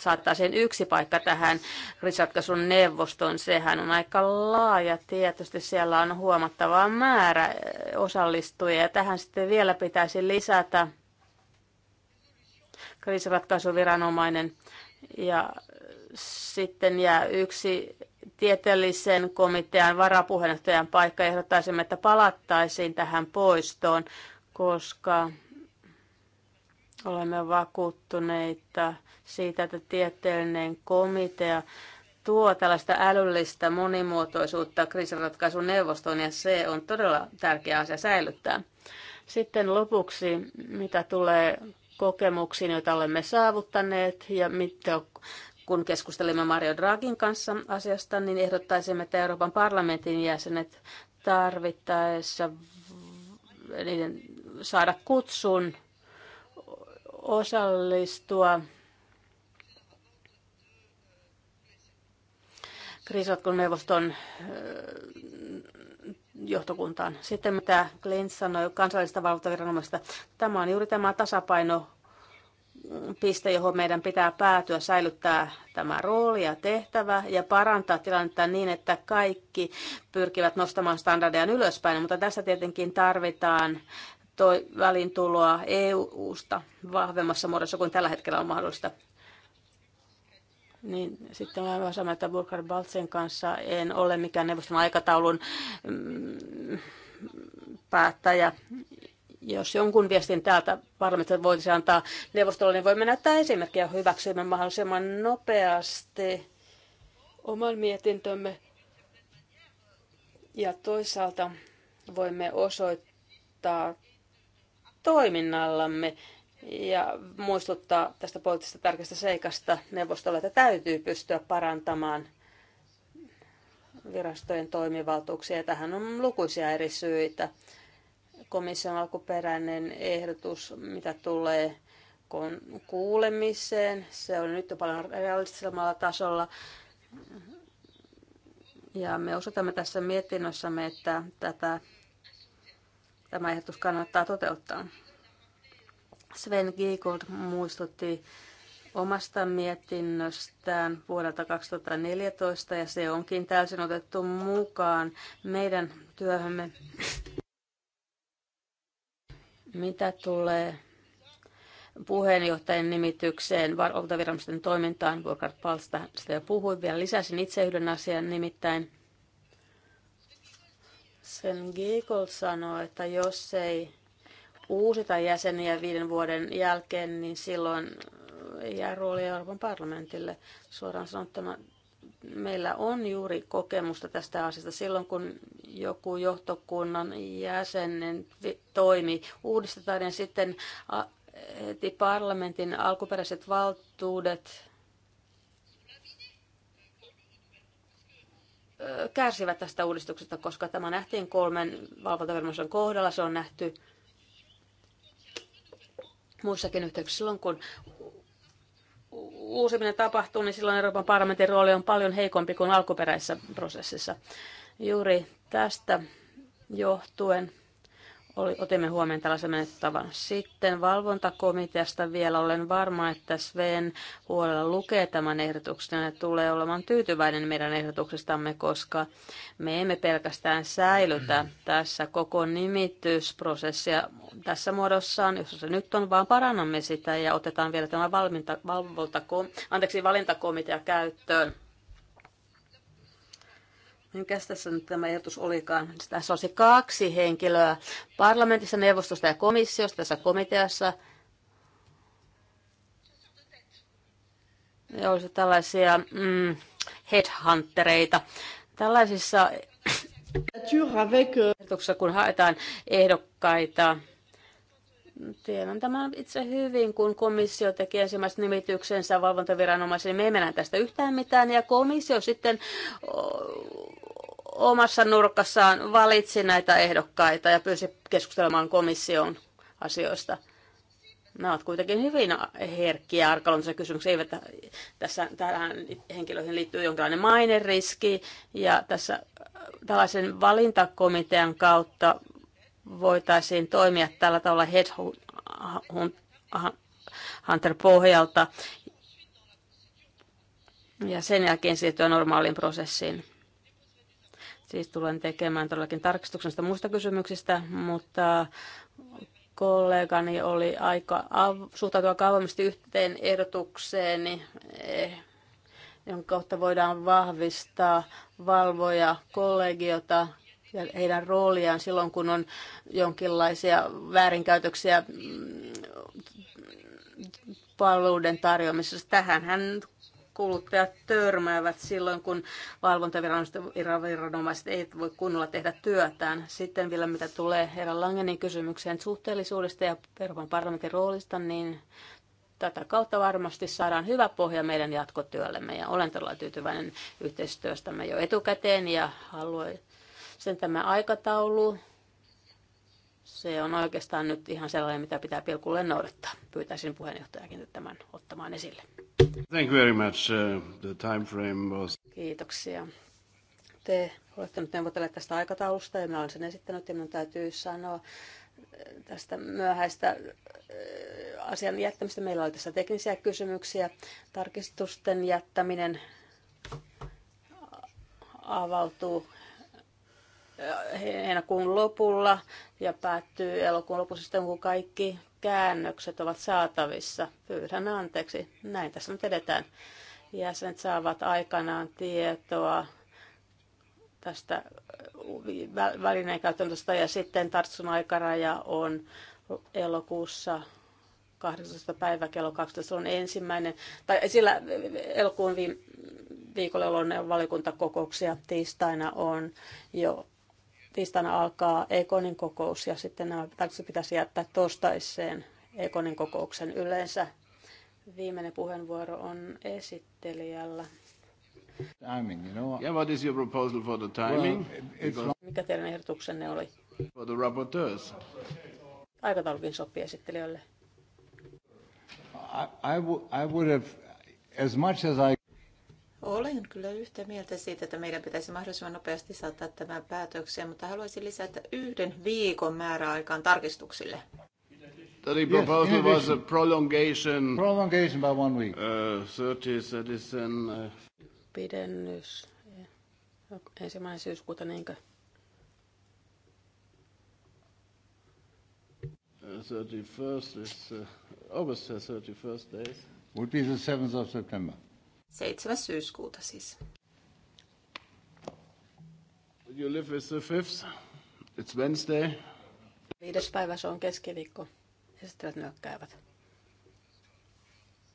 saataisiin yksi paikka tähän kriisinratkaisun neuvostoon. Sehän on aika laaja. Tietysti siellä on huomattava määrä osallistujia. Ja tähän sitten vielä pitäisi lisätä kriisinratkaisuviranomainen ja sitten jää yksi tieteellisen komitean varapuheenjohtajan paikka. Ehdottaisimme, että palattaisiin tähän poistoon, koska olemme vakuuttuneita siitä, että tieteellinen komitea tuo tällaista älyllistä monimuotoisuutta kriisinratkaisun neuvostoon ja se on todella tärkeä asia säilyttää. Sitten lopuksi, mitä tulee kokemuksiin, joita olemme saavuttaneet ja mitä kun keskustelimme Mario Draghin kanssa asiasta, niin ehdottaisimme, että Euroopan parlamentin jäsenet tarvittaessa niiden saada kutsun osallistua Kriisotkun neuvoston johtokuntaan. Sitten mitä Clint sanoi kansallisesta valvontaviranomaisesta, tämä on juuri tämä tasapaino piste, johon meidän pitää päätyä säilyttää tämä rooli ja tehtävä ja parantaa tilannetta niin, että kaikki pyrkivät nostamaan standardeja ylöspäin, mutta tässä tietenkin tarvitaan toi välintuloa EU-sta vahvemmassa muodossa kuin tällä hetkellä on mahdollista. Niin, sitten olen aivan sama, että Burkhard Baltsen kanssa en ole mikään neuvoston aikataulun mm, päättäjä jos jonkun viestin täältä parlamentista voisi antaa neuvostolle, niin voimme näyttää esimerkkiä hyväksymään mahdollisimman nopeasti oman mietintömme. Ja toisaalta voimme osoittaa toiminnallamme ja muistuttaa tästä poliittisesta tärkeästä seikasta neuvostolle, että täytyy pystyä parantamaan virastojen toimivaltuuksia. Tähän on lukuisia eri syitä komission alkuperäinen ehdotus, mitä tulee kuulemiseen. Se on nyt jo paljon realistisemmalla tasolla. Ja me osoitamme tässä mietinnössämme, että tätä, tämä ehdotus kannattaa toteuttaa. Sven Giegold muistutti omasta mietinnöstään vuodelta 2014 ja se onkin täysin otettu mukaan meidän työhömme. Mitä tulee puheenjohtajan nimitykseen valtaviranomaisten toimintaan, Burkhard Palsta sitä jo puhui, vielä lisäsin itse yhden asian, nimittäin sen Giegel sanoi, että jos ei uusita jäseniä viiden vuoden jälkeen, niin silloin jää rooli Euroopan parlamentille. Suoraan sanottuna meillä on juuri kokemusta tästä asiasta. Silloin kun joku johtokunnan jäsenen toimi uudistetaan ja sitten heti parlamentin alkuperäiset valtuudet kärsivät tästä uudistuksesta, koska tämä nähtiin kolmen valvontaviranomaisen kohdalla. Se on nähty muissakin yhteyksissä silloin, kun uusiminen tapahtuu, niin silloin Euroopan parlamentin rooli on paljon heikompi kuin alkuperäisessä prosessissa. Juuri tästä johtuen oli, otimme huomioon tällaisen menettävän. Sitten valvontakomiteasta vielä olen varma, että Sven huolella lukee tämän ehdotuksen ja tulee olemaan tyytyväinen meidän ehdotuksestamme, koska me emme pelkästään säilytä tässä koko nimitysprosessia tässä muodossaan, jos se nyt on, vaan parannamme sitä ja otetaan vielä tämä valminta, valvontakom, anteeksi, valintakomitea käyttöön Mikäs tässä nyt tämä ehdotus olikaan? Tässä olisi kaksi henkilöä parlamentissa, neuvostosta ja komissiosta tässä komiteassa. Ne olisi tällaisia mm, headhuntereita. Tällaisissa ehdotuksissa, kun haetaan ehdokkaita, Tiedän tämän itse hyvin, kun komissio teki ensimmäisen nimityksensä valvontaviranomaisen. Me emme näe tästä yhtään mitään, ja komissio sitten omassa nurkassaan valitsi näitä ehdokkaita ja pyysi keskustelemaan komission asioista. Nämä ovat kuitenkin hyvin herkkiä arkaluontoisia kysymyksiä. Eivät tässä, tähän henkilöihin liittyy jonkinlainen maineriski ja tässä tällaisen valintakomitean kautta voitaisiin toimia tällä tavalla headhunter-pohjalta ja sen jälkeen siirtyä normaaliin prosessiin. Siis tulen tekemään todellakin tarkistuksesta muista kysymyksistä, mutta kollegani oli aika av- suhtautua kauemmasti yhteen ehdotukseeni, eh, jonka kautta voidaan vahvistaa valvoja kollegiota ja heidän rooliaan silloin, kun on jonkinlaisia väärinkäytöksiä mm, palveluiden tarjoamisessa. Tähänhän kuluttajat törmäävät silloin, kun valvontaviranomaiset eivät voi kunnolla tehdä työtään. Sitten vielä mitä tulee herra Langenin kysymykseen suhteellisuudesta ja Euroopan parlamentin roolista, niin tätä kautta varmasti saadaan hyvä pohja meidän jatkotyöllemme ja olen todella tyytyväinen yhteistyöstämme jo etukäteen ja haluan sitten tämä aikataulu, se on oikeastaan nyt ihan sellainen, mitä pitää pilkulle noudattaa. Pyytäisin puheenjohtajakin tämän ottamaan esille. Thank you very much. Uh, the time frame was... Kiitoksia. Te olette nyt neuvotelleet tästä aikataulusta ja minä olen sen esittänyt ja minun täytyy sanoa äh, tästä myöhäistä äh, asian jättämistä. Meillä oli tässä teknisiä kysymyksiä. Tarkistusten jättäminen avautuu heinäkuun lopulla ja päättyy elokuun lopussa sitten, kun kaikki käännökset ovat saatavissa. Pyydän anteeksi. Näin tässä nyt edetään. Jäsenet saavat aikanaan tietoa tästä välineen käytännöstä ja sitten tartsun aikaraja on elokuussa 18. päivä kello 12 on ensimmäinen, tai sillä elokuun viikolla on valiokuntakokouksia, tiistaina on jo tiistaina alkaa Ekonin kokous ja sitten nämä pitäisi jättää torstaiseen Ekonin kokouksen yleensä. Viimeinen puheenvuoro on esittelijällä. Timing, you know. Yeah, what is your proposal for the timing? Well, it's... Mikä teidän ehdotuksenne oli? For the rapporteurs. Aikataulukin sopii esittelijöille. I, I, would have, as much as I... Olen kyllä yhtä mieltä siitä, että meidän pitäisi mahdollisimman nopeasti saattaa tämän päätökseen, mutta haluaisin lisätä yhden viikon määräaikaan tarkistuksille. The proposal was a prolongation, prolongation by one week. Uh, 30 citizen, uh... Pidennys eh, ensimmäinen syyskuuta, niinkö? 31st uh, is uh, August 31st uh, days. Would be the 7th of September. 7. syyskuuta siis. You live with the fifth. It's Wednesday. Viides päivä se on keskiviikko. Esittävät nyökkäävät.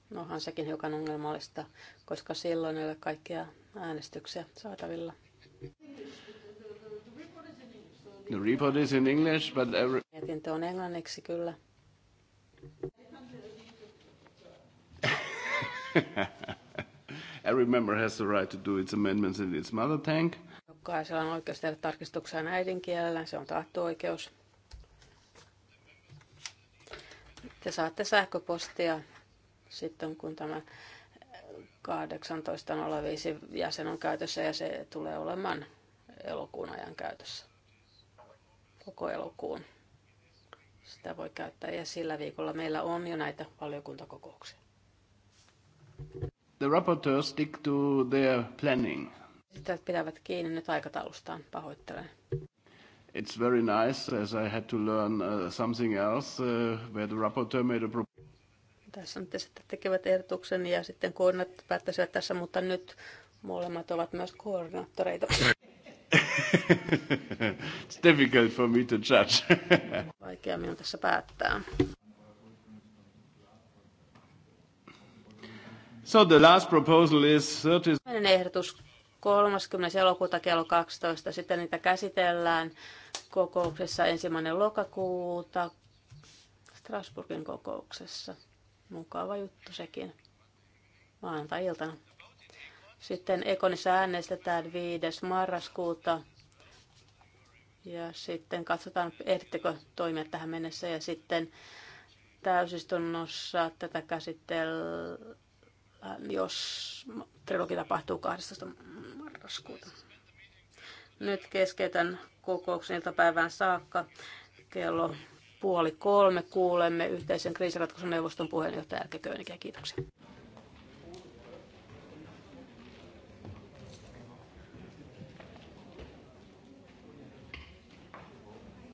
Nohan sekin hiukan ongelmallista, koska silloin ei ole kaikkia äänestyksiä saatavilla. The report is in English, but every... Mietintö on englanniksi kyllä. Every member has the right to do its amendments in its mother tank. Jokaisella on oikeus tehdä tarkistuksia äidinkielellään, se on taattu oikeus. Te saatte sähköpostia sitten, kun tämä 18.05 jäsen on käytössä ja se tulee olemaan elokuun ajan käytössä. Koko elokuun. Sitä voi käyttää ja sillä viikolla meillä on jo näitä valiokuntakokouksia the rapporteurs stick to their planning. Sitten pitävät kiinni nyt aikataulustaan, pahoittelen. It's very nice, as I had to learn uh, something else, uh, where the rapporteur made a proposal. Tässä on että tekevät ehdotuksen ja sitten koordinaattorit päättäisivät tässä, mutta nyt molemmat ovat myös koordinaattoreita. It's difficult for me to judge. Vaikea minun tässä päättää. So the last proposal is 30... ehdotus 30. elokuuta kello 12. Sitten niitä käsitellään kokouksessa ensimmäinen lokakuuta Strasbourgin kokouksessa. Mukava juttu sekin. Maanantai-iltana. Sitten Ekonissa äänestetään 5. marraskuuta. Ja sitten katsotaan, ehdittekö toimia tähän mennessä. Ja sitten täysistunnossa tätä käsitellään Äh, jos trilogi tapahtuu 12. marraskuuta. Nyt keskeytän kokouksen iltapäivään saakka. Kello puoli kolme kuulemme yhteisen kriisiratkaisuneuvoston puheenjohtaja Elke Köönikä. Kiitoksia.